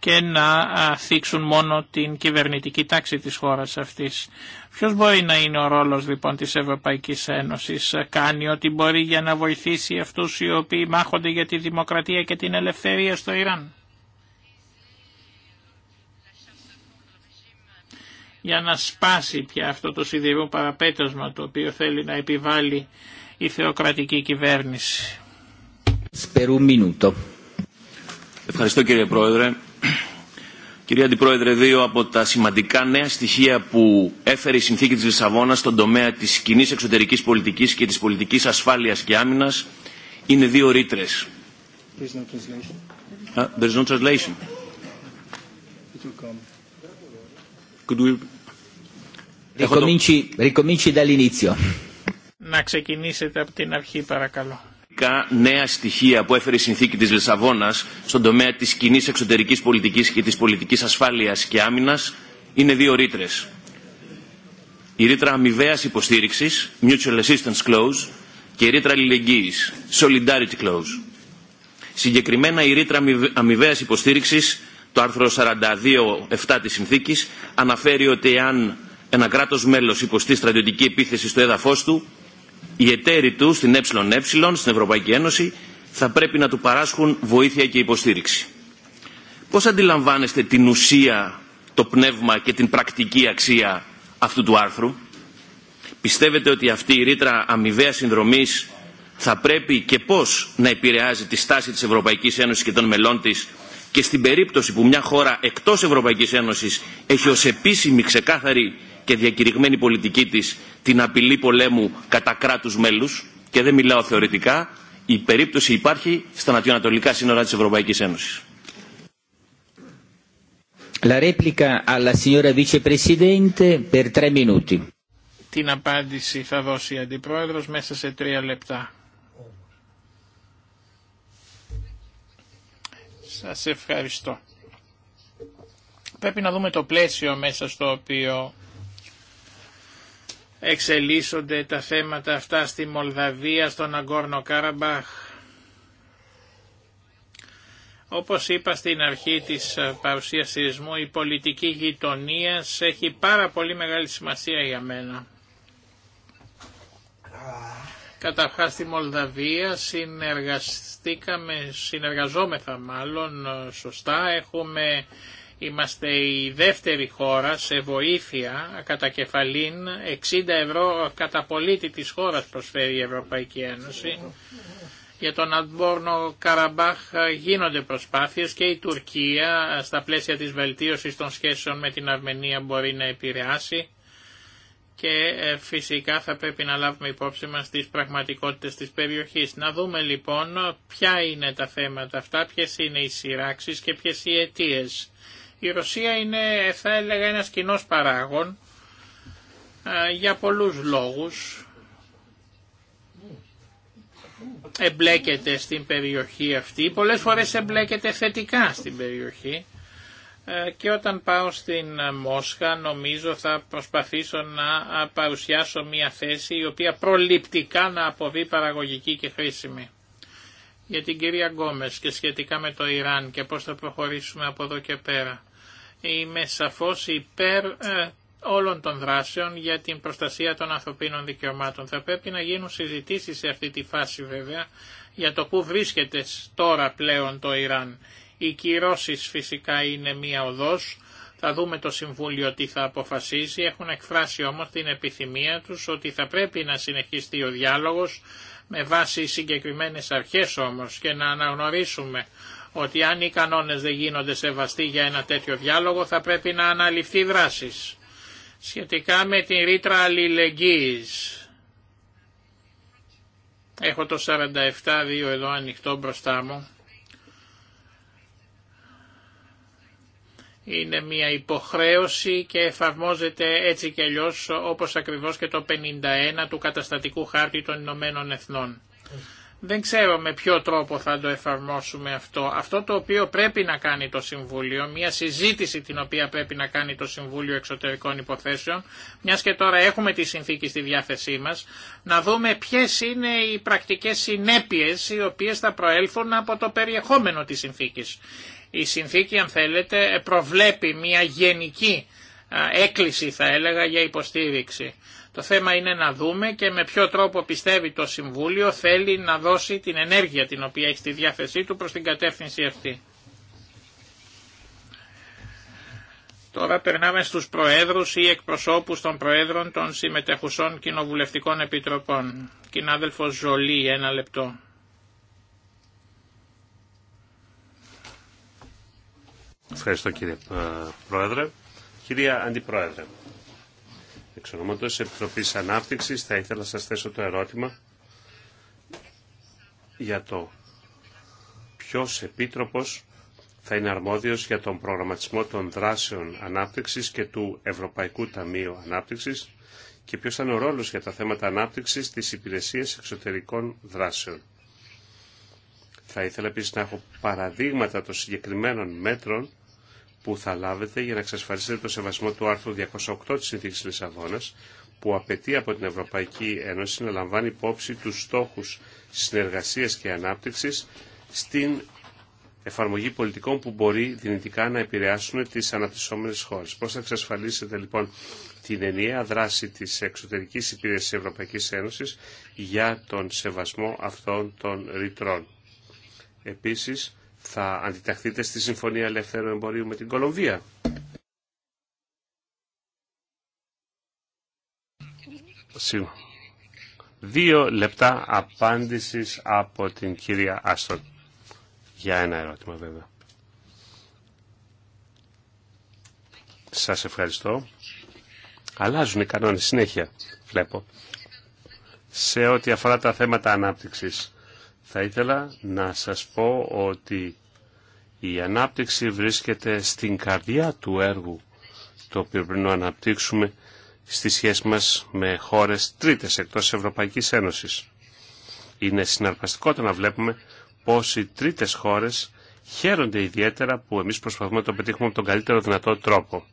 και να θίξουν μόνο την κυβερνητική τάξη της χώρας αυτής. Ποιος μπορεί να είναι ο ρόλος λοιπόν της Ευρωπαϊκής Ένωσης, κάνει ό,τι μπορεί για να βοηθήσει αυτούς οι οποίοι μάχονται για τη δημοκρατία και την ελευθερία στο Ιράν. για να σπάσει πια αυτό το σιδηρό παραπέτασμα το οποίο θέλει να επιβάλλει η θεοκρατική κυβέρνηση. Ευχαριστώ κύριε Πρόεδρε. Κυρία Αντιπρόεδρε, δύο από τα σημαντικά νέα στοιχεία που έφερε η συνθήκη της Λισαβόνα στον τομέα της κοινή εξωτερικής πολιτικής και της πολιτικής ασφάλειας και άμυνας είναι δύο ρήτρε. Να ξεκινήσετε από την αρχή παρακαλώ νέα στοιχεία που έφερε η συνθήκη της Λισαβόνας στον τομέα της κοινή εξωτερικής πολιτικής και της πολιτικής ασφάλειας και άμυνας είναι δύο ρήτρε. Η ρήτρα αμοιβαία υποστήριξη, Mutual Assistance Clause, και η ρήτρα αλληλεγγύη, Solidarity Clause. Συγκεκριμένα η ρήτρα αμοιβαία υποστήριξη, το άρθρο 42.7 της συνθήκης, αναφέρει ότι αν ένα κράτος μέλος υποστεί στρατιωτική επίθεση στο έδαφο του, οι εταίροι του στην ΕΕ, στην Ευρωπαϊκή Ένωση, θα πρέπει να του παράσχουν βοήθεια και υποστήριξη. Πώς αντιλαμβάνεστε την ουσία, το πνεύμα και την πρακτική αξία αυτού του άρθρου. Πιστεύετε ότι αυτή η ρήτρα αμοιβαία συνδρομής θα πρέπει και πώς να επηρεάζει τη στάση της Ευρωπαϊκής Ένωσης και των μελών της και στην περίπτωση που μια χώρα εκτός Ευρωπαϊκής Ένωσης έχει ως επίσημη ξεκάθαρη και διακηρυγμένη πολιτική της την απειλή πολέμου κατά κράτους μέλους και δεν μιλάω θεωρητικά, η περίπτωση υπάρχει στα Νατιοανατολικά σύνορα της Ευρωπαϊκής Ένωσης. La replica alla signora vicepresidente per tre minuti. Την απάντηση θα δώσει η Αντιπρόεδρος μέσα σε τρία λεπτά. Σας ευχαριστώ. Πρέπει να δούμε το πλαίσιο μέσα στο οποίο εξελίσσονται τα θέματα αυτά στη Μολδαβία, στον Αγκόρνο Κάραμπαχ. Όπως είπα στην αρχή της ε, παρουσίασής μου, η πολιτική γειτονία έχει πάρα πολύ μεγάλη σημασία για μένα. Καταρχάς στη Μολδαβία συνεργαστήκαμε, συνεργαζόμεθα μάλλον ε, σωστά, έχουμε Είμαστε η δεύτερη χώρα σε βοήθεια κατά κεφαλήν 60 ευρώ κατά πολίτη της χώρας προσφέρει η Ευρωπαϊκή Ένωση. Για τον Αντμπόρνο Καραμπάχ γίνονται προσπάθειες και η Τουρκία στα πλαίσια της βελτίωσης των σχέσεων με την Αρμενία μπορεί να επηρεάσει και ε, φυσικά θα πρέπει να λάβουμε υπόψη μας τις πραγματικότητες της περιοχής. Να δούμε λοιπόν ποια είναι τα θέματα αυτά, ποιες είναι οι σειράξεις και ποιες οι αιτίες. Η Ρωσία είναι θα έλεγα ένας κοινό παράγων ε, για πολλούς λόγους. Εμπλέκεται στην περιοχή αυτή, πολλές φορές εμπλέκεται θετικά στην περιοχή ε, και όταν πάω στην Μόσχα νομίζω θα προσπαθήσω να παρουσιάσω μια θέση η οποία προληπτικά να αποβεί παραγωγική και χρήσιμη. Για την κυρία Γκόμες και σχετικά με το Ιράν και πώς θα προχωρήσουμε από εδώ και πέρα είμαι σαφώς υπέρ ε, όλων των δράσεων για την προστασία των ανθρωπίνων δικαιωμάτων. Θα πρέπει να γίνουν συζητήσεις σε αυτή τη φάση βέβαια για το που βρίσκεται τώρα πλέον το Ιράν. Οι κυρώσει φυσικά είναι μία οδός, θα δούμε το Συμβούλιο τι θα αποφασίσει, έχουν εκφράσει όμως την επιθυμία τους ότι θα πρέπει να συνεχιστεί ο διάλογος με βάση συγκεκριμένες αρχές όμως και να αναγνωρίσουμε ότι αν οι κανόνες δεν γίνονται σεβαστοί για ένα τέτοιο διάλογο θα πρέπει να αναλυφθεί δράσης. Σχετικά με την ρήτρα αλληλεγγύης. Έχω το 47-2 εδώ ανοιχτό μπροστά μου. είναι μια υποχρέωση και εφαρμόζεται έτσι και αλλιώς όπως ακριβώς και το 51 του καταστατικού χάρτη των Ηνωμένων Εθνών. Δεν ξέρω με ποιο τρόπο θα το εφαρμόσουμε αυτό. Αυτό το οποίο πρέπει να κάνει το Συμβούλιο, μια συζήτηση την οποία πρέπει να κάνει το Συμβούλιο Εξωτερικών Υποθέσεων, μιας και τώρα έχουμε τη συνθήκη στη διάθεσή μας, να δούμε ποιες είναι οι πρακτικές συνέπειες οι οποίες θα προέλθουν από το περιεχόμενο της συνθήκης. Η συνθήκη, αν θέλετε, προβλέπει μια γενική έκκληση, θα έλεγα, για υποστήριξη. Το θέμα είναι να δούμε και με ποιο τρόπο πιστεύει το Συμβούλιο θέλει να δώσει την ενέργεια την οποία έχει στη διάθεσή του προς την κατεύθυνση αυτή. Τώρα περνάμε στους προέδρους ή εκπροσώπους των προέδρων των συμμετεχουσών κοινοβουλευτικών επιτροπών. Κοινάδελφος Ζολή, ένα λεπτό. Ευχαριστώ κύριε ε, Πρόεδρε. Κυρία Αντιπρόεδρε, Εξ ονόματος Επιτροπής Ανάπτυξης θα ήθελα να σας θέσω το ερώτημα για το ποιος επίτροπος θα είναι αρμόδιος για τον προγραμματισμό των δράσεων ανάπτυξης και του Ευρωπαϊκού Ταμείου Ανάπτυξης και ποιος θα είναι ο ρόλος για τα θέματα ανάπτυξης της υπηρεσίας εξωτερικών δράσεων. Θα ήθελα επίσης να έχω παραδείγματα των συγκεκριμένων μέτρων που θα λάβετε για να εξασφαλίσετε το σεβασμό του άρθρου 208 της Συνθήκης Λισαβόνας που απαιτεί από την Ευρωπαϊκή Ένωση να λαμβάνει υπόψη τους στόχους συνεργασίας και ανάπτυξης στην εφαρμογή πολιτικών που μπορεί δυνητικά να επηρεάσουν τις αναπτυσσόμενες χώρες. Πώς θα εξασφαλίσετε λοιπόν την ενιαία δράση της εξωτερικής υπηρεσίας της Ευρωπαϊκής Ένωσης για τον σεβασμό αυτών των ρητρών. Επίσης, θα αντιταχθείτε στη Συμφωνία Ελεύθερου Εμπορίου με την Κολομβία. Δύο λεπτά απάντησης από την κυρία Άστον. Για ένα ερώτημα βέβαια. Σας ευχαριστώ. Αλλάζουν οι κανόνες συνέχεια, βλέπω. Σε ό,τι αφορά τα θέματα ανάπτυξης. Θα ήθελα να σας πω ότι η ανάπτυξη βρίσκεται στην καρδιά του έργου το οποίο πρέπει να αναπτύξουμε στη σχέση μας με χώρες τρίτες εκτός Ευρωπαϊκής Ένωσης. Είναι συναρπαστικό το να βλέπουμε πως οι τρίτες χώρες χαίρονται ιδιαίτερα που εμείς προσπαθούμε να το πετύχουμε με τον καλύτερο δυνατό τρόπο.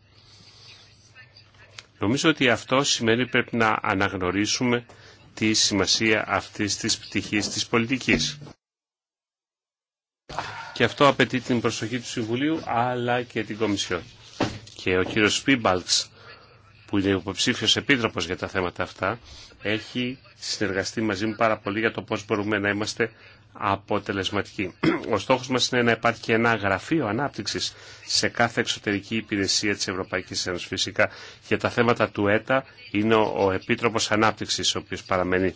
Νομίζω ότι αυτό σημαίνει πρέπει να αναγνωρίσουμε τη σημασία αυτής της πτυχής της πολιτικής. Και αυτό απαιτεί την προσοχή του Συμβουλίου αλλά και την Κομισιόν. Και ο κύριος Σπίμπαλξ που είναι υποψήφιος επίτροπος για τα θέματα αυτά έχει συνεργαστεί μαζί μου πάρα πολύ για το πώς μπορούμε να είμαστε αποτελεσματική. Ο στόχος μας είναι να υπάρχει και ένα γραφείο ανάπτυξης σε κάθε εξωτερική υπηρεσία της Ευρωπαϊκής Ένωσης. Φυσικά για τα θέματα του ΕΤΑ είναι ο Επίτροπος Ανάπτυξης, ο οποίος παραμένει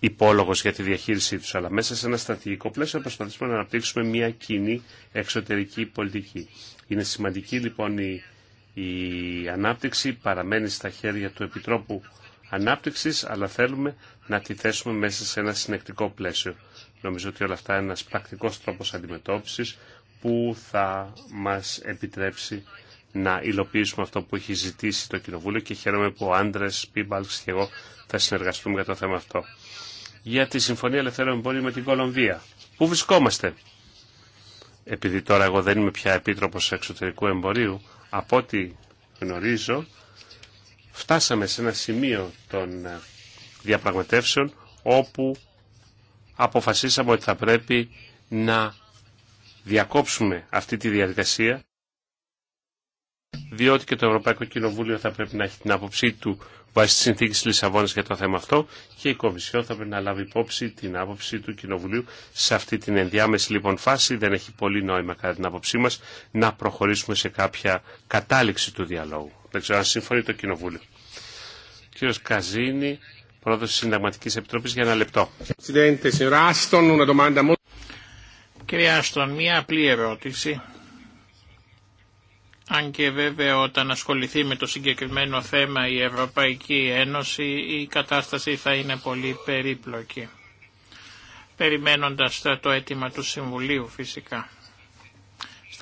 υπόλογο για τη διαχείρισή του, αλλά μέσα σε ένα στρατηγικό πλαίσιο προσπαθήσουμε να αναπτύξουμε μια κοινή εξωτερική πολιτική. Είναι σημαντική λοιπόν η, η ανάπτυξη, παραμένει στα χέρια του Επιτρόπου Ανάπτυξης, αλλά θέλουμε να τη θέσουμε μέσα σε ένα συνεκτικό πλαίσιο. Νομίζω ότι όλα αυτά είναι ένας πρακτικός τρόπος αντιμετώπισης που θα μας επιτρέψει να υλοποιήσουμε αυτό που έχει ζητήσει το Κοινοβούλιο και χαίρομαι που ο Άντρες, Πίμπαλξ και εγώ θα συνεργαστούμε για το θέμα αυτό. Για τη Συμφωνία Ελευθέρων Εμπόριου με την Κολομβία. Πού βρισκόμαστε. Επειδή τώρα εγώ δεν είμαι πια επίτροπος εξωτερικού εμπορίου, από ό,τι γνωρίζω, φτάσαμε σε ένα σημείο των ε, διαπραγματεύσεων όπου αποφασίσαμε ότι θα πρέπει να διακόψουμε αυτή τη διαδικασία διότι και το Ευρωπαϊκό Κοινοβούλιο θα πρέπει να έχει την άποψή του βάσει τη συνθήκη τη Λισαβόνα για το θέμα αυτό και η Κομισιόν θα πρέπει να λάβει υπόψη την άποψη του Κοινοβουλίου. Σε αυτή την ενδιάμεση λοιπόν φάση δεν έχει πολύ νόημα κατά την άποψή μα να προχωρήσουμε σε κάποια κατάληξη του διαλόγου. Δεν ξέρω αν συμφωνεί το Κοινοβούλιο. Κύριος Καζίνη Πρόεδρος της Συνταγματικής Επιτροπής για ένα λεπτό. Κύριε Άστον, μία απλή ερώτηση. Αν και βέβαια όταν ασχοληθεί με το συγκεκριμένο θέμα η Ευρωπαϊκή Ένωση η κατάσταση θα είναι πολύ περίπλοκη. Περιμένοντας το αίτημα του Συμβουλίου φυσικά.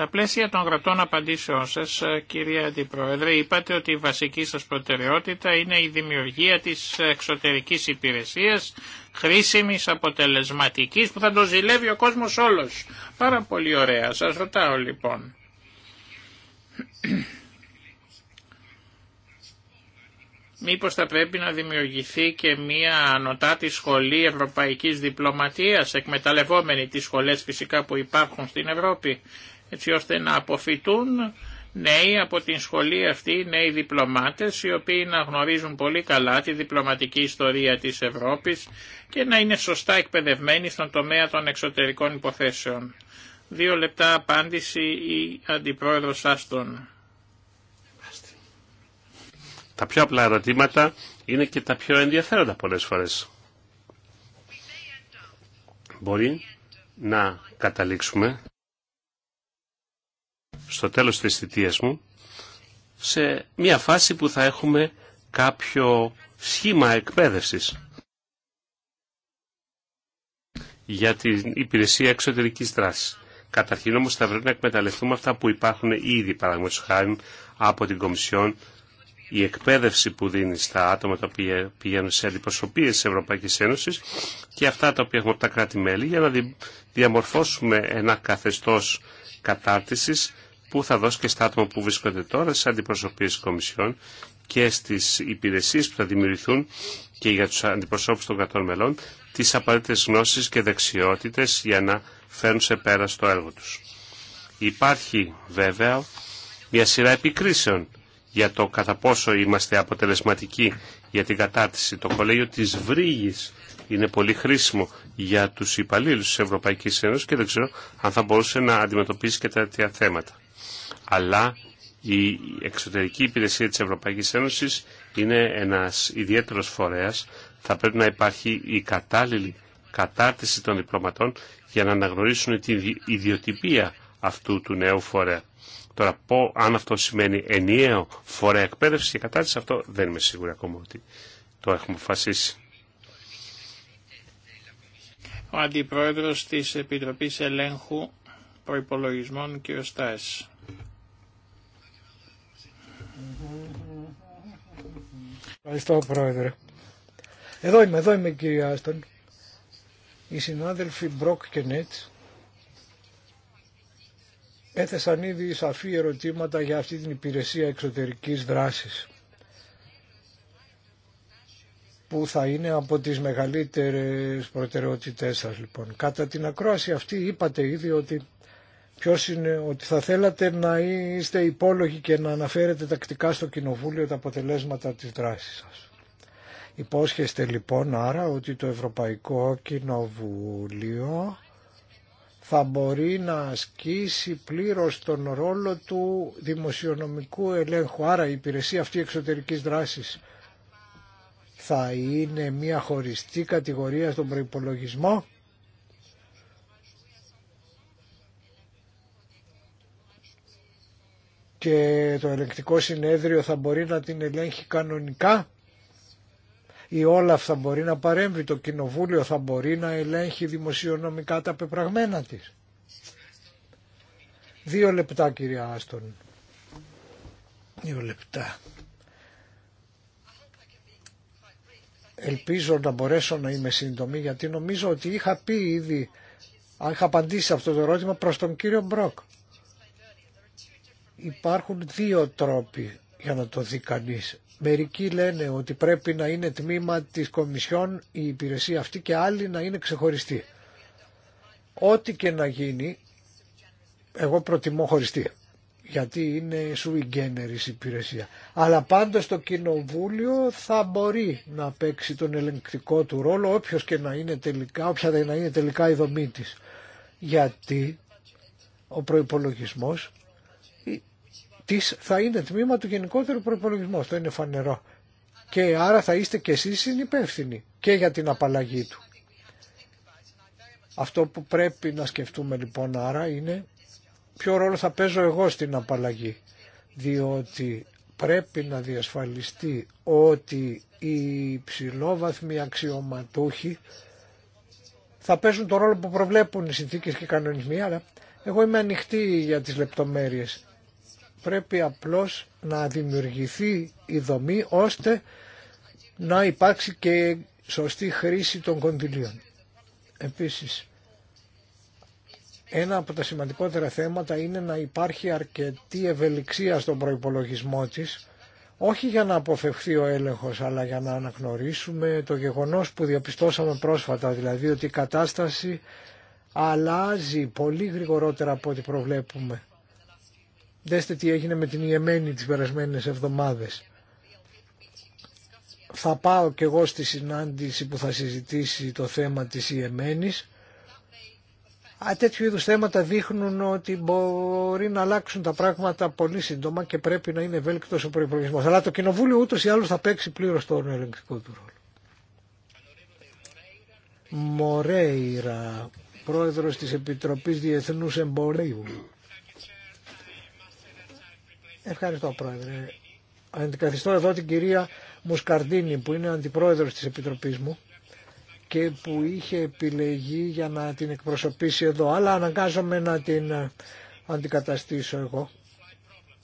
Στα πλαίσια των γραπτών απαντήσεών σας, ε, κύριε Αντιπρόεδρε, είπατε ότι η βασική σας προτεραιότητα είναι η δημιουργία της εξωτερικής υπηρεσίας, χρήσιμης, αποτελεσματικής, που θα το ζηλεύει ο κόσμος όλος. Πάρα πολύ ωραία. Σας ρωτάω λοιπόν. Μήπως θα πρέπει να δημιουργηθεί και μία ανωτάτη σχολή ευρωπαϊκής διπλωματίας, εκμεταλλευόμενη τις σχολές φυσικά που υπάρχουν στην Ευρώπη, έτσι ώστε να αποφυτούν νέοι από την σχολή αυτή, νέοι διπλωμάτες, οι οποίοι να γνωρίζουν πολύ καλά τη διπλωματική ιστορία της Ευρώπης και να είναι σωστά εκπαιδευμένοι στον τομέα των εξωτερικών υποθέσεων. Δύο λεπτά απάντηση η Αντιπρόεδρος Άστον. Τα πιο απλά ερωτήματα είναι και τα πιο ενδιαφέροντα πολλές φορές. Μπορεί να καταλήξουμε στο τέλος της θητείας μου σε μια φάση που θα έχουμε κάποιο σχήμα εκπαίδευσης για την υπηρεσία εξωτερικής δράσης. Καταρχήν όμως θα πρέπει να εκμεταλλευτούμε αυτά που υπάρχουν ήδη παραδείγματος χάρη από την Κομισιόν η εκπαίδευση που δίνει στα άτομα τα οποία πηγαίνουν σε αντιπροσωπείες της Ευρωπαϊκής Ένωσης και αυτά τα οποία έχουμε από τα κράτη-μέλη για να διαμορφώσουμε ένα καθεστώς κατάρτισης που θα δώσει και στα άτομα που βρίσκονται τώρα στι αντιπροσωπείες κομισιών και στις υπηρεσίες που θα δημιουργηθούν και για τους αντιπροσώπους των κρατών μελών τις απαραίτητες γνώσεις και δεξιότητες για να φέρουν σε πέρα στο έργο τους. Υπάρχει βέβαια μια σειρά επικρίσεων για το κατά πόσο είμαστε αποτελεσματικοί για την κατάρτιση. Το κολέγιο της Βρύγης είναι πολύ χρήσιμο για τους υπαλλήλους της Ευρωπαϊκής Ένωσης και δεν ξέρω αν θα μπορούσε να αντιμετωπίσει και τέτοια θέματα αλλά η εξωτερική υπηρεσία της Ευρωπαϊκής Ένωσης είναι ένας ιδιαίτερος φορέας. Θα πρέπει να υπάρχει η κατάλληλη κατάρτιση των διπλωματών για να αναγνωρίσουν την ιδιοτυπία αυτού του νέου φορέα. Τώρα, πω, αν αυτό σημαίνει ενιαίο φορέα εκπαίδευση και κατάρτιση, αυτό δεν είμαι σίγουρη ακόμα ότι το έχουμε αποφασίσει. Ο Αντιπρόεδρος της Επιτροπής Ελέγχου Προϋπολογισμών, κ. Στάσης. Ευχαριστώ πρόεδρε. Εδώ είμαι, εδώ είμαι κύριε Άστον. Οι συνάδελφοι Μπροκ και Νέτς έθεσαν ήδη σαφή ερωτήματα για αυτή την υπηρεσία εξωτερικής δράσης που θα είναι από τις μεγαλύτερες προτεραιότητές σας λοιπόν. Κατά την ακρόαση αυτή είπατε ήδη ότι Ποιος είναι ότι θα θέλατε να είστε υπόλογοι και να αναφέρετε τακτικά στο Κοινοβούλιο τα αποτελέσματα της δράσης σας. Υπόσχεστε λοιπόν άρα ότι το Ευρωπαϊκό Κοινοβούλιο θα μπορεί να ασκήσει πλήρως τον ρόλο του δημοσιονομικού ελέγχου. Άρα η υπηρεσία αυτή εξωτερικής δράσης θα είναι μια χωριστή κατηγορία στον προϋπολογισμό και το Ελεκτικό συνέδριο θα μπορεί να την ελέγχει κανονικά η όλα θα μπορεί να παρέμβει, το κοινοβούλιο θα μπορεί να ελέγχει δημοσιονομικά τα πεπραγμένα της. Δύο λεπτά κυρία Άστον. Δύο λεπτά. Ελπίζω να μπορέσω να είμαι σύντομη γιατί νομίζω ότι είχα πει ήδη, είχα απαντήσει αυτό το ερώτημα προς τον κύριο Μπροκ. Υπάρχουν δύο τρόποι για να το δει κανεί. Μερικοί λένε ότι πρέπει να είναι τμήμα της Κομισιόν η υπηρεσία αυτή και άλλοι να είναι ξεχωριστή. Ό,τι και να γίνει, εγώ προτιμώ χωριστή, γιατί είναι σου generis υπηρεσία. Αλλά πάντως το Κοινοβούλιο θα μπορεί να παίξει τον ελεγκτικό του ρόλο, όποιος και να είναι τελικά, όποια να είναι τελικά η δομή της. Γιατί ο προϋπολογισμός της θα είναι τμήμα του γενικότερου προπολογισμού. Αυτό είναι φανερό. Και άρα θα είστε και εσείς συνυπεύθυνοι και για την απαλλαγή του. Αυτό που πρέπει να σκεφτούμε λοιπόν άρα είναι ποιο ρόλο θα παίζω εγώ στην απαλλαγή. Διότι πρέπει να διασφαλιστεί ότι οι υψηλόβαθμοι αξιωματούχοι θα παίζουν το ρόλο που προβλέπουν οι συνθήκες και οι κανονισμοί, αλλά εγώ είμαι ανοιχτή για τις λεπτομέρειες. Πρέπει απλώς να δημιουργηθεί η δομή ώστε να υπάρξει και σωστή χρήση των κονδυλίων. Επίσης, ένα από τα σημαντικότερα θέματα είναι να υπάρχει αρκετή ευελιξία στον προϋπολογισμό της, όχι για να αποφευχθεί ο έλεγχος, αλλά για να αναγνωρίσουμε το γεγονός που διαπιστώσαμε πρόσφατα, δηλαδή ότι η κατάσταση αλλάζει πολύ γρηγορότερα από ό,τι προβλέπουμε. Δέστε τι έγινε με την Ιεμένη τις περασμένες εβδομάδες. Θα πάω και εγώ στη συνάντηση που θα συζητήσει το θέμα της Ιεμένης. Α, τέτοιου είδους θέματα δείχνουν ότι μπορεί να αλλάξουν τα πράγματα πολύ σύντομα και πρέπει να είναι ευέλικτος ο προϋπολογισμός. Αλλά το Κοινοβούλιο ούτως ή άλλως θα παίξει πλήρως το ελεγκτικό του ρόλο. Μορέιρα, πρόεδρος της Επιτροπής Διεθνούς Εμπορίου. Ευχαριστώ πρόεδρε. Αντικαθιστώ εδώ την κυρία Μουσκαρδίνη που είναι αντιπρόεδρος της Επιτροπής μου και που είχε επιλεγεί για να την εκπροσωπήσει εδώ αλλά αναγκάζομαι να την αντικαταστήσω εγώ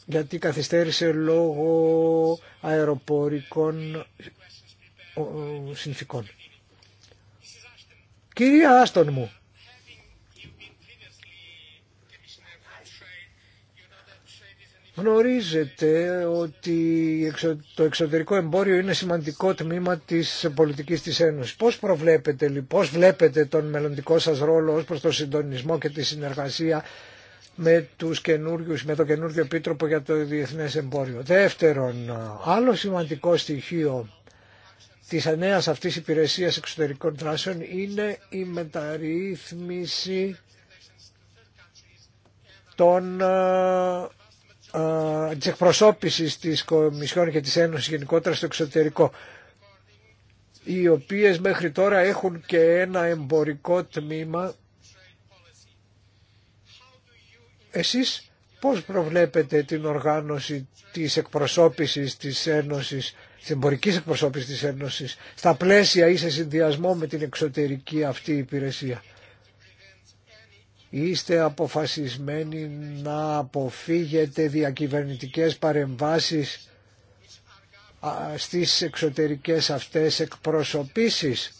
γιατί καθυστέρησε λόγω αεροπορικών συνθήκων. Κυρία Άστον μου, Γνωρίζετε ότι το εξωτερικό εμπόριο είναι σημαντικό τμήμα της πολιτικής της Ένωσης. Πώς προβλέπετε λοιπόν, πώς βλέπετε τον μελλοντικό σας ρόλο ως προς τον συντονισμό και τη συνεργασία με, τους καινούριους, με το καινούριο επίτροπο για το διεθνές εμπόριο. Δεύτερον, άλλο σημαντικό στοιχείο της νέα αυτής υπηρεσίας εξωτερικών δράσεων είναι η μεταρρύθμιση των ε, ε, της εκπροσώπησης της Κομισιόν και της Ένωσης γενικότερα στο εξωτερικό οι οποίες μέχρι τώρα έχουν και ένα εμπορικό τμήμα εσείς πώς προβλέπετε την οργάνωση της εκπροσώπησης της Ένωσης της εμπορικής εκπροσώπησης της Ένωσης στα πλαίσια ή σε συνδυασμό με την εξωτερική αυτή υπηρεσία Είστε αποφασισμένοι να αποφύγετε διακυβερνητικές παρεμβάσεις στις εξωτερικές αυτές εκπροσωπήσεις.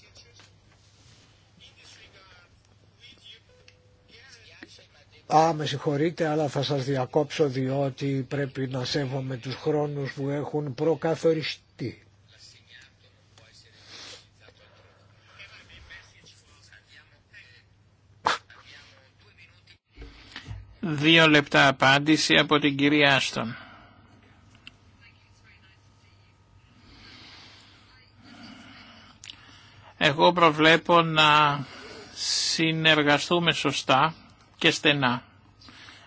Α, με συγχωρείτε, αλλά θα σας διακόψω διότι πρέπει να σέβομαι τους χρόνους που έχουν προκαθοριστεί. Δύο λεπτά απάντηση από την κυρία Άστον. Εγώ προβλέπω να συνεργαστούμε σωστά και στενά.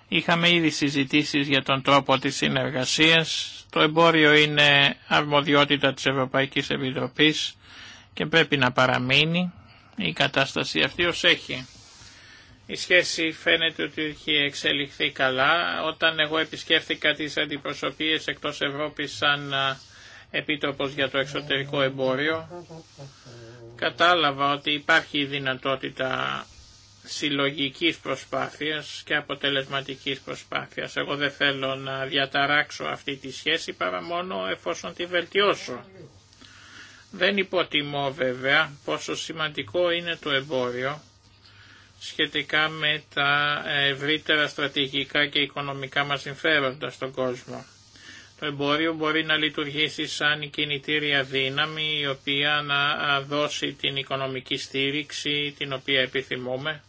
Είχαμε ήδη συζητήσεις για τον τρόπο της συνεργασίας. Το εμπόριο είναι αρμοδιότητα της Ευρωπαϊκής Επιτροπής και πρέπει να παραμείνει η κατάσταση αυτή ως έχει. Η σχέση φαίνεται ότι έχει εξελιχθεί καλά. Όταν εγώ επισκέφθηκα τις αντιπροσωπείες εκτός Ευρώπης σαν επίτροπος για το εξωτερικό εμπόριο, κατάλαβα ότι υπάρχει η δυνατότητα συλλογικής προσπάθειας και αποτελεσματικής προσπάθειας. Εγώ δεν θέλω να διαταράξω αυτή τη σχέση παρά μόνο εφόσον τη βελτιώσω. Δεν υποτιμώ βέβαια πόσο σημαντικό είναι το εμπόριο σχετικά με τα ευρύτερα στρατηγικά και οικονομικά μας συμφέροντα στον κόσμο. Το εμπόριο μπορεί να λειτουργήσει σαν κινητήρια δύναμη η οποία να δώσει την οικονομική στήριξη την οποία επιθυμούμε.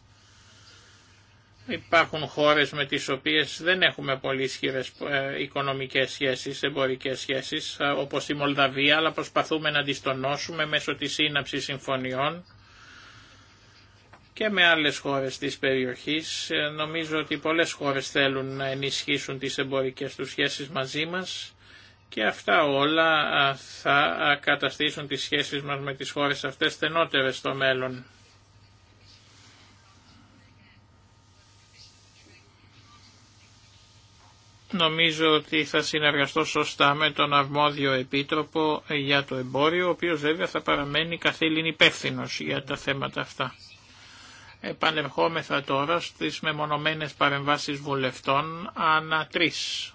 Υπάρχουν χώρες με τις οποίες δεν έχουμε πολύ ισχυρέ ε, οικονομικές σχέσεις, εμπορικές σχέσεις, ε, όπως η Μολδαβία, αλλά προσπαθούμε να τις τονώσουμε μέσω της σύναψης συμφωνιών και με άλλες χώρες της περιοχής. Ε, νομίζω ότι πολλές χώρες θέλουν να ενισχύσουν τις εμπορικές τους σχέσεις μαζί μας και αυτά όλα θα καταστήσουν τις σχέσεις μας με τις χώρες αυτές στενότερες στο μέλλον. Νομίζω ότι θα συνεργαστώ σωστά με τον αρμόδιο επίτροπο για το εμπόριο, ο οποίος βέβαια θα παραμένει καθήλυν υπεύθυνο για τα θέματα αυτά. Επανερχόμεθα τώρα στις μεμονωμένες παρεμβάσεις βουλευτών ανά τρεις.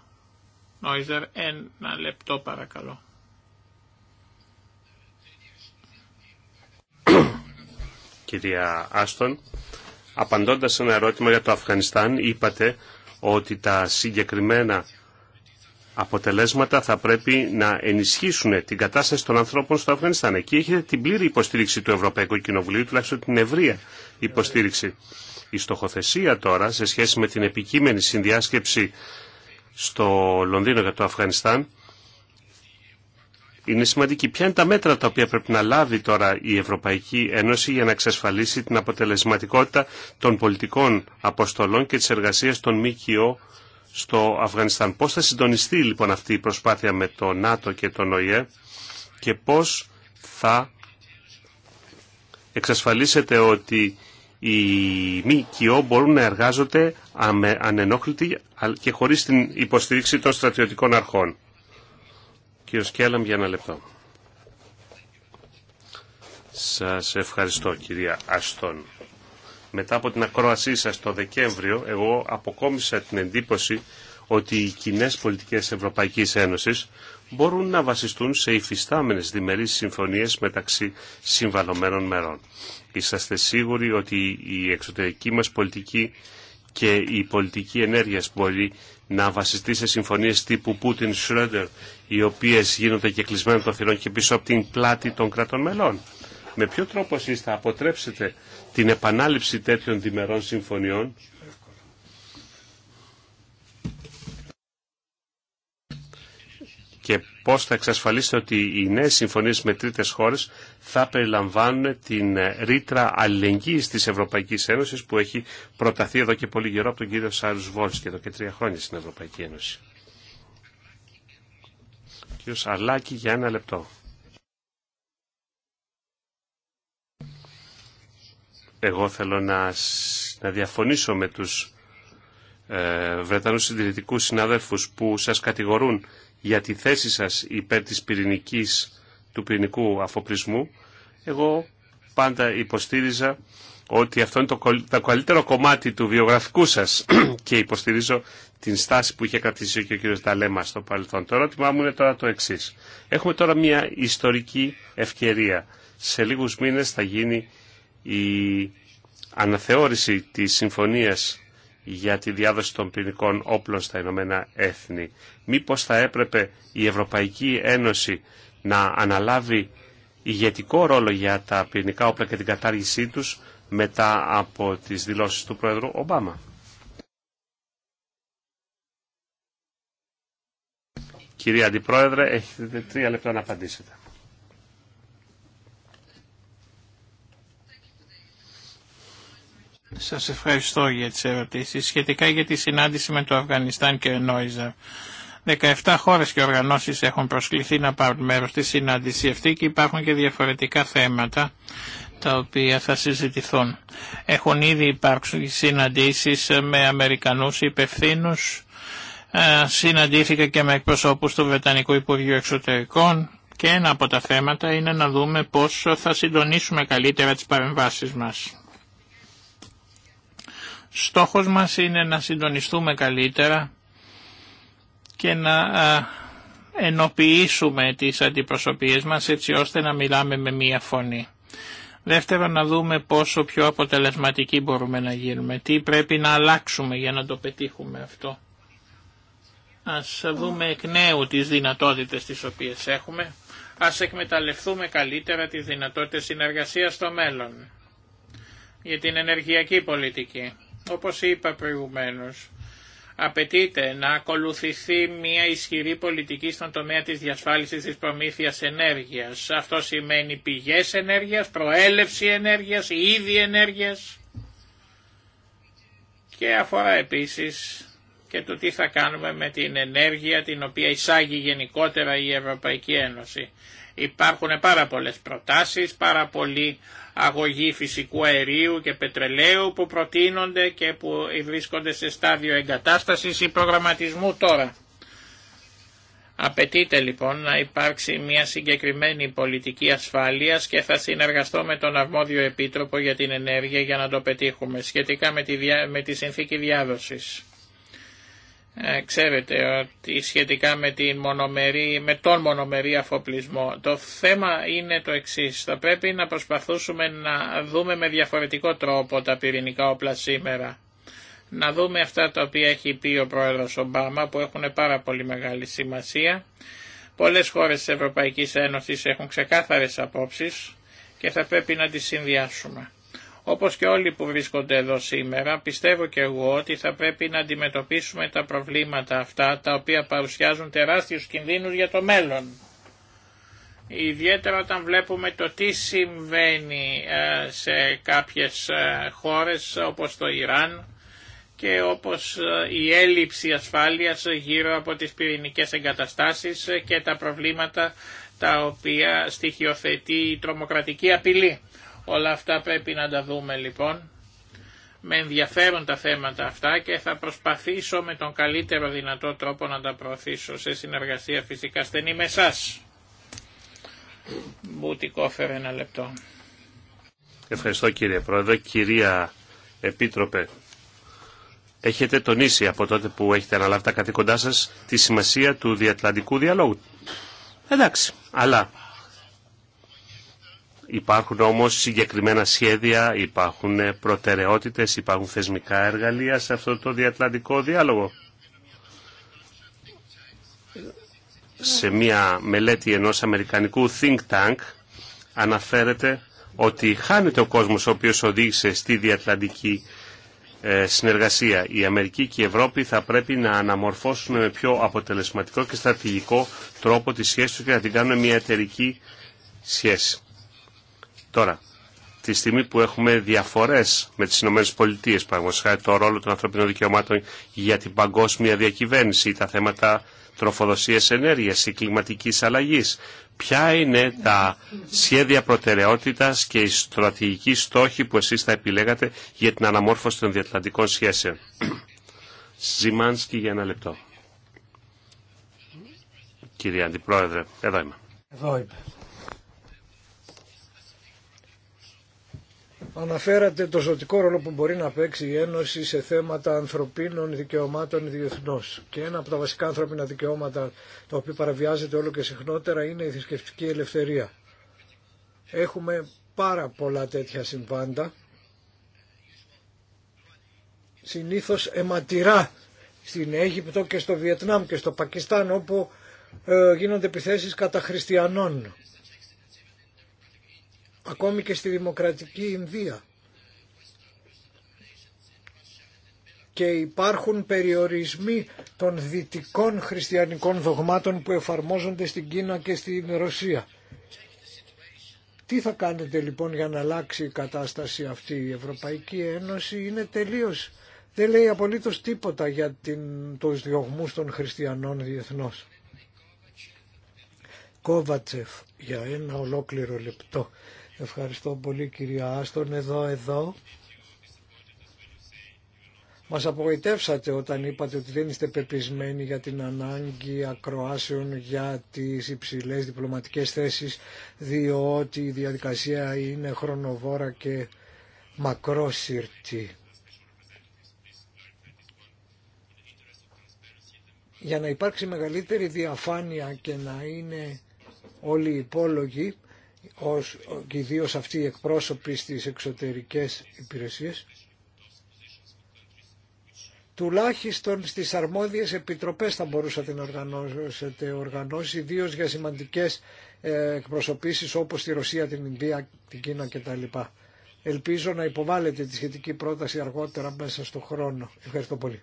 Νόιζερ, ένα λεπτό παρακαλώ. Κυρία Άστον, απαντώντας σε ένα ερώτημα για το Αφγανιστάν, είπατε ότι τα συγκεκριμένα αποτελέσματα θα πρέπει να ενισχύσουν την κατάσταση των ανθρώπων στο Αφγανιστάν. Εκεί έχετε την πλήρη υποστήριξη του Ευρωπαϊκού Κοινοβουλίου, τουλάχιστον την ευρεία υποστήριξη. Η στοχοθεσία τώρα σε σχέση με την επικείμενη συνδιάσκεψη στο Λονδίνο για το Αφγανιστάν είναι σημαντική. Ποια είναι τα μέτρα τα οποία πρέπει να λάβει τώρα η Ευρωπαϊκή Ένωση για να εξασφαλίσει την αποτελεσματικότητα των πολιτικών αποστολών και της εργασίας των ΜΚΟ στο Αφγανιστάν. Πώς θα συντονιστεί λοιπόν αυτή η προσπάθεια με το ΝΑΤΟ και το ΟΗΕ και πώς θα εξασφαλίσετε ότι οι κοιό μπορούν να εργάζονται ανενόχλητοι και χωρίς την υποστήριξη των στρατιωτικών αρχών. Κύριο Σκέλαμ για ένα λεπτό. Σας ευχαριστώ κυρία Αστόν. Μετά από την ακρόασή σας το Δεκέμβριο, εγώ αποκόμισα την εντύπωση ότι οι κοινέ πολιτικές Ευρωπαϊκής Ένωσης μπορούν να βασιστούν σε υφιστάμενες διμερείς συμφωνίες μεταξύ συμβαλωμένων μερών. Είσαστε σίγουροι ότι η εξωτερική μας πολιτική και η πολιτική ενέργεια μπορεί να βασιστεί σε συμφωνίες τύπου Πούτιν Σρέντερ, οι οποίες γίνονται και κλεισμένα των θυρών και πίσω από την πλάτη των κρατών μελών. Με ποιο τρόπο εσείς θα αποτρέψετε την επανάληψη τέτοιων διμερών συμφωνιών και πώς θα εξασφαλίσετε ότι οι νέες συμφωνίες με τρίτες χώρες θα περιλαμβάνουν την ρήτρα αλληλεγγύης της Ευρωπαϊκής Ένωσης που έχει προταθεί εδώ και πολύ καιρό από τον κύριο Σάρους Βόλς και εδώ και τρία χρόνια στην Ευρωπαϊκή Ένωση. Κύριος Αλάκη για ένα λεπτό. εγώ θέλω να, να διαφωνήσω με τους ε, Βρετανούς συντηρητικούς συναδέλφους που σας κατηγορούν για τη θέση σας υπέρ της πυρηνικής, του πυρηνικού αφοπλισμού. Εγώ πάντα υποστήριζα ότι αυτό είναι το, καλύτερο κομμάτι του βιογραφικού σας και υποστηρίζω την στάση που είχε κρατήσει και ο κύριος Νταλέμα στο παρελθόν. Το ερώτημά μου είναι τώρα το εξή. Έχουμε τώρα μια ιστορική ευκαιρία. Σε λίγους μήνες θα γίνει η αναθεώρηση της συμφωνίας για τη διάδοση των πυρηνικών όπλων στα Ηνωμένα Έθνη. Μήπως θα έπρεπε η Ευρωπαϊκή Ένωση να αναλάβει ηγετικό ρόλο για τα πυρηνικά όπλα και την κατάργησή τους μετά από τις δηλώσεις του Πρόεδρου Ομπάμα. Κυρία Αντιπρόεδρε, έχετε τρία λεπτά να απαντήσετε. Σας ευχαριστώ για τις ερωτήσεις. Σχετικά για τη συνάντηση με το Αφγανιστάν και Νόιζα. 17 χώρες και οργανώσεις έχουν προσκληθεί να πάρουν μέρος στη συνάντηση αυτή και υπάρχουν και διαφορετικά θέματα τα οποία θα συζητηθούν. Έχουν ήδη υπάρξει συναντήσεις με Αμερικανούς υπευθύνου. Ε, συναντήθηκα και με εκπροσώπους του Βρετανικού Υπουργείου Εξωτερικών και ένα από τα θέματα είναι να δούμε πώς θα συντονίσουμε καλύτερα τις παρεμβάσεις μας. Στόχος μας είναι να συντονιστούμε καλύτερα και να ενοποιήσουμε τις αντιπροσωπείες μας έτσι ώστε να μιλάμε με μία φωνή. Δεύτερον, να δούμε πόσο πιο αποτελεσματικοί μπορούμε να γίνουμε. Τι πρέπει να αλλάξουμε για να το πετύχουμε αυτό. Ας δούμε εκ νέου τις δυνατότητες τις οποίες έχουμε. Ας εκμεταλλευτούμε καλύτερα τις δυνατότητες συνεργασίας στο μέλλον. Για την ενεργειακή πολιτική. Όπως είπα προηγουμένως, απαιτείται να ακολουθηθεί μια ισχυρή πολιτική στον τομέα της διασφάλισης της προμήθειας ενέργειας. Αυτό σημαίνει πηγές ενέργειας, προέλευση ενέργειας, ήδη ενέργειας και αφορά επίσης και το τι θα κάνουμε με την ενέργεια την οποία εισάγει γενικότερα η Ευρωπαϊκή Ένωση. Υπάρχουν πάρα πολλές προτάσεις, πάρα πολλοί αγωγή φυσικού αερίου και πετρελαίου που προτείνονται και που βρίσκονται σε στάδιο εγκατάστασης ή προγραμματισμού τώρα. Απαιτείται λοιπόν να υπάρξει μια συγκεκριμένη πολιτική ασφάλειας και θα συνεργαστώ με τον αρμόδιο επίτροπο για την ενέργεια για να το πετύχουμε σχετικά με τη, με τη συνθήκη διάδοσης. Ε, ξέρετε ότι σχετικά με, την με τον μονομερή αφοπλισμό το θέμα είναι το εξής. Θα πρέπει να προσπαθούμε να δούμε με διαφορετικό τρόπο τα πυρηνικά όπλα σήμερα. Να δούμε αυτά τα οποία έχει πει ο πρόεδρος Ομπάμα που έχουν πάρα πολύ μεγάλη σημασία. Πολλές χώρες της Ευρωπαϊκής Ένωσης έχουν ξεκάθαρες απόψεις και θα πρέπει να τις συνδυάσουμε. Όπως και όλοι που βρίσκονται εδώ σήμερα, πιστεύω και εγώ ότι θα πρέπει να αντιμετωπίσουμε τα προβλήματα αυτά, τα οποία παρουσιάζουν τεράστιους κινδύνους για το μέλλον. Ιδιαίτερα όταν βλέπουμε το τι συμβαίνει ε, σε κάποιες ε, χώρες όπως το Ιράν και όπως ε, η έλλειψη ασφάλειας γύρω από τις πυρηνικές εγκαταστάσεις και τα προβλήματα τα οποία στοιχειοθετεί η τρομοκρατική απειλή. Όλα αυτά πρέπει να τα δούμε λοιπόν. Με ενδιαφέρουν τα θέματα αυτά και θα προσπαθήσω με τον καλύτερο δυνατό τρόπο να τα προωθήσω σε συνεργασία φυσικά στενή με εσάς. φέρε ένα λεπτό. Ευχαριστώ κύριε Πρόεδρε. Κυρία Επίτροπε, έχετε τονίσει από τότε που έχετε αναλάβει τα καθήκοντά σας τη σημασία του διατλαντικού διαλόγου. Εντάξει, αλλά Υπάρχουν όμως συγκεκριμένα σχέδια, υπάρχουν προτεραιότητες, υπάρχουν θεσμικά εργαλεία σε αυτό το διατλαντικό διάλογο. Σε μια μελέτη ενός αμερικανικού think tank αναφέρεται ότι χάνεται ο κόσμος ο οποίος οδήγησε στη διατλαντική ε, συνεργασία. Η Αμερική και η Ευρώπη θα πρέπει να αναμορφώσουν με πιο αποτελεσματικό και στρατηγικό τρόπο τη σχέση τους και να την κάνουν μια εταιρική σχέση. Τώρα, τη στιγμή που έχουμε διαφορές με τις Ηνωμένες Πολιτείες, παραγωγικά το ρόλο των ανθρωπινών δικαιωμάτων για την παγκόσμια διακυβέρνηση ή τα θέματα τροφοδοσίας ενέργειας ή κλιματικής αλλαγής. Ποια είναι τα σχέδια προτεραιότητας και οι στρατηγικοί στόχοι που εσείς θα επιλέγατε για την αναμόρφωση των διατλαντικών σχέσεων. Ζημάνσκι για ένα λεπτό. Κύριε Αντιπρόεδρε, εδώ είμαι. Εδώ είμαι. Αναφέρατε το ζωτικό ρόλο που μπορεί να παίξει η Ένωση σε θέματα ανθρωπίνων δικαιωμάτων διεθνώ. Και ένα από τα βασικά ανθρώπινα δικαιώματα τα οποία παραβιάζεται όλο και συχνότερα είναι η θρησκευτική ελευθερία. Έχουμε πάρα πολλά τέτοια συμβάντα. Συνήθως αιματηρά στην Αίγυπτο και στο Βιετνάμ και στο Πακιστάν όπου ε, γίνονται επιθέσεις κατά χριστιανών ακόμη και στη Δημοκρατική Ινδία. Και υπάρχουν περιορισμοί των δυτικών χριστιανικών δογμάτων που εφαρμόζονται στην Κίνα και στην Ρωσία. Τι θα κάνετε λοιπόν για να αλλάξει η κατάσταση αυτή. Η Ευρωπαϊκή Ένωση είναι τελείως. Δεν λέει απολύτως τίποτα για την, τους διωγμούς των χριστιανών διεθνώς. Κόβατσεφ για ένα ολόκληρο λεπτό. Ευχαριστώ πολύ κυρία Άστον. Εδώ, εδώ. Μας απογοητεύσατε όταν είπατε ότι δεν είστε πεπισμένοι για την ανάγκη ακροάσεων για τις υψηλές διπλωματικές θέσεις διότι η διαδικασία είναι χρονοβόρα και μακρόσυρτη. Για να υπάρξει μεγαλύτερη διαφάνεια και να είναι όλοι υπόλογοι ως, και ιδίω αυτοί οι εκπρόσωποι στις εξωτερικές υπηρεσίες τουλάχιστον στις αρμόδιες επιτροπές θα μπορούσατε να οργανώσετε οργανώσει ιδίω για σημαντικές ε, εκπροσωπήσεις όπως τη Ρωσία, την Ινδία, την Κίνα κτλ. Ελπίζω να υποβάλλετε τη σχετική πρόταση αργότερα μέσα στο χρόνο. Ευχαριστώ πολύ.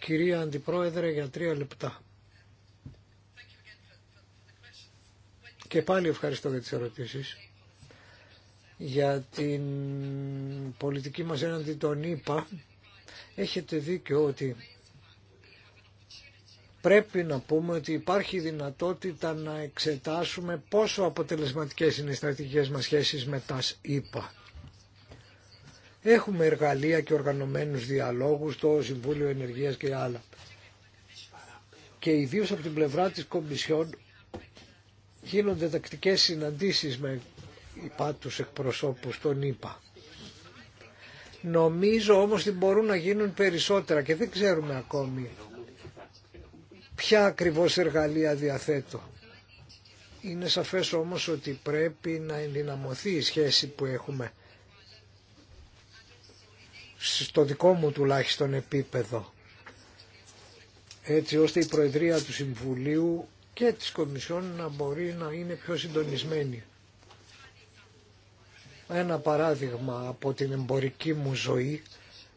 Κυρία Αντιπρόεδρε για τρία λεπτά. και πάλι ευχαριστώ για τις ερωτήσεις για την πολιτική μας έναντι τον ΗΠΑ έχετε δίκιο ότι πρέπει να πούμε ότι υπάρχει δυνατότητα να εξετάσουμε πόσο αποτελεσματικές είναι οι στρατηγικές μας σχέσεις με τα ΗΠΑ. Έχουμε εργαλεία και οργανωμένους διαλόγους στο Συμβούλιο Ενεργείας και άλλα. Και ιδίως από την πλευρά της Κομισιόν γίνονται τακτικές συναντήσεις με υπάτους εκπροσώπους τον ΙΠΑ. Νομίζω όμως ότι μπορούν να γίνουν περισσότερα και δεν ξέρουμε ακόμη ποια ακριβώς εργαλεία διαθέτω. Είναι σαφές όμως ότι πρέπει να ενδυναμωθεί η σχέση που έχουμε στο δικό μου τουλάχιστον επίπεδο έτσι ώστε η Προεδρία του Συμβουλίου και της Κομισιόν να μπορεί να είναι πιο συντονισμένη. Ένα παράδειγμα από την εμπορική μου ζωή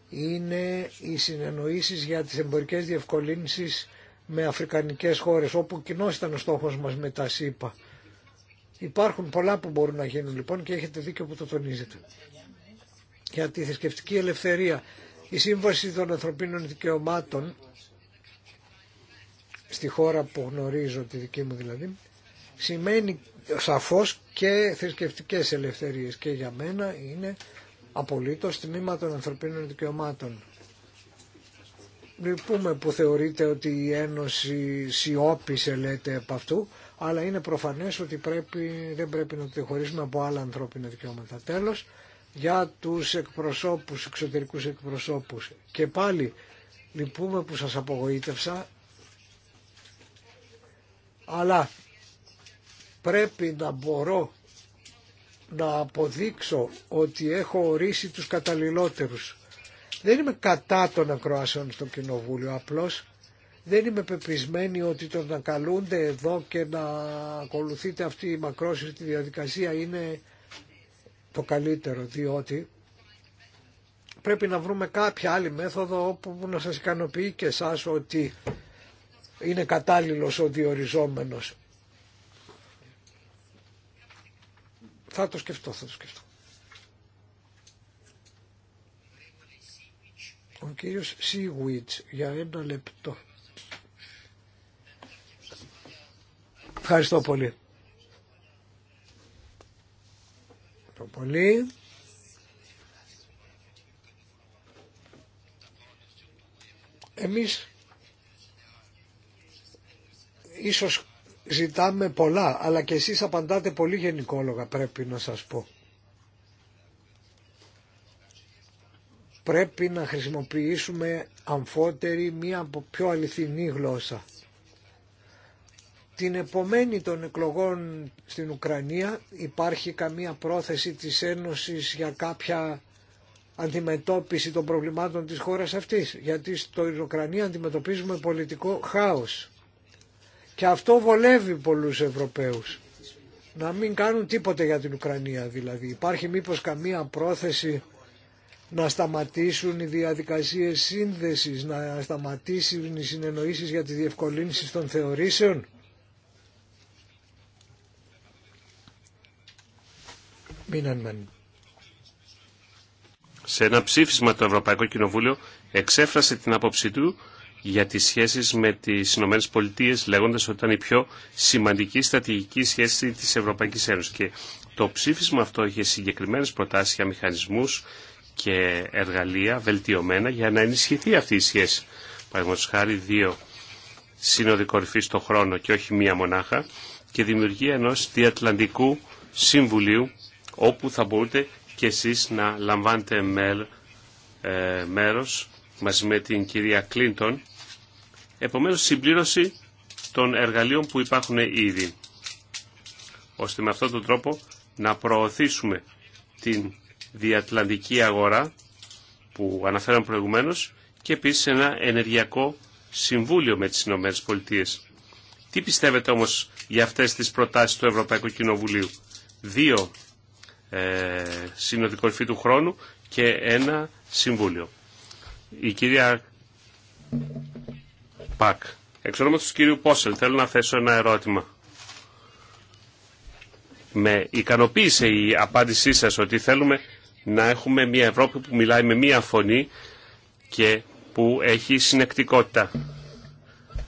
είναι οι συνεννοήσεις για τις εμπορικές διευκολύνσεις με αφρικανικές χώρες, όπου κοινό ήταν ο στόχος μας με τα ΣΥΠΑ. Υπάρχουν πολλά που μπορούν να γίνουν λοιπόν και έχετε δίκιο που το τονίζετε. Για τη θρησκευτική ελευθερία, η Σύμβαση των Ανθρωπίνων Δικαιωμάτων στη χώρα που γνωρίζω, τη δική μου δηλαδή, σημαίνει σαφώς και θρησκευτικές ελευθερίες και για μένα είναι απολύτως τμήμα των ανθρωπίνων δικαιωμάτων. Λυπούμε που θεωρείτε ότι η Ένωση σιώπησε λέτε από αυτού, αλλά είναι προφανές ότι πρέπει, δεν πρέπει να το χωρίσουμε από άλλα ανθρώπινα δικαιώματα. Τέλος, για τους εκπροσώπους, εξωτερικούς εκπροσώπους. Και πάλι λυπούμε που σας απογοήτευσα, αλλά πρέπει να μπορώ να αποδείξω ότι έχω ορίσει τους καταλληλότερους. Δεν είμαι κατά των ακροάσεων στο Κοινοβούλιο, απλώς δεν είμαι πεπισμένη ότι το να καλούνται εδώ και να ακολουθείτε αυτή η μακρόσυρτη διαδικασία είναι το καλύτερο, διότι πρέπει να βρούμε κάποια άλλη μέθοδο όπου να σας ικανοποιεί και εσάς ότι είναι κατάλληλος ο διοριζόμενος. Θα το σκεφτώ, θα το σκεφτώ. Ο κύριος Σίγουιτς για ένα λεπτό. Ευχαριστώ πολύ. Ευχαριστώ πολύ. Εμείς ίσως ζητάμε πολλά, αλλά και εσείς απαντάτε πολύ γενικόλογα πρέπει να σας πω. Πρέπει να χρησιμοποιήσουμε αμφότερη μία από πιο αληθινή γλώσσα. Την επομένη των εκλογών στην Ουκρανία υπάρχει καμία πρόθεση της Ένωσης για κάποια αντιμετώπιση των προβλημάτων της χώρας αυτής. Γιατί στο Ουκρανία αντιμετωπίζουμε πολιτικό χάος. Και αυτό βολεύει πολλούς Ευρωπαίους. Να μην κάνουν τίποτε για την Ουκρανία δηλαδή. Υπάρχει μήπως καμία πρόθεση να σταματήσουν οι διαδικασίες σύνδεσης, να σταματήσουν οι συνεννοήσεις για τη διευκολύνση των θεωρήσεων. Σε ένα ψήφισμα το Ευρωπαϊκό Κοινοβούλιο εξέφρασε την άποψή του για τις σχέσεις με τις Ηνωμένες Πολιτείες λέγοντας ότι ήταν η πιο σημαντική στρατηγική σχέση της Ευρωπαϊκής Ένωσης. Και το ψήφισμα αυτό είχε συγκεκριμένες προτάσεις για μηχανισμούς και εργαλεία βελτιωμένα για να ενισχυθεί αυτή η σχέση. Παραδείγματος χάρη δύο σύνοδοι κορυφή το χρόνο και όχι μία μονάχα και δημιουργία ενός διατλαντικού συμβουλίου όπου θα μπορείτε και εσείς να λαμβάνετε ε, μέρος μαζί με την κυρία Κλίντον. Επομένως, συμπλήρωση των εργαλείων που υπάρχουν ήδη, ώστε με αυτόν τον τρόπο να προωθήσουμε την διατλαντική αγορά που αναφέραμε προηγουμένως και επίσης ένα ενεργειακό συμβούλιο με τις Ηνωμένες Πολιτείες. Τι πιστεύετε όμως για αυτές τις προτάσεις του Ευρωπαϊκού Κοινοβουλίου. Δύο ε, συνοδικορφή του χρόνου και ένα συμβούλιο. Η κυρία Πακ. Εξ ονόματος του κυρίου Πόσελ θέλω να θέσω ένα ερώτημα. Με ικανοποίησε η απάντησή σας ότι θέλουμε να έχουμε μια Ευρώπη που μιλάει με μια φωνή και που έχει συνεκτικότητα.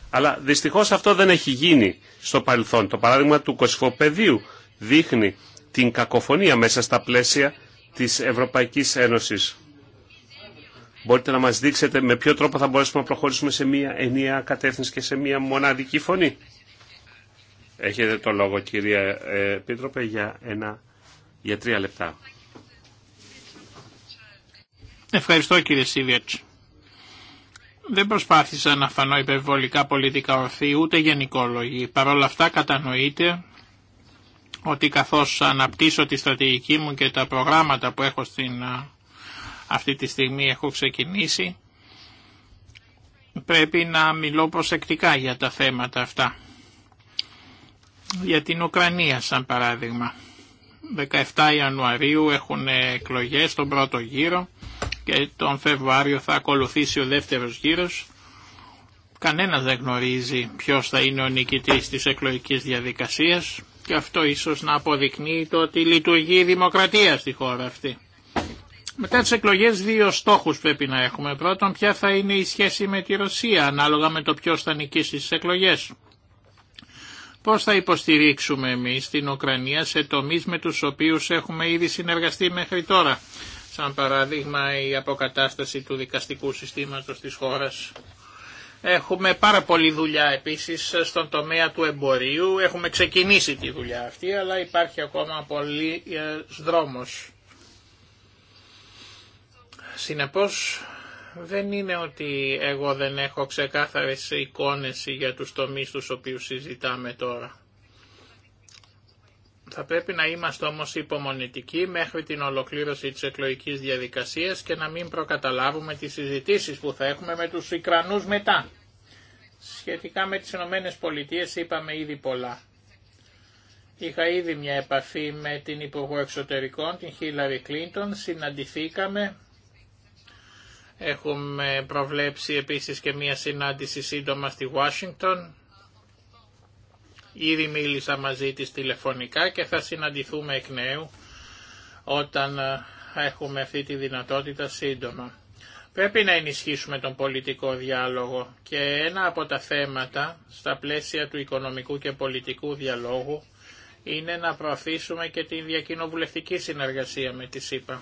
Αλλά δυστυχώς αυτό δεν έχει γίνει στο παρελθόν. Το παράδειγμα του Κωσφοπεδίου δείχνει την κακοφωνία μέσα στα πλαίσια της Ευρωπαϊκής Ένωσης. Μπορείτε να μας δείξετε με ποιο τρόπο θα μπορέσουμε να προχωρήσουμε σε μία ενιαία κατεύθυνση και σε μία μοναδική φωνή. Έχετε το λόγο κυρία ε, Πίτροπε, για, ένα, για τρία λεπτά. Ευχαριστώ κύριε Σίβιατς. Δεν προσπάθησα να φανώ υπερβολικά πολιτικά ορθή ούτε γενικόλογη. Παρ' όλα αυτά κατανοείτε ότι καθώς αναπτύσσω τη στρατηγική μου και τα προγράμματα που έχω στην αυτή τη στιγμή έχω ξεκινήσει, πρέπει να μιλώ προσεκτικά για τα θέματα αυτά. Για την Ουκρανία σαν παράδειγμα. 17 Ιανουαρίου έχουν εκλογές τον πρώτο γύρο και τον Φεβρουάριο θα ακολουθήσει ο δεύτερος γύρος. Κανένας δεν γνωρίζει ποιος θα είναι ο νικητής της εκλογικής διαδικασίας και αυτό ίσως να αποδεικνύει το ότι λειτουργεί η δημοκρατία στη χώρα αυτή. Μετά τις εκλογές δύο στόχους πρέπει να έχουμε. Πρώτον, ποια θα είναι η σχέση με τη Ρωσία, ανάλογα με το ποιος θα νικήσει στις εκλογές. Πώς θα υποστηρίξουμε εμείς την Ουκρανία σε τομείς με τους οποίους έχουμε ήδη συνεργαστεί μέχρι τώρα. Σαν παράδειγμα η αποκατάσταση του δικαστικού συστήματος της χώρας. Έχουμε πάρα πολλή δουλειά επίσης στον τομέα του εμπορίου. Έχουμε ξεκινήσει τη δουλειά αυτή, αλλά υπάρχει ακόμα πολύς δρόμος. Συνεπώς δεν είναι ότι εγώ δεν έχω ξεκάθαρες εικόνες για τους τομείς τους οποίους συζητάμε τώρα. Θα πρέπει να είμαστε όμως υπομονητικοί μέχρι την ολοκλήρωση της εκλογικής διαδικασίας και να μην προκαταλάβουμε τις συζητήσεις που θα έχουμε με τους Ικρανούς μετά. Σχετικά με τις ΗΠΑ Πολιτείες είπαμε ήδη πολλά. Είχα ήδη μια επαφή με την Υπουργό Εξωτερικών, την Χίλαρη Κλίντον, συναντηθήκαμε, Έχουμε προβλέψει επίσης και μία συνάντηση σύντομα στη Washington. Ήδη μίλησα μαζί της τηλεφωνικά και θα συναντηθούμε εκ νέου όταν ε, έχουμε αυτή τη δυνατότητα σύντομα. Πρέπει να ενισχύσουμε τον πολιτικό διάλογο και ένα από τα θέματα στα πλαίσια του οικονομικού και πολιτικού διαλόγου είναι να προωθήσουμε και την διακοινοβουλευτική συνεργασία με τη ΣΥΠΑ.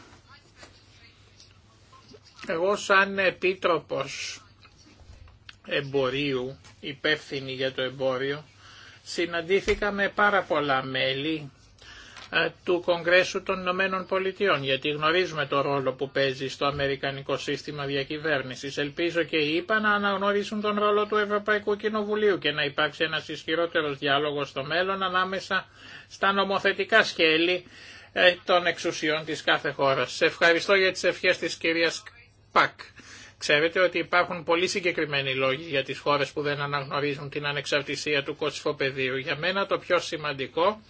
Εγώ σαν επίτροπος εμπορίου, υπεύθυνη για το εμπόριο, συναντήθηκα με πάρα πολλά μέλη ε, του Κογκρέσου των Ηνωμένων Πολιτειών, γιατί γνωρίζουμε το ρόλο που παίζει στο Αμερικανικό σύστημα διακυβέρνησης. Ελπίζω και οι να αναγνωρίσουν τον ρόλο του Ευρωπαϊκού Κοινοβουλίου και να υπάρξει ένας ισχυρότερος διάλογος στο μέλλον ανάμεσα στα νομοθετικά σχέλη ε, των εξουσιών της κάθε χώρας. Σε ευχαριστώ για τις ευχές της κυρίας ΠΑΚ. Ξέρετε ότι υπάρχουν πολύ συγκεκριμένοι λόγοι για τις χώρες που δεν αναγνωρίζουν την ανεξαρτησία του κοσφοπεδίου. Για μένα το πιο σημαντικό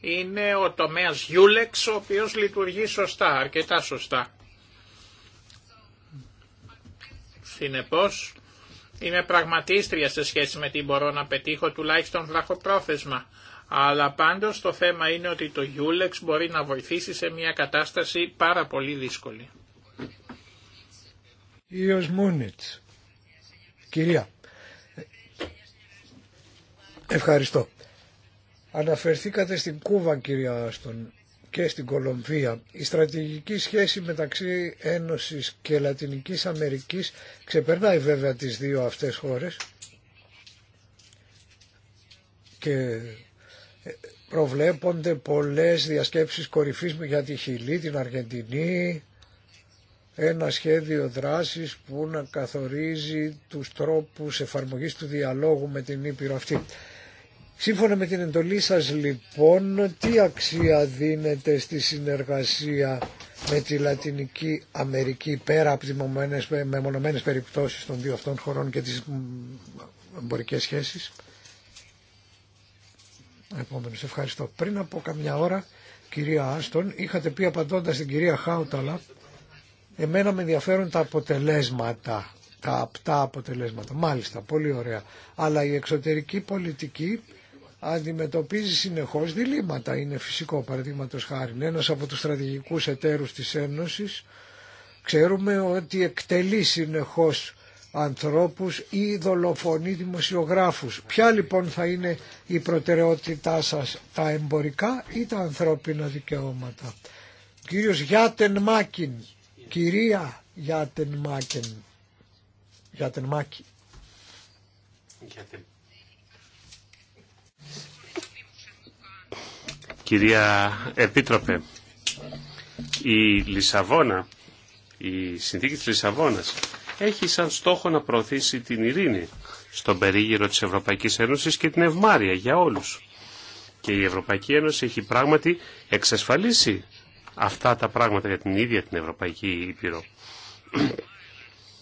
είναι ο τομέας Γιούλεξ, ο οποίος λειτουργεί σωστά, αρκετά σωστά. Συνεπώς, είμαι πραγματίστρια σε σχέση με τι μπορώ να πετύχω, τουλάχιστον βραχοπρόθεσμα. Αλλά πάντως το θέμα είναι ότι το Γιούλεξ μπορεί να βοηθήσει σε μια κατάσταση πάρα πολύ δύσκολη ή Μούνιτς. Κυρία, ευχαριστώ. Αναφερθήκατε στην Κούβα κυρία Άστον και στην Κολομβία. Η στρατηγική σχέση μεταξύ Ένωσης και Λατινικής Αμερικής ξεπερνάει βέβαια τις δύο αυτές χώρες και προβλέπονται πολλές διασκέψεις κορυφής για τη Χιλή, την Αργεντινή, ένα σχέδιο δράσης που να καθορίζει τους τρόπους εφαρμογής του διαλόγου με την Ήπειρο αυτή. Σύμφωνα με την εντολή σας λοιπόν, τι αξία δίνεται στη συνεργασία με τη Λατινική Αμερική πέρα από τις μεμονωμένες περιπτώσεις των δύο αυτών χωρών και τις εμπορικές σχέσεις. Επόμενο ευχαριστώ. Πριν από καμιά ώρα, κυρία Άστον, είχατε πει απαντώντας στην κυρία Χάουταλα Εμένα με ενδιαφέρουν τα αποτελέσματα, τα απτά αποτελέσματα. Μάλιστα, πολύ ωραία. Αλλά η εξωτερική πολιτική αντιμετωπίζει συνεχώς διλήμματα. Είναι φυσικό, παραδείγματος χάρη. Ένας από τους στρατηγικούς εταίρους της Ένωσης ξέρουμε ότι εκτελεί συνεχώς ανθρώπους ή δολοφονεί δημοσιογράφους. Ποια λοιπόν θα είναι η προτεραιότητά σας, τα εμπορικά ή τα ανθρώπινα δικαιώματα. κύριος Γιάτεν Μάκιν Κυρία Μάκη. Κυρία Επίτροπε, η Λισαβόνα, η συνθήκη της Λισαβόνας έχει σαν στόχο να προωθήσει την ειρήνη στον περίγυρο της Ευρωπαϊκής Ένωσης και την ευμάρεια για όλους. Και η Ευρωπαϊκή Ένωση έχει πράγματι εξασφαλίσει αυτά τα πράγματα για την ίδια την Ευρωπαϊκή Ήπειρο.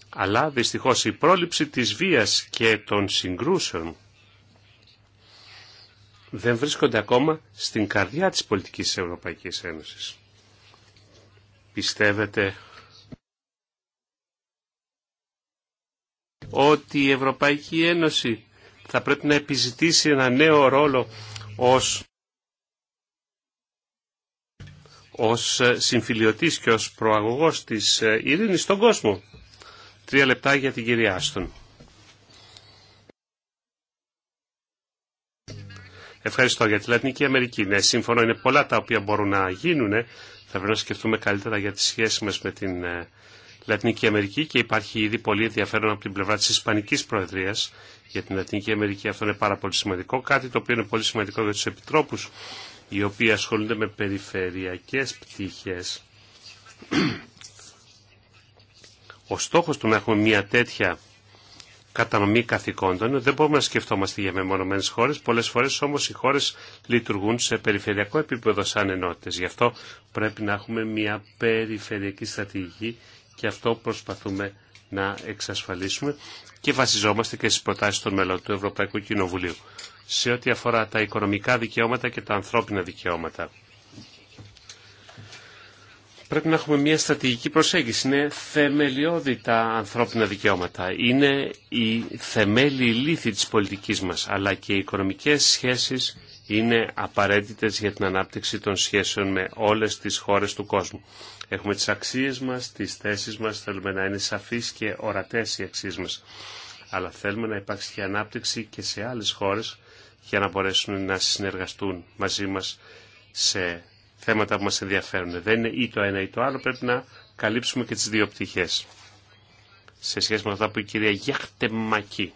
Αλλά δυστυχώς η πρόληψη της βίας και των συγκρούσεων δεν βρίσκονται ακόμα στην καρδιά της πολιτικής της Ευρωπαϊκής Ένωσης. Πιστεύετε ότι η Ευρωπαϊκή Ένωση θα πρέπει να επιζητήσει ένα νέο ρόλο ως ως ε, συμφιλιωτής και ως προαγωγός της ε, ειρήνης στον κόσμο. Τρία λεπτά για την κυρία Άστον. Ευχαριστώ για τη Λατινική Αμερική. Ναι, σύμφωνο είναι πολλά τα οποία μπορούν να γίνουν. Ε. Θα πρέπει να σκεφτούμε καλύτερα για τη σχέση μας με την Λατινική Αμερική και υπάρχει ήδη πολύ ενδιαφέρον από την πλευρά της Ισπανικής Προεδρίας για την Λατινική Αμερική. Αυτό είναι πάρα πολύ σημαντικό. Κάτι το οποίο είναι πολύ σημαντικό για τους επιτρόπους οι οποίοι ασχολούνται με περιφερειακές πτυχές. Ο στόχος του να έχουμε μια τέτοια κατανομή καθηκόντων δεν μπορούμε να σκεφτόμαστε για μεμονωμένες χώρες. Πολλές φορές όμως οι χώρες λειτουργούν σε περιφερειακό επίπεδο σαν ενότητες. Γι' αυτό πρέπει να έχουμε μια περιφερειακή στρατηγική και αυτό προσπαθούμε να εξασφαλίσουμε και βασιζόμαστε και στις προτάσεις των μελών του Ευρωπαϊκού Κοινοβουλίου σε ό,τι αφορά τα οικονομικά δικαιώματα και τα ανθρώπινα δικαιώματα. Πρέπει να έχουμε μια στρατηγική προσέγγιση. Είναι θεμελιώδη τα ανθρώπινα δικαιώματα. Είναι η θεμέλη λύθη της πολιτικής μας, αλλά και οι οικονομικές σχέσεις είναι απαραίτητες για την ανάπτυξη των σχέσεων με όλες τις χώρες του κόσμου. Έχουμε τις αξίες μας, τις θέσεις μας, θέλουμε να είναι σαφείς και ορατές οι αξίες μας. Αλλά θέλουμε να υπάρξει και ανάπτυξη και σε άλλες χώρες για να μπορέσουν να συνεργαστούν μαζί μας σε θέματα που μας ενδιαφέρουν. Δεν είναι ή το ένα ή το άλλο, πρέπει να καλύψουμε και τις δύο πτυχές. Σε σχέση με αυτά που η κυρία Γιάχτεμακή.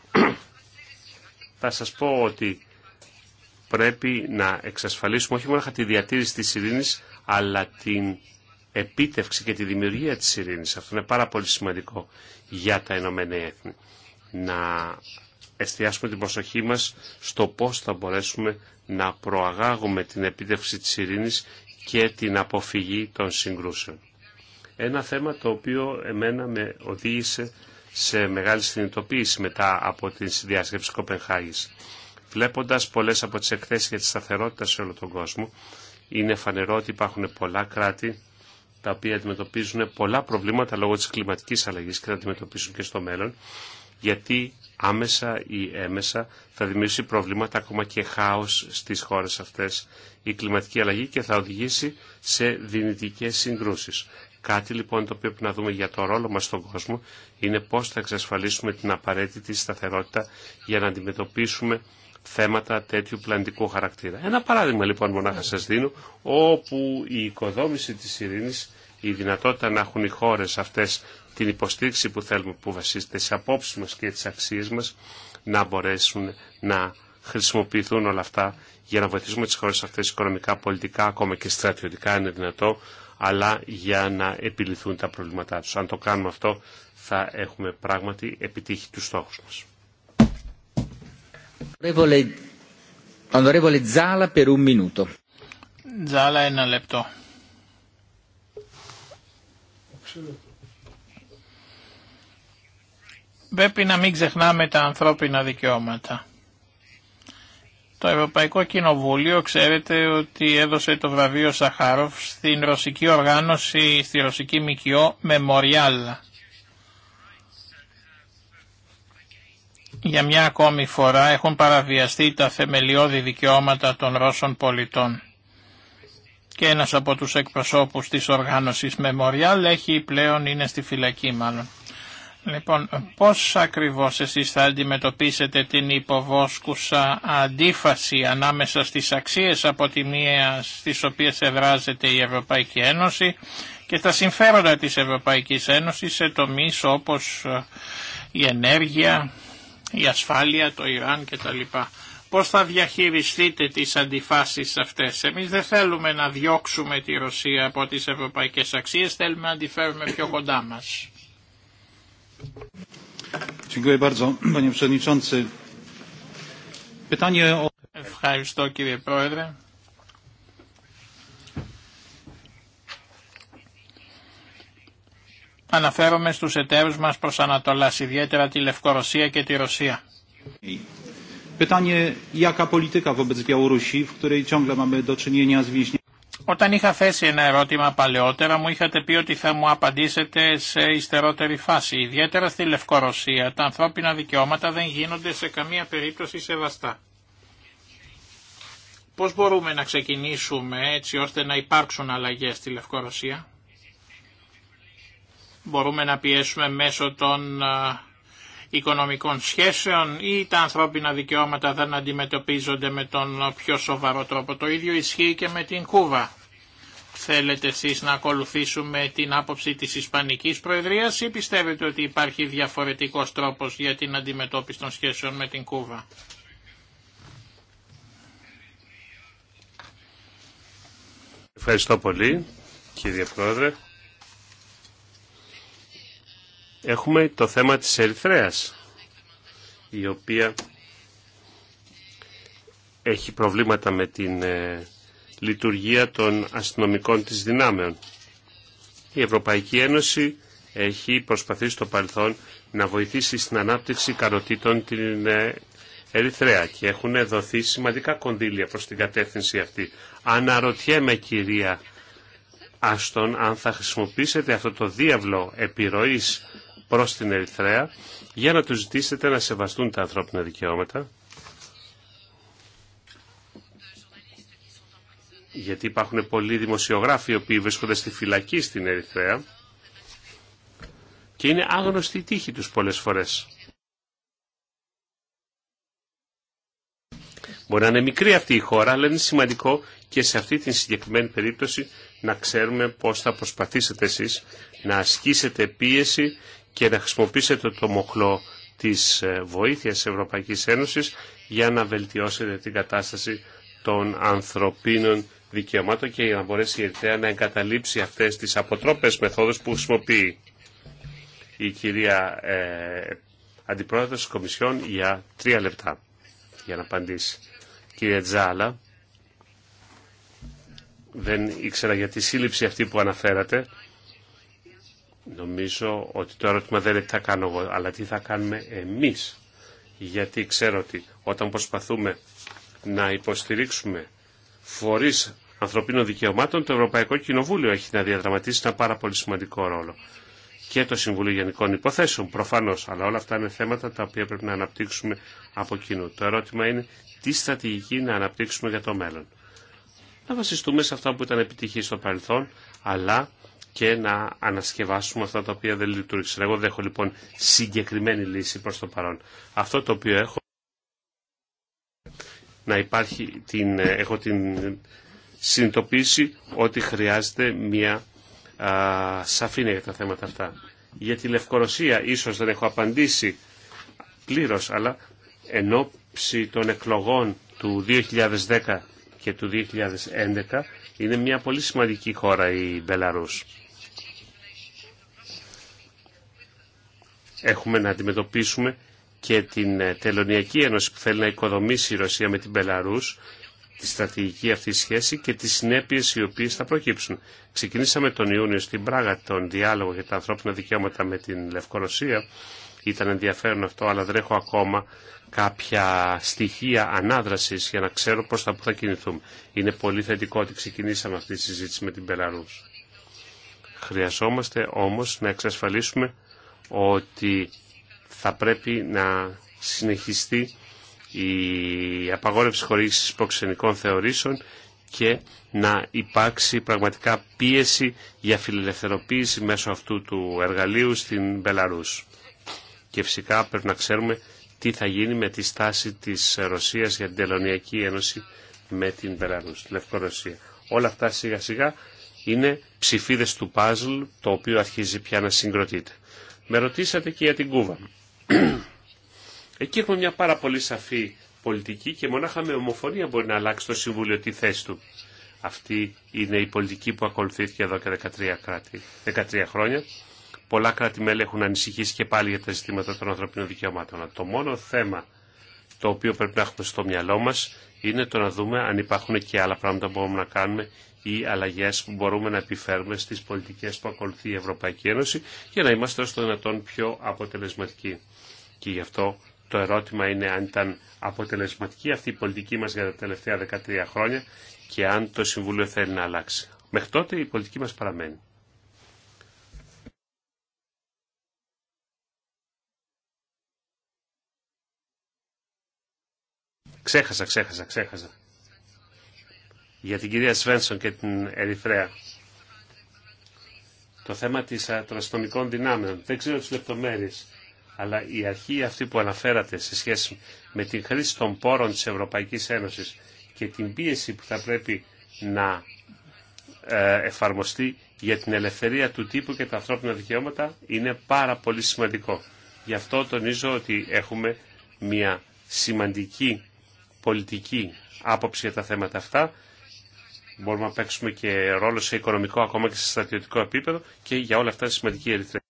Θα σας πω ότι πρέπει να εξασφαλίσουμε όχι μόνο τη διατήρηση της ειρήνης, αλλά την επίτευξη και τη δημιουργία της ειρήνης. Αυτό είναι πάρα πολύ σημαντικό για τα Ηνωμένα Έθνη. Να εστιάσουμε την προσοχή μας στο πώς θα μπορέσουμε να προαγάγουμε την επίτευξη της ειρήνης και την αποφυγή των συγκρούσεων. Ένα θέμα το οποίο εμένα με οδήγησε σε μεγάλη συνειδητοποίηση μετά από την συνδιάσκεψη Κοπενχάγης. Βλέποντας πολλές από τις εκθέσεις για τη σταθερότητα σε όλο τον κόσμο, είναι φανερό ότι υπάρχουν πολλά κράτη τα οποία αντιμετωπίζουν πολλά προβλήματα λόγω της κλιματικής αλλαγής και θα αντιμετωπίσουν και στο μέλλον, γιατί άμεσα ή έμεσα θα δημιουργήσει προβλήματα ακόμα και χάος στις χώρες αυτές η κλιματική αλλαγή και θα οδηγήσει σε δυνητικές συγκρούσεις. Κάτι λοιπόν το οποίο πρέπει να δούμε για το ρόλο μας στον κόσμο είναι πώς θα εξασφαλίσουμε την απαραίτητη σταθερότητα για να αντιμετωπίσουμε θέματα τέτοιου πλανητικού χαρακτήρα. Ένα παράδειγμα λοιπόν μονάχα σας δίνω όπου η οικοδόμηση της ειρήνης η δυνατότητα να έχουν οι χώρες αυτές την υποστήριξη που θέλουμε που βασίζεται σε απόψεις μας και τις αξίες μας να μπορέσουν να χρησιμοποιηθούν όλα αυτά για να βοηθήσουμε τις χώρες αυτές οικονομικά, πολιτικά, ακόμα και στρατιωτικά είναι δυνατό, αλλά για να επιληθούν τα προβλήματά τους. Αν το κάνουμε αυτό θα έχουμε πράγματι επιτύχει τους στόχους μας. Ζάλα, ένα λεπτό πρέπει να μην ξεχνάμε τα ανθρώπινα δικαιώματα. Το Ευρωπαϊκό Κοινοβούλιο ξέρετε ότι έδωσε το βραβείο Σαχάροφ στην ρωσική οργάνωση, στη ρωσική ΜΚΟ Memorial. Για μια ακόμη φορά έχουν παραβιαστεί τα θεμελιώδη δικαιώματα των Ρώσων πολιτών. Και ένας από τους εκπροσώπους της οργάνωσης Memorial έχει πλέον είναι στη φυλακή μάλλον. Λοιπόν, πώς ακριβώς εσείς θα αντιμετωπίσετε την υποβόσκουσα αντίφαση ανάμεσα στις αξίες από τη μία στις οποίες εδράζεται η Ευρωπαϊκή Ένωση και τα συμφέροντα της Ευρωπαϊκής Ένωσης σε τομείς όπως ε, η ενέργεια, η ασφάλεια, το Ιράν κτλ. Πώς θα διαχειριστείτε τις αντιφάσεις αυτές. Εμείς δεν θέλουμε να διώξουμε τη Ρωσία από τις ευρωπαϊκές αξίες, θέλουμε να τη φέρουμε πιο κοντά μας. Ευχαριστώ κύριε Πρόεδρε. Αναφέρομαι στους εταίρους μας προς Ανατολάς, ιδιαίτερα τη Λευκορωσία και τη Ρωσία. Pytanie, jaka polityka wobec Białorusi, w której ciągle mamy do czynienia z więźniami. Όταν είχα θέσει ένα ερώτημα παλαιότερα μου είχατε πει ότι θα μου απαντήσετε σε υστερότερη φάση. Ιδιαίτερα στη Λευκορωσία τα ανθρώπινα δικαιώματα δεν γίνονται σε καμία περίπτωση σεβαστά. Πώς μπορούμε να ξεκινήσουμε έτσι ώστε να υπάρξουν αλλαγές στη Λευκορωσία. Μπορούμε να πιέσουμε μέσω των οικονομικών σχέσεων ή τα ανθρώπινα δικαιώματα δεν αντιμετωπίζονται με τον πιο σοβαρό τρόπο. Το ίδιο ισχύει και με την Κούβα. Θέλετε εσείς να ακολουθήσουμε την άποψη της Ισπανικής Προεδρίας ή πιστεύετε ότι υπάρχει διαφορετικός τρόπος για την αντιμετώπιση των σχέσεων με την Κούβα. Ευχαριστώ πολύ κύριε Πρόεδρε έχουμε το θέμα της Ερυθρέας, η οποία έχει προβλήματα με την ε, λειτουργία των αστυνομικών της δυνάμεων. Η Ευρωπαϊκή Ένωση έχει προσπαθήσει στο παρελθόν να βοηθήσει στην ανάπτυξη καροτήτων την ε, Ερυθρέα και έχουν δοθεί σημαντικά κονδύλια προς την κατεύθυνση αυτή. Αναρωτιέμαι κυρία Άστον αν θα χρησιμοποιήσετε αυτό το διάβλο επιρροής προς την Ερυθρέα για να τους ζητήσετε να σεβαστούν τα ανθρώπινα δικαιώματα. Γιατί υπάρχουν πολλοί δημοσιογράφοι οι οποίοι βρίσκονται στη φυλακή στην Ερυθρέα και είναι άγνωστοι η τύχη τους πολλές φορές. Μπορεί να είναι μικρή αυτή η χώρα, αλλά είναι σημαντικό και σε αυτή την συγκεκριμένη περίπτωση να ξέρουμε πώς θα προσπαθήσετε εσείς να ασκήσετε πίεση και να χρησιμοποιήσετε το μοχλό της ε, βοήθειας της Ευρωπαϊκής Ένωσης για να βελτιώσετε την κατάσταση των ανθρωπίνων δικαιωμάτων και για να μπορέσει η Ερυθρέα να εγκαταλείψει αυτές τις αποτρόπες μεθόδους που χρησιμοποιεί η κυρία ε, Αντιπρόεδρος της Κομισιόν για τρία λεπτά για να απαντήσει. Κυρία Τζάλα, δεν ήξερα για τη σύλληψη αυτή που αναφέρατε. Νομίζω ότι το ερώτημα δεν είναι τι θα κάνω εγώ, αλλά τι θα κάνουμε εμείς. Γιατί ξέρω ότι όταν προσπαθούμε να υποστηρίξουμε φορείς ανθρωπίνων δικαιωμάτων, το Ευρωπαϊκό Κοινοβούλιο έχει να διαδραματίσει ένα πάρα πολύ σημαντικό ρόλο. Και το Συμβούλιο Γενικών Υποθέσεων, προφανώ. Αλλά όλα αυτά είναι θέματα τα οποία πρέπει να αναπτύξουμε από κοινού. Το ερώτημα είναι τι στρατηγική να αναπτύξουμε για το μέλλον. Να βασιστούμε σε αυτά που ήταν επιτυχή στο παρελθόν, αλλά και να ανασκευάσουμε αυτά τα οποία δεν λειτουργήσαν. Εγώ δεν έχω λοιπόν συγκεκριμένη λύση προς το παρόν. Αυτό το οποίο έχω να υπάρχει, την, ε, έχω την συνειδητοποίηση ότι χρειάζεται μια α, σαφήνεια για τα θέματα αυτά. Για τη Λευκορωσία ίσως δεν έχω απαντήσει πλήρως, αλλά εν ώψη των εκλογών του 2010 και του 2011 είναι μια πολύ σημαντική χώρα η Μπελαρούς. έχουμε να αντιμετωπίσουμε και την ε, Τελωνιακή Ένωση που θέλει να οικοδομήσει η Ρωσία με την Πελαρούς, τη στρατηγική αυτή σχέση και τις συνέπειες οι οποίες θα προκύψουν. Ξεκινήσαμε τον Ιούνιο στην Πράγα τον διάλογο για τα ανθρώπινα δικαιώματα με την Λευκορωσία. Ήταν ενδιαφέρον αυτό, αλλά δεν έχω ακόμα κάποια στοιχεία ανάδρασης για να ξέρω προς τα που θα κινηθούμε. Είναι πολύ θετικό ότι ξεκινήσαμε αυτή τη συζήτηση με την Πελαρούς. Χρειαζόμαστε όμως να εξασφαλίσουμε ότι θα πρέπει να συνεχιστεί η απαγόρευση χορήγησης προξενικών θεωρήσεων και να υπάρξει πραγματικά πίεση για φιλελευθεροποίηση μέσω αυτού του εργαλείου στην Μπελαρούς. Και φυσικά πρέπει να ξέρουμε τι θα γίνει με τη στάση της Ρωσίας για την Τελωνιακή Ένωση με την Μπελαρούς, τη Λευκορωσία. Όλα αυτά σιγά σιγά είναι ψηφίδες του παζλ το οποίο αρχίζει πια να συγκροτείται. Με ρωτήσατε και για την Κούβα. Εκεί έχουμε μια πάρα πολύ σαφή πολιτική και μονάχα με ομοφωνία μπορεί να αλλάξει το Συμβούλιο τη θέση του. Αυτή είναι η πολιτική που ακολουθήθηκε εδώ και 13, κράτη, 13 χρόνια. Πολλά κράτη-μέλη έχουν ανησυχήσει και πάλι για τα ζητήματα των ανθρωπίνων δικαιωμάτων. Το μόνο θέμα το οποίο πρέπει να έχουμε στο μυαλό μας είναι το να δούμε αν υπάρχουν και άλλα πράγματα που μπορούμε να κάνουμε οι αλλαγέ που μπορούμε να επιφέρουμε στις πολιτικές που ακολουθεί η Ευρωπαϊκή Ένωση για να είμαστε το δυνατόν πιο αποτελεσματικοί. Και γι' αυτό το ερώτημα είναι αν ήταν αποτελεσματική αυτή η πολιτική μας για τα τελευταία 13 χρόνια και αν το Συμβούλιο θέλει να αλλάξει. Μέχρι τότε η πολιτική μας παραμένει. Ξέχασα, ξέχασα, ξέχασα για την κυρία Σβένσον και την Ερυθρέα. Το θέμα της αστυνομικών δυνάμεων. Δεν ξέρω τις λεπτομέρειες, αλλά η αρχή αυτή που αναφέρατε σε σχέση με την χρήση των πόρων της Ευρωπαϊκής Ένωσης και την πίεση που θα πρέπει να ε, εφαρμοστεί για την ελευθερία του τύπου και τα ανθρώπινα δικαιώματα είναι πάρα πολύ σημαντικό. Γι' αυτό τονίζω ότι έχουμε μια σημαντική πολιτική άποψη για τα θέματα αυτά Μπορούμε να παίξουμε και ρόλο σε οικονομικό ακόμα και σε στρατιωτικό επίπεδο και για όλα αυτά είναι σημαντική ερυθρέα.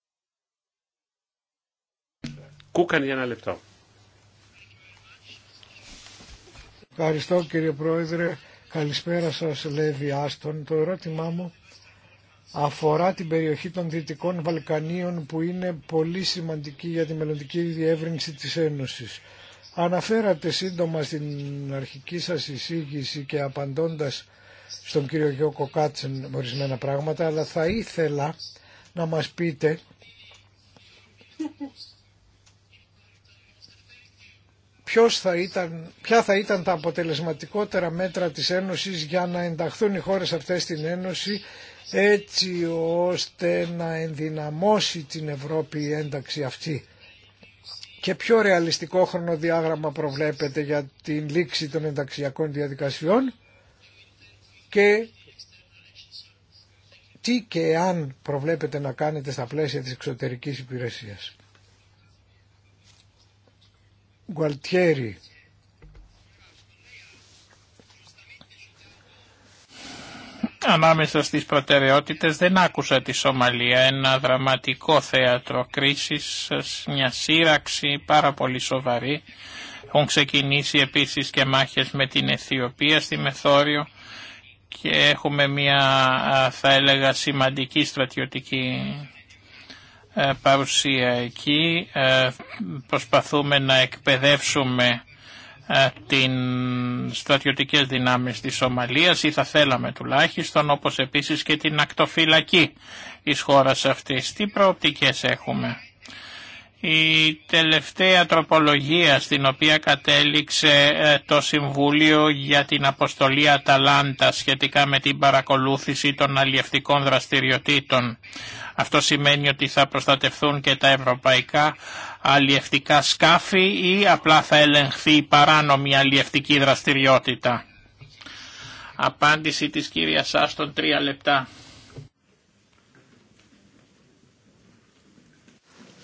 Κούκαν για ένα λεπτό. Ευχαριστώ κύριε Πρόεδρε. Καλησπέρα σας Λέβη Άστον. Το ερώτημά μου αφορά την περιοχή των Δυτικών Βαλκανίων που είναι πολύ σημαντική για τη μελλοντική διεύρυνση της Ένωσης. Αναφέρατε σύντομα στην αρχική σας εισήγηση και απαντώντας στον κύριο Γιώκο Κάτσεν ορισμένα πράγματα, αλλά θα ήθελα να μας πείτε ποιος θα ήταν, ποια θα ήταν τα αποτελεσματικότερα μέτρα της Ένωσης για να ενταχθούν οι χώρες αυτές στην Ένωση έτσι ώστε να ενδυναμώσει την Ευρώπη η ένταξη αυτή. Και ποιο ρεαλιστικό χρονοδιάγραμμα προβλέπετε για την λήξη των ενταξιακών διαδικασιών και τι και αν προβλέπετε να κάνετε στα πλαίσια της εξωτερικής υπηρεσίας. Γκουαλτιέρη. Ανάμεσα στις προτεραιότητες δεν άκουσα τη Σομαλία, ένα δραματικό θέατρο κρίσης, μια σύραξη πάρα πολύ σοβαρή. Έχουν ξεκινήσει επίσης και μάχες με την Αιθιοπία στη Μεθόριο και έχουμε μια θα έλεγα σημαντική στρατιωτική ε, παρουσία εκεί. Ε, προσπαθούμε να εκπαιδεύσουμε ε, την στρατιωτικές δυνάμεις της Σομαλίας ή θα θέλαμε τουλάχιστον όπως επίσης και την ακτοφυλακή της χώρας αυτής. Τι προοπτικές έχουμε. Η τελευταία τροπολογία στην οποία κατέληξε ε, το Συμβούλιο για την Αποστολή Αταλάντα σχετικά με την παρακολούθηση των αλλιευτικών δραστηριοτήτων. Αυτό σημαίνει ότι θα προστατευθούν και τα ευρωπαϊκά αλλιευτικά σκάφη ή απλά θα ελεγχθεί η παράνομη αλλιευτική δραστηριότητα. Απάντηση της κυρίας Άστον τρία λεπτά.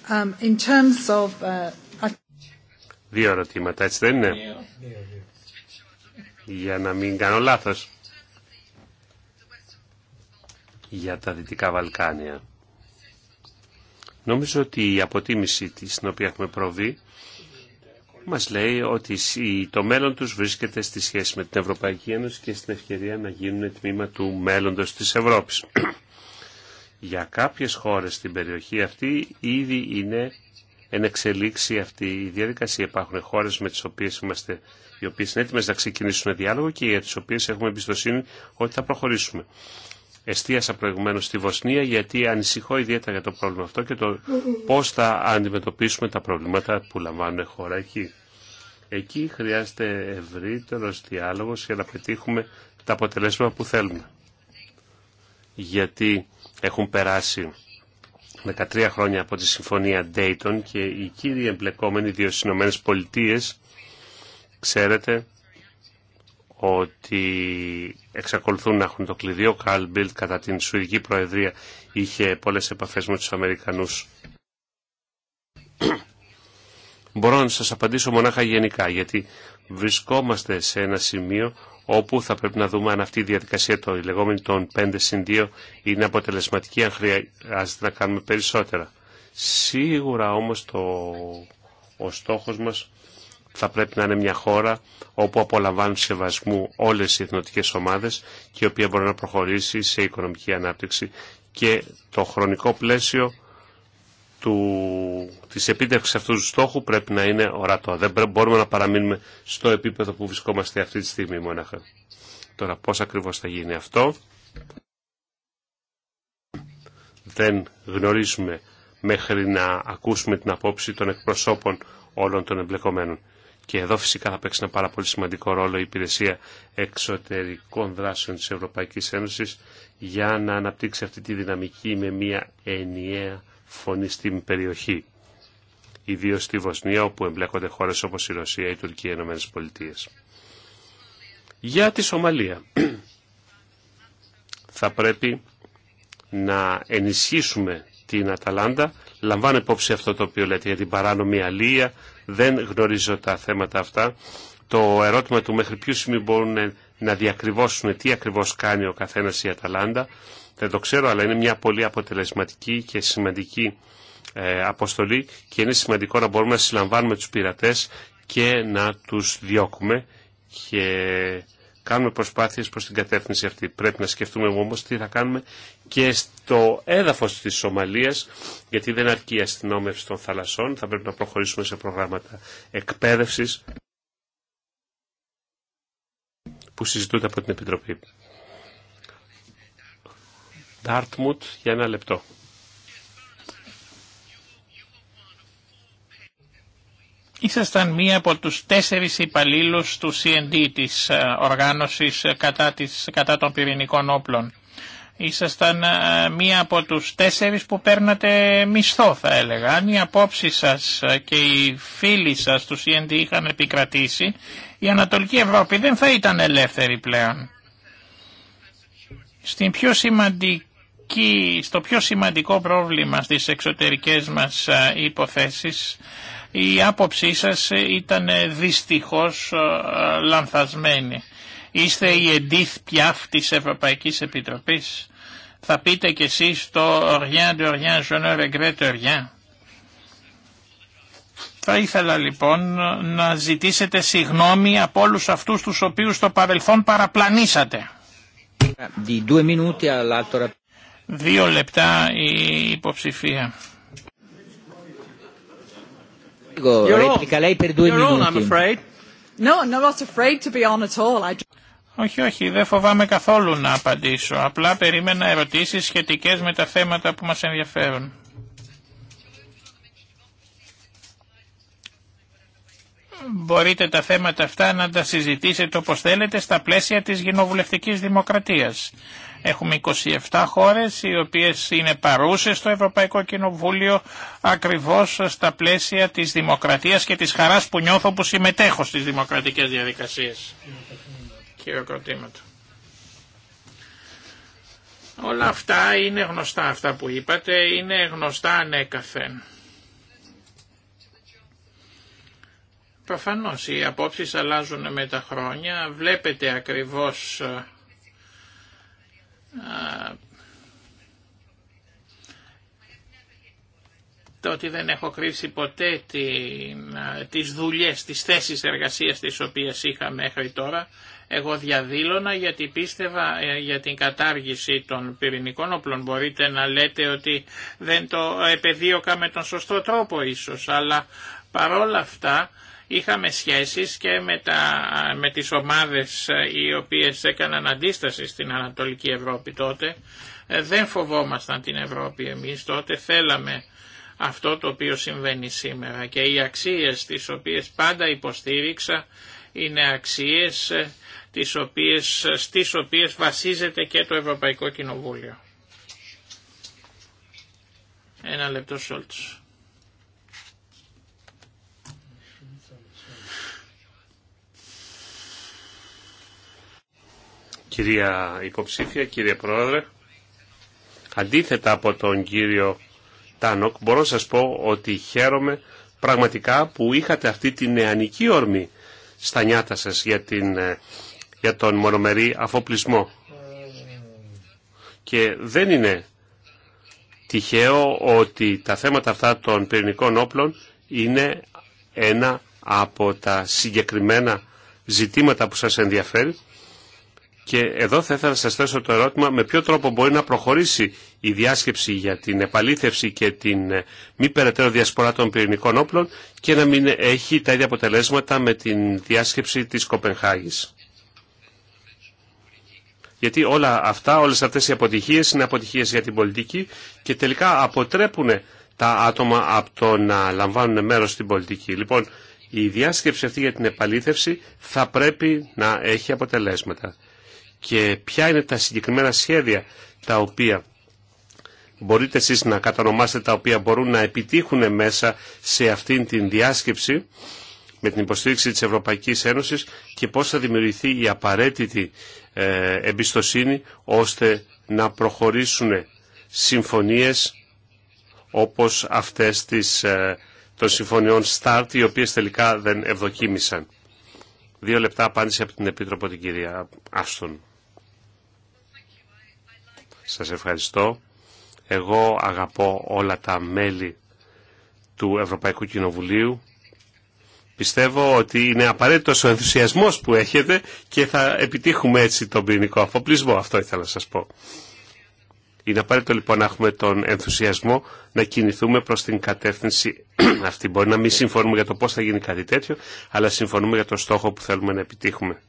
Um, uh, Δύο ερωτήματα, έτσι δεν είναι. Για να μην κάνω λάθος. Για τα Δυτικά Βαλκάνια. Νομίζω ότι η αποτίμηση της, στην οποία έχουμε προβεί μας λέει ότι το μέλλον τους βρίσκεται στη σχέση με την Ευρωπαϊκή Ένωση και στην ευκαιρία να γίνουν τμήμα του μέλλοντος της Ευρώπης. Για κάποιες χώρες στην περιοχή αυτή ήδη είναι εν εξελίξει αυτή η διαδικασία. Υπάρχουν χώρε με τι οποίε είμαστε, οι οποίες είναι έτοιμε να ξεκινήσουν διάλογο και για τι οποίε έχουμε εμπιστοσύνη ότι θα προχωρήσουμε. Εστίασα προηγουμένως στη Βοσνία γιατί ανησυχώ ιδιαίτερα για το πρόβλημα αυτό και το πώς θα αντιμετωπίσουμε τα προβλήματα που λαμβάνουν χώρα εκεί. Εκεί χρειάζεται ευρύτερο διάλογο για να πετύχουμε τα αποτελέσματα που θέλουμε. Γιατί έχουν περάσει 13 χρόνια από τη Συμφωνία Dayton και οι κύριοι εμπλεκόμενοι δύο συνομένες Πολιτείες ξέρετε ότι εξακολουθούν να έχουν το κλειδί. Ο Καρλ κατά την Σουηδική Προεδρία είχε πολλές επαφές με τους Αμερικανούς. Μπορώ να σας απαντήσω μονάχα γενικά, γιατί βρισκόμαστε σε ένα σημείο όπου θα πρέπει να δούμε αν αυτή η διαδικασία το λεγόμενη των 5 συν 2 είναι αποτελεσματική, αν χρειάζεται να κάνουμε περισσότερα. Σίγουρα όμως το, ο στόχος μας θα πρέπει να είναι μια χώρα όπου απολαμβάνουν σεβασμού όλες οι εθνοτικές ομάδες και η οποία μπορεί να προχωρήσει σε οικονομική ανάπτυξη και το χρονικό πλαίσιο του, της επίτευξης αυτού του στόχου πρέπει να είναι ορατό. Δεν μπορούμε να παραμείνουμε στο επίπεδο που βρισκόμαστε αυτή τη στιγμή μόναχα. Τώρα πώς ακριβώς θα γίνει αυτό. Δεν γνωρίζουμε μέχρι να ακούσουμε την απόψη των εκπροσώπων όλων των εμπλεκομένων. Και εδώ φυσικά θα παίξει ένα πάρα πολύ σημαντικό ρόλο η Υπηρεσία Εξωτερικών Δράσεων της Ευρωπαϊκής Ένωσης για να αναπτύξει αυτή τη δυναμική με μια ενιαία φωνή στην περιοχή, ιδίω στη Βοσνία όπου εμπλέκονται χώρες όπω η Ρωσία, η Τουρκία, οι Ηνωμένες Για τη Σομαλία θα πρέπει να ενισχύσουμε την Αταλάντα. Λαμβάνω υπόψη αυτό το οποίο λέτε για την παράνομη αλία. Δεν γνωρίζω τα θέματα αυτά. Το ερώτημα του μέχρι ποιου σημείου μπορούν να διακριβώσουν τι ακριβώς κάνει ο καθένας η Αταλάντα δεν το ξέρω, αλλά είναι μια πολύ αποτελεσματική και σημαντική ε, αποστολή και είναι σημαντικό να μπορούμε να συλλαμβάνουμε τους πειρατές και να τους διώκουμε και κάνουμε προσπάθειες προς την κατεύθυνση αυτή. Πρέπει να σκεφτούμε όμως τι θα κάνουμε και στο έδαφος της Σομαλίας, γιατί δεν αρκεί η αστυνόμευση των θαλασσών, θα πρέπει να προχωρήσουμε σε προγράμματα εκπαίδευσης που συζητούνται από την Επιτροπή Ντάρτμουτ για ένα λεπτό. Ήσασταν μία από τους τέσσερις υπαλλήλους του CND της ε, οργάνωσης ε, κατά, της, κατά των πυρηνικών όπλων. Ήσασταν ε, μία από τους τέσσερις που παίρνατε μισθό θα έλεγα. Αν οι απόψεις σας και οι φίλοι σας του CND είχαν επικρατήσει, η Ανατολική Ευρώπη δεν θα ήταν ελεύθερη πλέον. Στην πιο σημαντική και στο πιο σημαντικό πρόβλημα στις εξωτερικές μας υποθέσεις η άποψή σας ήταν δυστυχώς λανθασμένη. Είστε η Εντίθ Πιάφ της Ευρωπαϊκής Επιτροπής. Θα πείτε κι εσείς το «Rien de rien, je ne regrette rien». Θα ήθελα λοιπόν να ζητήσετε συγνώμη από όλους αυτούς τους οποίους στο παρελθόν παραπλανήσατε. Δύο λεπτά η υποψηφία. Όχι, όχι, δεν φοβάμαι καθόλου να απαντήσω. Απλά περίμενα ερωτήσεις σχετικές με τα θέματα που μας ενδιαφέρουν. μπορείτε τα θέματα αυτά να τα συζητήσετε όπως θέλετε στα πλαίσια της γενοβουλευτικής δημοκρατίας. Έχουμε 27 χώρες οι οποίες είναι παρούσες στο Ευρωπαϊκό Κοινοβούλιο ακριβώς στα πλαίσια της δημοκρατίας και της χαράς που νιώθω που συμμετέχω στις δημοκρατικές διαδικασίες. Όλα αυτά είναι γνωστά αυτά που είπατε, είναι γνωστά ανέκαθεν. Ναι, Προφανώς οι απόψεις αλλάζουν με τα χρόνια, βλέπετε ακριβώς ε, ε, το ότι δεν έχω κρύψει ποτέ την, ε, τις δουλειές, τις θέσεις εργασίας τις οποίες είχα μέχρι τώρα. Εγώ διαδήλωνα γιατί πίστευα ε, για την κατάργηση των πυρηνικών όπλων. Μπορείτε να λέτε ότι δεν το επεδίωκα με τον σωστό τρόπο ίσως, αλλά παρόλα αυτά Είχαμε σχέσεις και με, τα, με τις ομάδες ε, οι οποίες έκαναν αντίσταση στην Ανατολική Ευρώπη τότε. Ε, δεν φοβόμασταν την Ευρώπη εμείς τότε, θέλαμε αυτό το οποίο συμβαίνει σήμερα και οι αξίες τις οποίες πάντα υποστήριξα είναι αξίες ε, τις οποίες, στις οποίες βασίζεται και το Ευρωπαϊκό Κοινοβούλιο. Ένα λεπτό Σόλτς. Κυρία Υποψήφια, κύριε Πρόεδρε, αντίθετα από τον κύριο Τάνοκ, μπορώ να σας πω ότι χαίρομαι πραγματικά που είχατε αυτή την νεανική όρμη στα νιάτα σας για, την, ε, για τον μονομερή αφοπλισμό. Και δεν είναι τυχαίο ότι τα θέματα αυτά των πυρηνικών όπλων είναι ένα από τα συγκεκριμένα ζητήματα που σας ενδιαφέρει και εδώ θα ήθελα να σας θέσω το ερώτημα με ποιο τρόπο μπορεί να προχωρήσει η διάσκεψη για την επαλήθευση και την ε, μη περαιτέρω διασπορά των πυρηνικών όπλων και να μην έχει τα ίδια αποτελέσματα με την διάσκεψη της Κοπενχάγης. Γιατί όλα αυτά, όλες αυτές οι αποτυχίες είναι αποτυχίες για την πολιτική και τελικά αποτρέπουν τα άτομα από το να λαμβάνουν μέρος στην πολιτική. Λοιπόν, η διάσκεψη αυτή για την επαλήθευση θα πρέπει να έχει αποτελέσματα και ποια είναι τα συγκεκριμένα σχέδια τα οποία μπορείτε εσείς να κατανομάσετε τα οποία μπορούν να επιτύχουν μέσα σε αυτήν την διάσκεψη με την υποστήριξη της Ευρωπαϊκής Ένωσης και πώς θα δημιουργηθεί η απαραίτητη ε, εμπιστοσύνη ώστε να προχωρήσουν συμφωνίες όπως αυτές της, ε, των συμφωνιών START οι οποίες τελικά δεν ευδοκίμησαν. Δύο λεπτά απάντηση από την Επίτροπο την κυρία Άστον. Σας ευχαριστώ. Εγώ αγαπώ όλα τα μέλη του Ευρωπαϊκού Κοινοβουλίου. Πιστεύω ότι είναι απαραίτητος ο ενθουσιασμός που έχετε και θα επιτύχουμε έτσι τον ποινικό αφοπλισμό. Αυτό ήθελα να σας πω. Είναι απαραίτητο λοιπόν να έχουμε τον ενθουσιασμό να κινηθούμε προς την κατεύθυνση αυτή. Μπορεί να μην συμφωνούμε για το πώς θα γίνει κάτι τέτοιο, αλλά συμφωνούμε για το στόχο που θέλουμε να επιτύχουμε.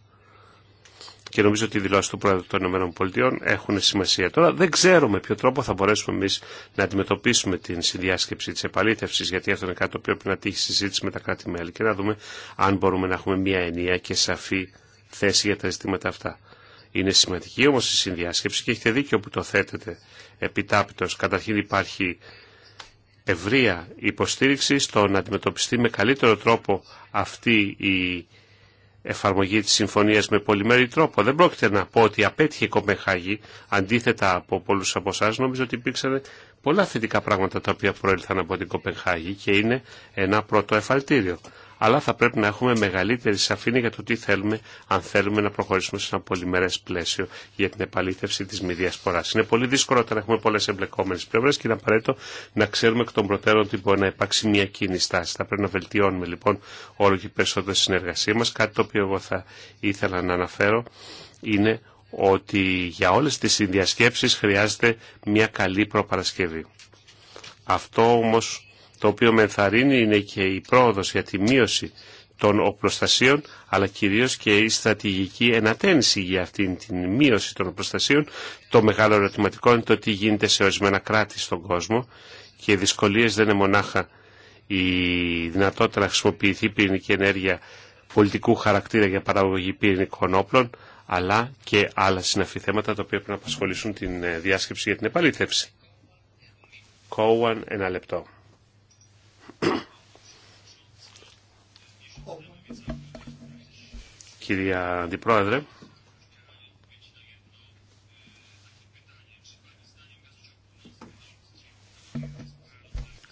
Και νομίζω ότι οι δηλώσει του Πρόεδρου των ΗΠΑ έχουν σημασία. Τώρα δεν ξέρω με ποιο τρόπο θα μπορέσουμε εμεί να αντιμετωπίσουμε την συνδιάσκεψη τη επαλήθευση, γιατί αυτό είναι κάτι το οποίο πρέπει να τύχει συζήτηση με τα κράτη-μέλη και να δούμε αν μπορούμε να έχουμε μια ενιαία και σαφή θέση για τα ζητήματα αυτά. Είναι σημαντική όμως η συνδιάσκεψη και έχετε δίκιο που το θέτετε επιτάπητος. Καταρχήν υπάρχει ευρεία υποστήριξη στο να αντιμετωπιστεί με καλύτερο τρόπο αυτή η εφαρμογή της συμφωνίας με πολυμερή τρόπο. Δεν πρόκειται να πω ότι απέτυχε η Κοπενχάγη, αντίθετα από πολλούς από εσά, νομίζω ότι υπήρξαν πολλά θετικά πράγματα τα οποία προήλθαν από την Κοπενχάγη και είναι ένα πρώτο εφαλτήριο αλλά θα πρέπει να έχουμε μεγαλύτερη σαφήνεια για το τι θέλουμε, αν θέλουμε να προχωρήσουμε σε ένα πολυμερέ πλαίσιο για την επαλήθευση τη μη διασπορά. Είναι πολύ δύσκολο όταν έχουμε πολλέ εμπλεκόμενε πλευρέ και είναι απαραίτητο να ξέρουμε εκ των προτέρων ότι μπορεί να υπάρξει μια κοινή στάση. Θα πρέπει να βελτιώνουμε λοιπόν όλο και περισσότερο τη συνεργασία μα. Κάτι το οποίο εγώ θα ήθελα να αναφέρω είναι ότι για όλες τις συνδιασκέψεις χρειάζεται μια καλή προπαρασκευή. Αυτό όμως το οποίο με ενθαρρύνει είναι και η πρόοδος για τη μείωση των οπλοστασίων, αλλά κυρίως και η στρατηγική ενατένιση για αυτήν την μείωση των οπλοστασίων. Το μεγάλο ερωτηματικό είναι το τι γίνεται σε ορισμένα κράτη στον κόσμο και οι δυσκολίες δεν είναι μονάχα η δυνατότητα να χρησιμοποιηθεί πυρηνική ενέργεια πολιτικού χαρακτήρα για παραγωγή πυρηνικών όπλων, αλλά και άλλα συναφή θέματα τα οποία πρέπει να απασχολήσουν την ε, διάσκεψη για την επαλήθευση. Κόουαν, ένα λεπτό. Κυρία Αντιπρόεδρε,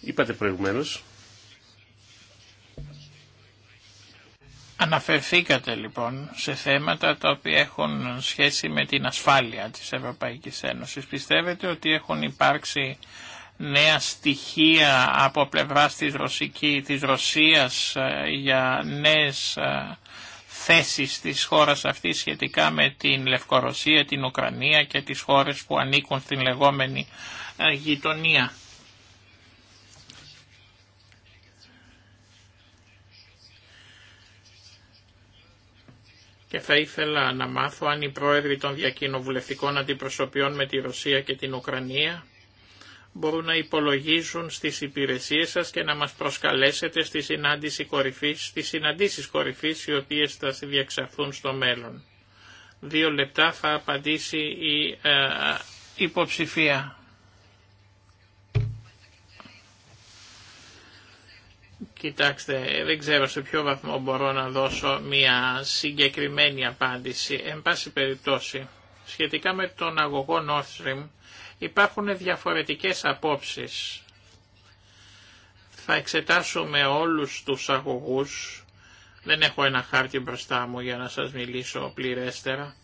είπατε προηγουμένως Αναφερθήκατε λοιπόν σε θέματα τα οποία έχουν σχέση με την ασφάλεια της Ευρωπαϊκής Ένωσης. Πιστεύετε ότι έχουν υπάρξει νέα στοιχεία από πλευράς της, Ρωσική, της Ρωσίας ε, για νέες ε, θέσεις της χώρας αυτής σχετικά με την Λευκορωσία, την Ουκρανία και τις χώρες που ανήκουν στην λεγόμενη ε, γειτονία. Και θα ήθελα να μάθω αν οι πρόεδροι των διακοινοβουλευτικών αντιπροσωπιών με τη Ρωσία και την Ουκρανία μπορούν να υπολογίζουν στις υπηρεσίες σας και να μας προσκαλέσετε στη συνάντηση κορυφής, στις συναντήσεις κορυφής οι οποίες θα διεξαχθούν στο μέλλον. Δύο λεπτά θα απαντήσει η ε, υποψηφία. Κοιτάξτε, δεν ξέρω σε ποιο βαθμό μπορώ να δώσω μια συγκεκριμένη απάντηση. Εν πάση περιπτώσει, σχετικά με τον αγωγό Nord Υπάρχουν διαφορετικές απόψεις. Θα εξετάσουμε όλους τους αγωγούς. Δεν έχω ένα χάρτη μπροστά μου για να σας μιλήσω πληρέστερα.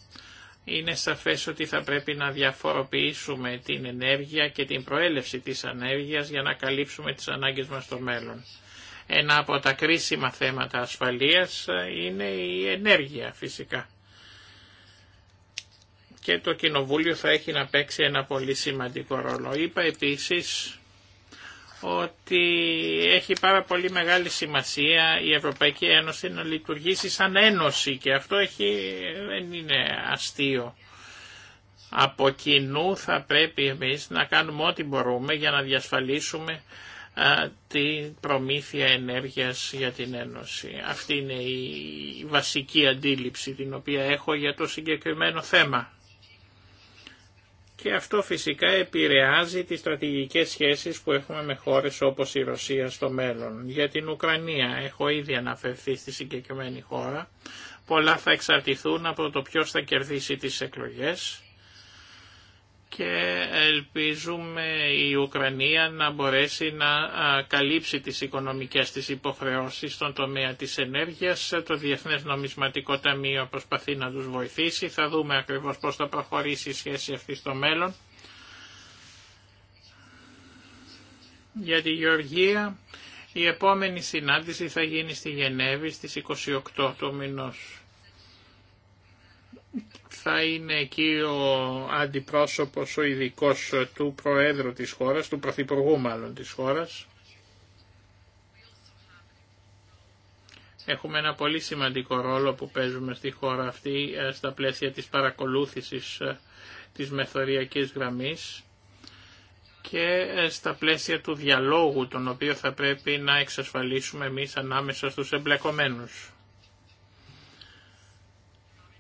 Είναι σαφές ότι θα πρέπει να διαφοροποιήσουμε την ενέργεια και την προέλευση της ανέργειας για να καλύψουμε τις ανάγκες μας στο μέλλον. Ένα από τα κρίσιμα θέματα ασφαλείας είναι η ενέργεια φυσικά και το Κοινοβούλιο θα έχει να παίξει ένα πολύ σημαντικό ρόλο. Είπα επίσης ότι έχει πάρα πολύ μεγάλη σημασία η Ευρωπαϊκή Ένωση να λειτουργήσει σαν ένωση και αυτό έχει, δεν είναι αστείο. Από κοινού θα πρέπει εμείς να κάνουμε ό,τι μπορούμε για να διασφαλίσουμε την προμήθεια ενέργειας για την Ένωση. Αυτή είναι η βασική αντίληψη την οποία έχω για το συγκεκριμένο θέμα και αυτό φυσικά επηρεάζει τις στρατηγικές σχέσεις που έχουμε με χώρες όπως η Ρωσία στο μέλλον. Για την Ουκρανία έχω ήδη αναφερθεί στη συγκεκριμένη χώρα. Πολλά θα εξαρτηθούν από το ποιος θα κερδίσει τις εκλογές και ελπίζουμε η Ουκρανία να μπορέσει να καλύψει τις οικονομικές της υποχρεώσεις στον τομέα της ενέργειας. Το Διεθνές Νομισματικό Ταμείο προσπαθεί να τους βοηθήσει. Θα δούμε ακριβώς πώς θα προχωρήσει η σχέση αυτή στο μέλλον. Για τη Γεωργία η επόμενη συνάντηση θα γίνει στη Γενέβη στις 28 του μηνός θα είναι εκεί ο αντιπρόσωπος, ο ειδικό του Προέδρου της χώρας, του Πρωθυπουργού μάλλον της χώρας. Έχουμε ένα πολύ σημαντικό ρόλο που παίζουμε στη χώρα αυτή ε, στα πλαίσια της παρακολούθησης ε, της μεθοριακής γραμμής και ε, στα πλαίσια του διαλόγου τον οποίο θα πρέπει να εξασφαλίσουμε εμείς ανάμεσα στους εμπλεκομένους.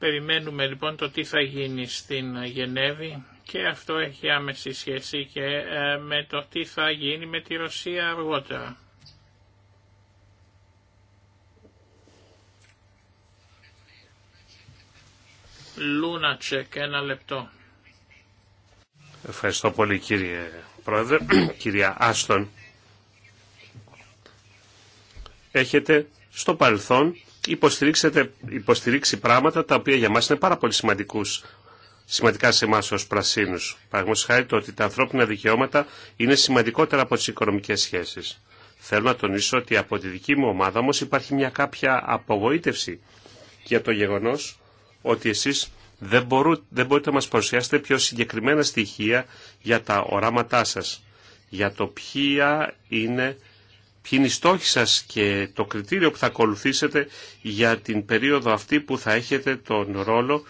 Περιμένουμε λοιπόν το τι θα γίνει στην Γενέβη και αυτό έχει άμεση σχέση και ε, με το τι θα γίνει με τη Ρωσία αργότερα. Λούνατσεκ, ένα λεπτό. Ευχαριστώ πολύ κύριε Πρόεδρε, κυρία Άστον. Έχετε στο παρελθόν υποστηρίξει πράγματα τα οποία για μας είναι πάρα πολύ σημαντικούς, σημαντικά σε εμάς ως πρασίνους. Παραγματικά χάρη το ότι τα ανθρώπινα δικαιώματα είναι σημαντικότερα από τις οικονομικές σχέσεις. Θέλω να τονίσω ότι από τη δική μου ομάδα όμως υπάρχει μια κάποια απογοήτευση για το γεγονός ότι εσείς δεν, δεν μπορείτε να μας παρουσιάσετε πιο συγκεκριμένα στοιχεία για τα οράματά σας, για το ποια είναι ποιοι είναι οι στόχοι σας και το κριτήριο που θα ακολουθήσετε για την περίοδο αυτή που θα έχετε τον ρόλο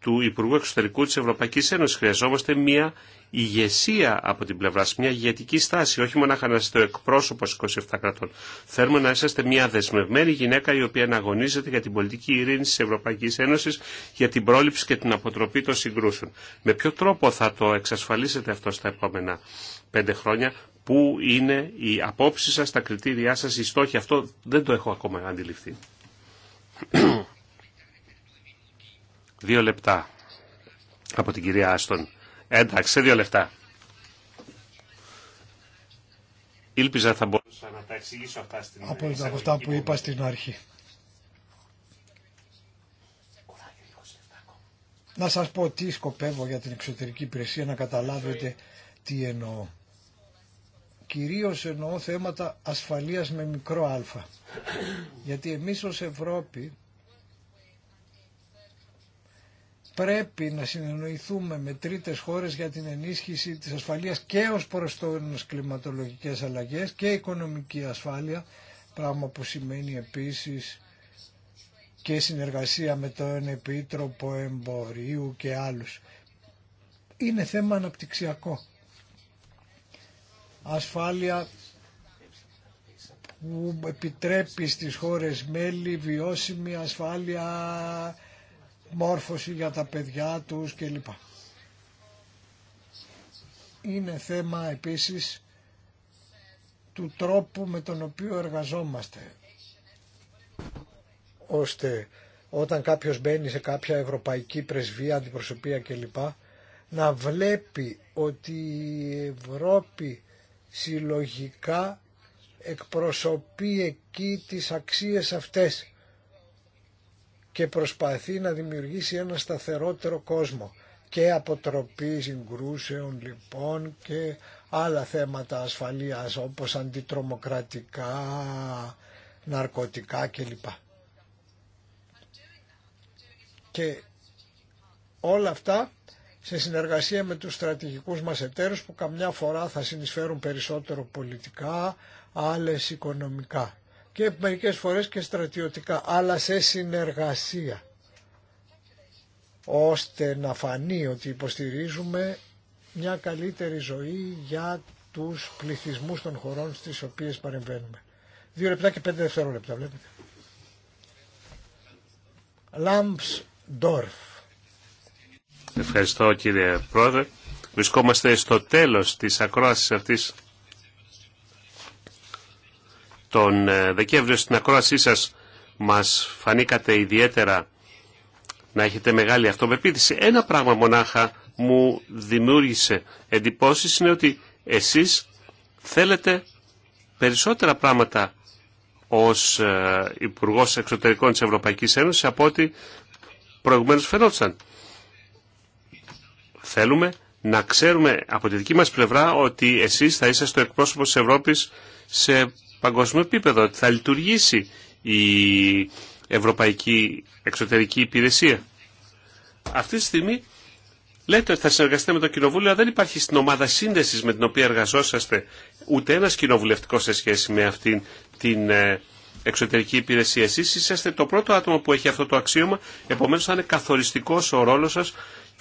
του Υπουργού Εξωτερικού της Ευρωπαϊκής Ένωσης. Χρειαζόμαστε μια ηγεσία από την πλευρά σας, μια ηγετική στάση, όχι μόνο να είστε ο εκπρόσωπος 27 κρατών. Θέλουμε να είσαστε μια δεσμευμένη γυναίκα η οποία αναγωνίζεται για την πολιτική ειρήνη της Ευρωπαϊκής Ένωσης, για την πρόληψη και την αποτροπή των συγκρούσεων. Με ποιο τρόπο θα το εξασφαλίσετε αυτό στα επόμενα πέντε χρόνια, Πού είναι οι απόψεις σας, τα κριτήριά σας, οι στόχοι. Αυτό δεν το έχω ακόμα αντιληφθεί. δύο λεπτά από την κυρία Άστον. Εντάξει, σε δύο λεπτά. Ήλπιζα θα μπορούσα να τα εξηγήσω αυτά στην Από αυτά που είπα στην αρχή. Να σας πω τι σκοπεύω για την εξωτερική υπηρεσία, να καταλάβετε τι εννοώ. Κυρίως εννοώ θέματα ασφαλείας με μικρό α. Γιατί εμείς ως Ευρώπη πρέπει να συνεννοηθούμε με τρίτες χώρες για την ενίσχυση της ασφαλείας και ως προς κλιματολογικέ κλιματολογικές αλλαγές και οικονομική ασφάλεια, πράγμα που σημαίνει επίσης και συνεργασία με τον Επίτροπο Εμπορίου και άλλους. Είναι θέμα αναπτυξιακό ασφάλεια που επιτρέπει στις χώρες μέλη βιώσιμη ασφάλεια, μόρφωση για τα παιδιά τους κλπ. Είναι θέμα επίσης του τρόπου με τον οποίο εργαζόμαστε. Ώστε όταν κάποιος μπαίνει σε κάποια ευρωπαϊκή πρεσβεία, αντιπροσωπεία κλπ. να βλέπει ότι η Ευρώπη συλλογικά εκπροσωπεί εκεί τις αξίες αυτές και προσπαθεί να δημιουργήσει ένα σταθερότερο κόσμο και αποτροπή συγκρούσεων λοιπόν και άλλα θέματα ασφαλείας όπως αντιτρομοκρατικά, ναρκωτικά κλπ. Και όλα αυτά σε συνεργασία με τους στρατηγικούς μας εταίρους που καμιά φορά θα συνεισφέρουν περισσότερο πολιτικά, άλλες οικονομικά και μερικές φορές και στρατιωτικά, αλλά σε συνεργασία ώστε να φανεί ότι υποστηρίζουμε μια καλύτερη ζωή για τους πληθυσμούς των χωρών στις οποίες παρεμβαίνουμε. Δύο λεπτά και πέντε δευτερόλεπτα βλέπετε. Ευχαριστώ κύριε Πρόεδρε. Βρισκόμαστε στο τέλος της ακρόασης αυτής. Τον ε, Δεκέμβριο στην ακρόασή σας μας φανήκατε ιδιαίτερα να έχετε μεγάλη αυτοπεποίθηση. Ένα πράγμα μονάχα μου δημιούργησε εντυπώσεις είναι ότι εσείς θέλετε περισσότερα πράγματα ως ε, Υπουργός Εξωτερικών της Ευρωπαϊκής Ένωσης από ό,τι προηγουμένως φαινόταν. Θέλουμε να ξέρουμε από τη δική μας πλευρά ότι εσείς θα είσαστε στο εκπρόσωπο της Ευρώπης σε παγκόσμιο επίπεδο, ότι θα λειτουργήσει η Ευρωπαϊκή Εξωτερική Υπηρεσία. Αυτή τη στιγμή λέτε ότι θα συνεργαστείτε με το Κοινοβούλιο, αλλά δεν υπάρχει στην ομάδα σύνδεσης με την οποία εργαζόσαστε ούτε ένας κοινοβουλευτικός σε σχέση με αυτήν την ε, εξωτερική υπηρεσία. Εσείς είσαστε το πρώτο άτομο που έχει αυτό το αξίωμα, επομένως θα είναι καθοριστικός ο ρόλος σας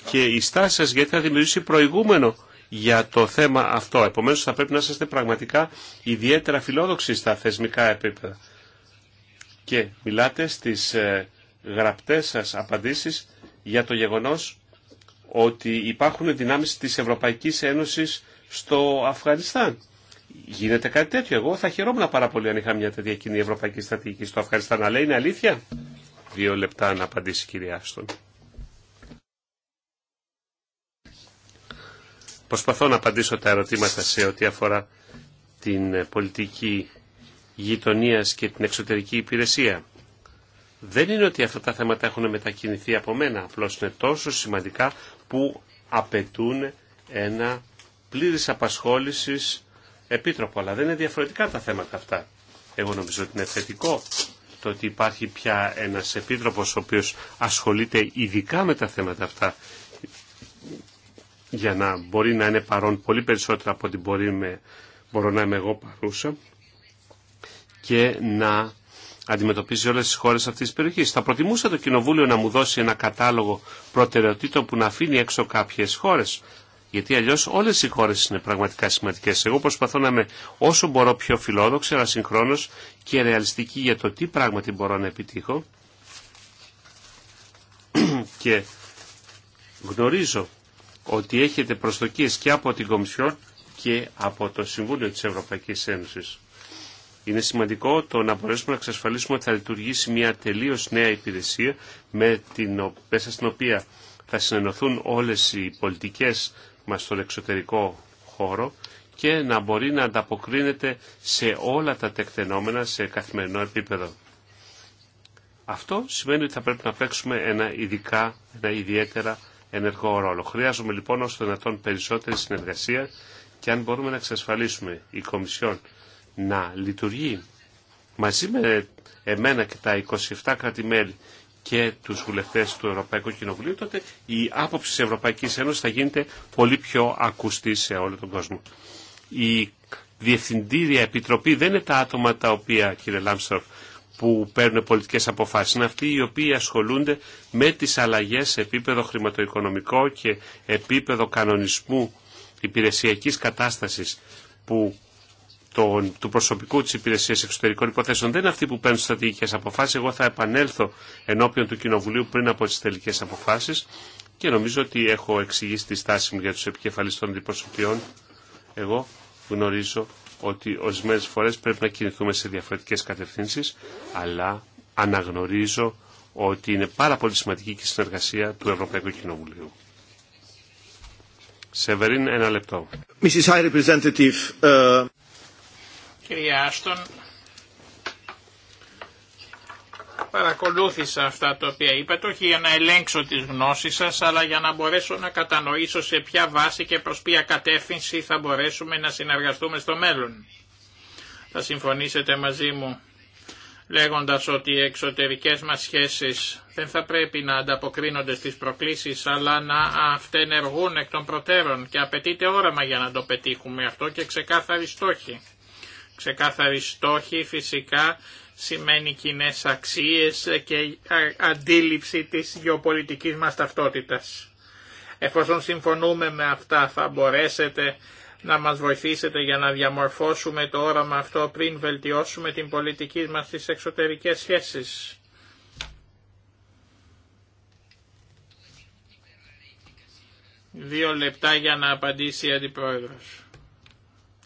και η στάση σας γιατί θα δημιουργήσει προηγούμενο για το θέμα αυτό. Επομένως θα πρέπει να είστε πραγματικά ιδιαίτερα φιλόδοξοι στα θεσμικά επίπεδα. Και μιλάτε στις ε, γραπτές σας απαντήσεις για το γεγονός ότι υπάρχουν δυνάμεις της Ευρωπαϊκής Ένωσης στο Αφγανιστάν. Γίνεται κάτι τέτοιο. Εγώ θα χαιρόμουν πάρα πολύ αν είχα μια τέτοια κοινή ευρωπαϊκή στρατηγική στο Αφγανιστάν. Αλλά είναι αλήθεια. Δύο λεπτά να απαντήσει η κυρία Άστον. Προσπαθώ να απαντήσω τα ερωτήματα σε ό,τι αφορά την ε, πολιτική γειτονία και την εξωτερική υπηρεσία. Δεν είναι ότι αυτά τα θέματα έχουν μετακινηθεί από μένα, απλώς είναι τόσο σημαντικά που απαιτούν ένα πλήρης απασχόλησης επίτροπο, αλλά δεν είναι διαφορετικά τα θέματα αυτά. Εγώ νομίζω ότι είναι θετικό το ότι υπάρχει πια ένας επίτροπος ο οποίος ασχολείται ειδικά με τα θέματα αυτά για να μπορεί να είναι παρόν πολύ περισσότερο από ό,τι μπορώ να είμαι εγώ παρούσα και να αντιμετωπίζει όλες τις χώρες αυτής της περιοχής. Θα προτιμούσα το Κοινοβούλιο να μου δώσει ένα κατάλογο προτεραιοτήτων που να αφήνει έξω κάποιες χώρες. Γιατί αλλιώ όλε οι χώρε είναι πραγματικά σημαντικέ. Εγώ προσπαθώ να είμαι όσο μπορώ πιο φιλόδοξη, αλλά συγχρόνω και ρεαλιστική για το τι πράγματι μπορώ να επιτύχω. και γνωρίζω ότι έχετε προσδοκίες και από την Κομισιόν και από το Συμβούλιο της Ευρωπαϊκής Ένωσης. Είναι σημαντικό το να μπορέσουμε να εξασφαλίσουμε ότι θα λειτουργήσει μια τελείως νέα υπηρεσία με την, μέσα στην οποία θα συνενωθούν όλες οι πολιτικές μας στον εξωτερικό χώρο και να μπορεί να ανταποκρίνεται σε όλα τα τεκτενόμενα σε καθημερινό επίπεδο. Αυτό σημαίνει ότι θα πρέπει να παίξουμε ένα, ειδικά, ένα ιδιαίτερα ενεργό ρόλο. Χρειάζομαι λοιπόν όσο δυνατόν περισσότερη συνεργασία και αν μπορούμε να εξασφαλίσουμε η Κομισιόν να λειτουργεί μαζί με εμένα και τα 27 κρατη και τους βουλευτές του Ευρωπαϊκού Κοινοβουλίου, τότε η άποψη της Ευρωπαϊκής Ένωσης θα γίνεται πολύ πιο ακουστή σε όλο τον κόσμο. Η Διευθυντήρια Επιτροπή δεν είναι τα άτομα τα οποία, κύριε Λάμστροφ, που παίρνουν πολιτικές αποφάσεις. Είναι αυτοί οι οποίοι ασχολούνται με τις αλλαγές σε επίπεδο χρηματοοικονομικό και επίπεδο κανονισμού υπηρεσιακής κατάστασης που του προσωπικού της υπηρεσίας εξωτερικών υποθέσεων δεν είναι αυτοί που παίρνουν στρατηγικές αποφάσεις. Εγώ θα επανέλθω ενώπιον του Κοινοβουλίου πριν από τις τελικές αποφάσεις και νομίζω ότι έχω εξηγήσει τη στάση μου για τους επικεφαλής των αντιπροσωπιών. Εγώ γνωρίζω ότι ορισμένε φορές πρέπει να κινηθούμε σε διαφορετικές κατευθύνσεις, αλλά αναγνωρίζω ότι είναι πάρα πολύ σημαντική και η συνεργασία του Ευρωπαϊκού Κοινοβουλίου. Σεβερίν, ένα λεπτό. Ε, Κυρία Άστον, παρακολούθησα αυτά τα οποία είπατε, όχι για να ελέγξω τις γνώσεις σας, αλλά για να μπορέσω να κατανοήσω σε ποια βάση και προς ποια κατεύθυνση θα μπορέσουμε να συνεργαστούμε στο μέλλον. Θα συμφωνήσετε μαζί μου λέγοντας ότι οι εξωτερικές μας σχέσεις δεν θα πρέπει να ανταποκρίνονται στις προκλήσεις αλλά να αυτενεργούν εκ των προτέρων και απαιτείται όραμα για να το πετύχουμε αυτό και ξεκάθαρη στόχοι. Ξεκάθαρη στόχοι φυσικά σημαίνει κοινέ αξίες και αντίληψη της γεωπολιτικής μας ταυτότητας. Εφόσον συμφωνούμε με αυτά θα μπορέσετε να μας βοηθήσετε για να διαμορφώσουμε το όραμα αυτό πριν βελτιώσουμε την πολιτική μας στις εξωτερικές σχέσεις. Δύο λεπτά για να απαντήσει η Αντιπρόεδρος.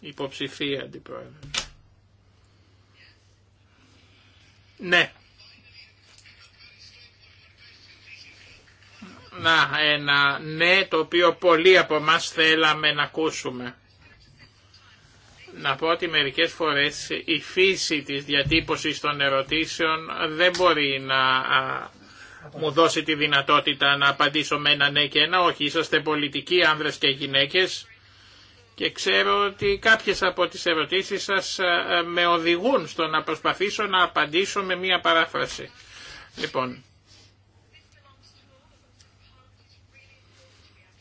Υποψηφία Αντιπρόεδρος. Ναι. Να, ένα ναι το οποίο πολλοί από εμά θέλαμε να ακούσουμε. Να πω ότι μερικές φορές η φύση της διατύπωσης των ερωτήσεων δεν μπορεί να μου δώσει τη δυνατότητα να απαντήσω με ένα ναι και ένα όχι. Είσαστε πολιτικοί άνδρες και γυναίκες και ξέρω ότι κάποιες από τις ερωτήσεις σας ε, ε, με οδηγούν στο να προσπαθήσω να απαντήσω με μία παράφραση. Λοιπόν,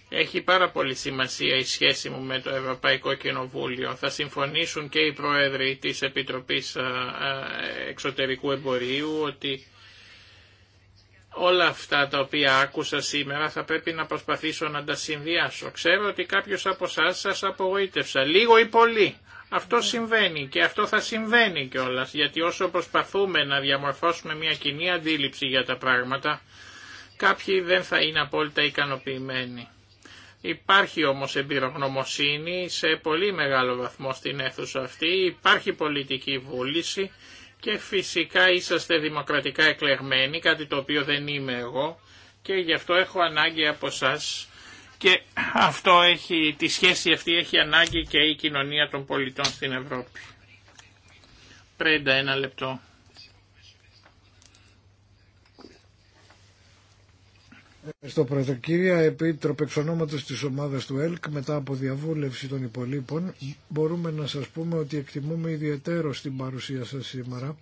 έχει πάρα πολύ σημασία η σχέση μου με το Ευρωπαϊκό Κοινοβούλιο. Θα συμφωνήσουν και οι πρόεδροι της Επιτροπής ε, Εξωτερικού Εμπορίου ότι Όλα αυτά τα οποία άκουσα σήμερα θα πρέπει να προσπαθήσω να τα συνδυάσω. Ξέρω ότι κάποιος από εσά σας απογοήτευσα, λίγο ή πολύ. Αυτό ναι. συμβαίνει και αυτό θα συμβαίνει κιόλα, γιατί όσο προσπαθούμε να διαμορφώσουμε μια κοινή αντίληψη για τα πράγματα, κάποιοι δεν θα είναι απόλυτα ικανοποιημένοι. Υπάρχει όμως εμπειρογνωμοσύνη σε πολύ μεγάλο βαθμό στην αίθουσα αυτή, υπάρχει πολιτική βούληση και φυσικά είσαστε δημοκρατικά εκλεγμένοι, κάτι το οποίο δεν είμαι εγώ και γι' αυτό έχω ανάγκη από εσά. Και αυτό έχει, τη σχέση αυτή έχει ανάγκη και η κοινωνία των πολιτών στην Ευρώπη. Πρέντα ένα λεπτό. Στο Πρόεδρε. επίτροπεξ Επίτροπε, της ομάδας του ΕΛΚ, μετά από διαβούλευση των υπολείπων, μπορούμε να σας πούμε ότι εκτιμούμε ιδιαίτερο την παρουσία σας σήμερα,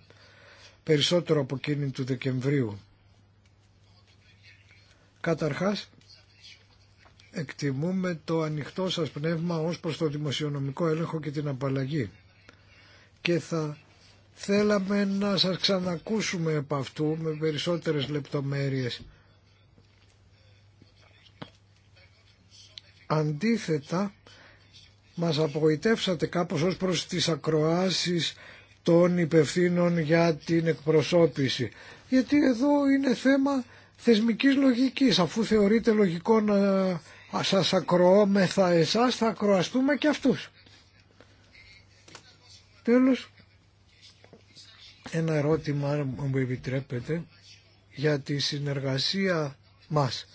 περισσότερο από εκείνη του Δεκεμβρίου. Καταρχάς, εκτιμούμε το ανοιχτό σας πνεύμα ως προς το δημοσιονομικό έλεγχο και την απαλλαγή. Και θα θέλαμε να σας ξανακούσουμε από αυτού με περισσότερες λεπτομέρειες Αντίθετα, μας απογοητεύσατε κάπως ως προς τις ακροάσεις των υπευθύνων για την εκπροσώπηση. Γιατί εδώ είναι θέμα θεσμικής λογικής. Αφού θεωρείτε λογικό να σας ακροώμεθα εσάς, θα ακροαστούμε και αυτούς. Τέλος, ένα ερώτημα, αν μου επιτρέπετε, για τη συνεργασία μας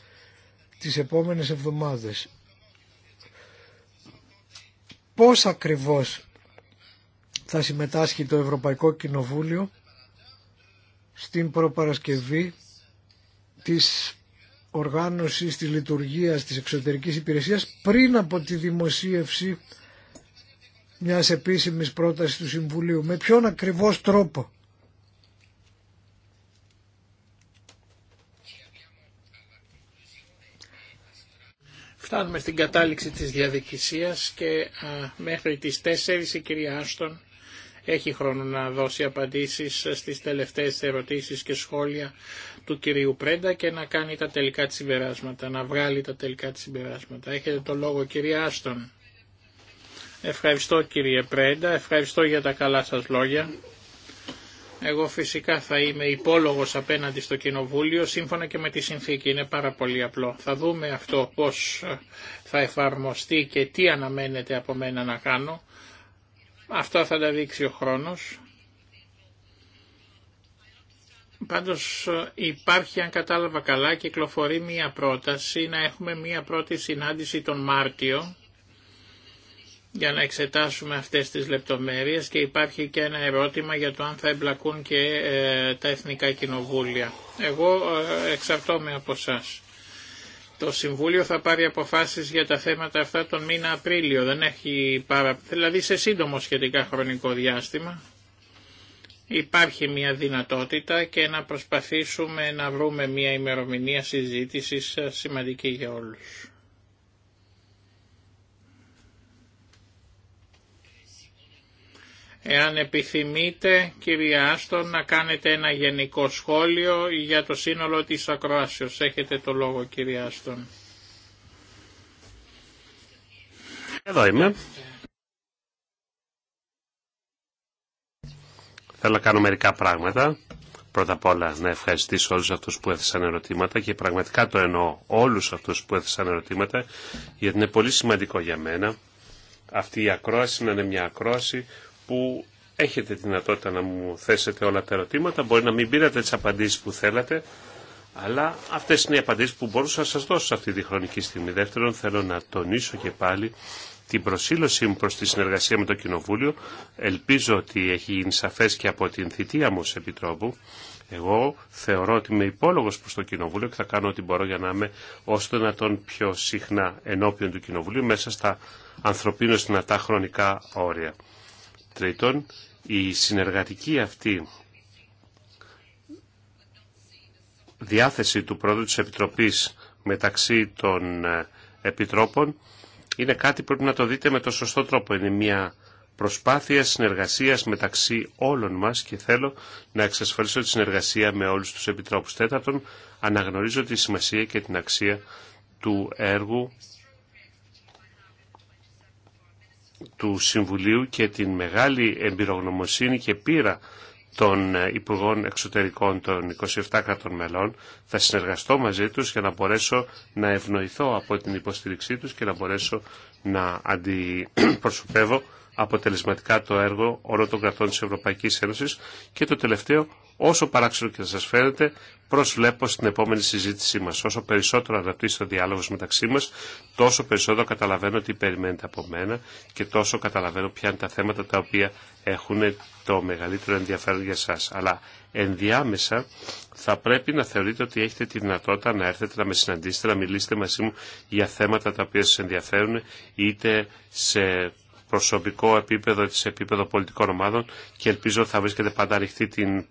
τις επόμενες εβδομάδες πώς ακριβώς θα συμμετάσχει το Ευρωπαϊκό Κοινοβούλιο στην προπαρασκευή της οργάνωσης της λειτουργίας της εξωτερικής υπηρεσίας πριν από τη δημοσίευση μιας επίσημης πρότασης του Συμβουλίου. Με ποιον ακριβώς τρόπο Φτάνουμε στην κατάληξη της διαδικησίας και μέχρι τις 4 η κυρία Άστον έχει χρόνο να δώσει απαντήσεις στις τελευταίες ερωτήσεις και σχόλια του κυρίου Πρέντα και να κάνει τα τελικά της συμπεράσματα, να βγάλει τα τελικά της συμπεράσματα. Έχετε το λόγο κυρία Άστον. Ευχαριστώ κύριε Πρέντα, ευχαριστώ για τα καλά σας λόγια. Εγώ φυσικά θα είμαι υπόλογος απέναντι στο Κοινοβούλιο, σύμφωνα και με τη συνθήκη, είναι πάρα πολύ απλό. Θα δούμε αυτό πώς ε, θα εφαρμοστεί και τι αναμένεται από μένα να κάνω. Αυτό θα τα δείξει ο χρόνος. Πάντως ε, υπάρχει, αν κατάλαβα καλά, κυκλοφορεί μία πρόταση να έχουμε μία πρώτη συνάντηση τον Μάρτιο για να εξετάσουμε αυτές τις λεπτομέρειες και υπάρχει και ένα ερώτημα για το αν θα εμπλακούν και ε, τα εθνικά κοινοβούλια. Εγώ ε, εξαρτώμαι από εσά. Το Συμβούλιο θα πάρει αποφάσεις για τα θέματα αυτά τον μήνα Απρίλιο, δεν έχει πάρα... δηλαδή σε σύντομο σχετικά χρονικό διάστημα. Υπάρχει μια δυνατότητα και να προσπαθήσουμε να βρούμε μια ημερομηνία συζήτησης ε, σημαντική για όλους. Εάν επιθυμείτε, κυρία Άστον, να κάνετε ένα γενικό σχόλιο για το σύνολο της ακροάσεως. Έχετε το λόγο, κυρία Άστον. Εδώ είμαι. Θέλω να κάνω μερικά πράγματα. Πρώτα απ' όλα να ευχαριστήσω όλους αυτούς που έθεσαν ερωτήματα και πραγματικά το εννοώ όλους αυτούς που έθεσαν ερωτήματα γιατί είναι πολύ σημαντικό για μένα αυτή η ακρόαση να είναι μια ακρόαση που έχετε δυνατότητα να μου θέσετε όλα τα ερωτήματα. Μπορεί να μην πήρατε τις απαντήσεις που θέλατε, αλλά αυτές είναι οι απαντήσεις που μπορούσα να σας δώσω σε αυτή τη χρονική στιγμή. Δεύτερον, θέλω να τονίσω και πάλι την προσήλωσή μου προς τη συνεργασία με το Κοινοβούλιο. Ελπίζω ότι έχει γίνει σαφές και από την θητεία μου ως Επιτρόπου. Εγώ θεωρώ ότι είμαι υπόλογο προ το Κοινοβούλιο και θα κάνω ό,τι μπορώ για να είμαι ώστε να δυνατόν πιο συχνά ενώπιον του Κοινοβουλίου μέσα στα ανθρωπίνω δυνατά χρονικά όρια. Τρίτον, η συνεργατική αυτή διάθεση του πρόεδρου της Επιτροπής μεταξύ των ε, Επιτρόπων είναι κάτι που πρέπει να το δείτε με το σωστό τρόπο. Είναι μια προσπάθεια συνεργασίας μεταξύ όλων μας και θέλω να εξασφαλίσω τη συνεργασία με όλους τους Επιτρόπους. Τέταρτον, αναγνωρίζω τη σημασία και την αξία του έργου του Συμβουλίου και την μεγάλη εμπειρογνωμοσύνη και πείρα των ε, Υπουργών Εξωτερικών των 27 κρατών μελών. Θα συνεργαστώ μαζί τους για να μπορέσω να ευνοηθώ από την υποστήριξή τους και να μπορέσω να αντιπροσωπεύω αποτελεσματικά το έργο όλων των κρατών της Ευρωπαϊκής Ένωσης. Και το τελευταίο, όσο παράξενο και να σας φαίνεται, προσβλέπω στην επόμενη συζήτησή μας. Όσο περισσότερο αναπτύσσεται ο διάλογος μεταξύ μας, τόσο περισσότερο καταλαβαίνω τι περιμένετε από μένα και τόσο καταλαβαίνω ποια είναι τα θέματα τα οποία έχουν το μεγαλύτερο ενδιαφέρον για σας. Αλλά ενδιάμεσα θα πρέπει να θεωρείτε ότι έχετε τη δυνατότητα να έρθετε να με συναντήσετε, να μιλήσετε μαζί μου για θέματα τα οποία σας ενδιαφέρουν, είτε σε προσωπικό επίπεδο, σε επίπεδο πολιτικών ομάδων και ελπίζω θα βρίσκεται πάντα ανοιχτή την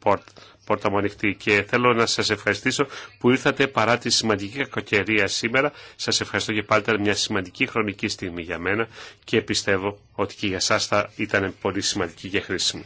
πόρτα, μου ανοιχτή. Και θέλω να σας ευχαριστήσω που ήρθατε παρά τη σημαντική κακοκαιρία σήμερα. Σας ευχαριστώ και πάλι ήταν μια σημαντική χρονική στιγμή για μένα και πιστεύω ότι και για σας θα ήταν πολύ σημαντική και χρήσιμη.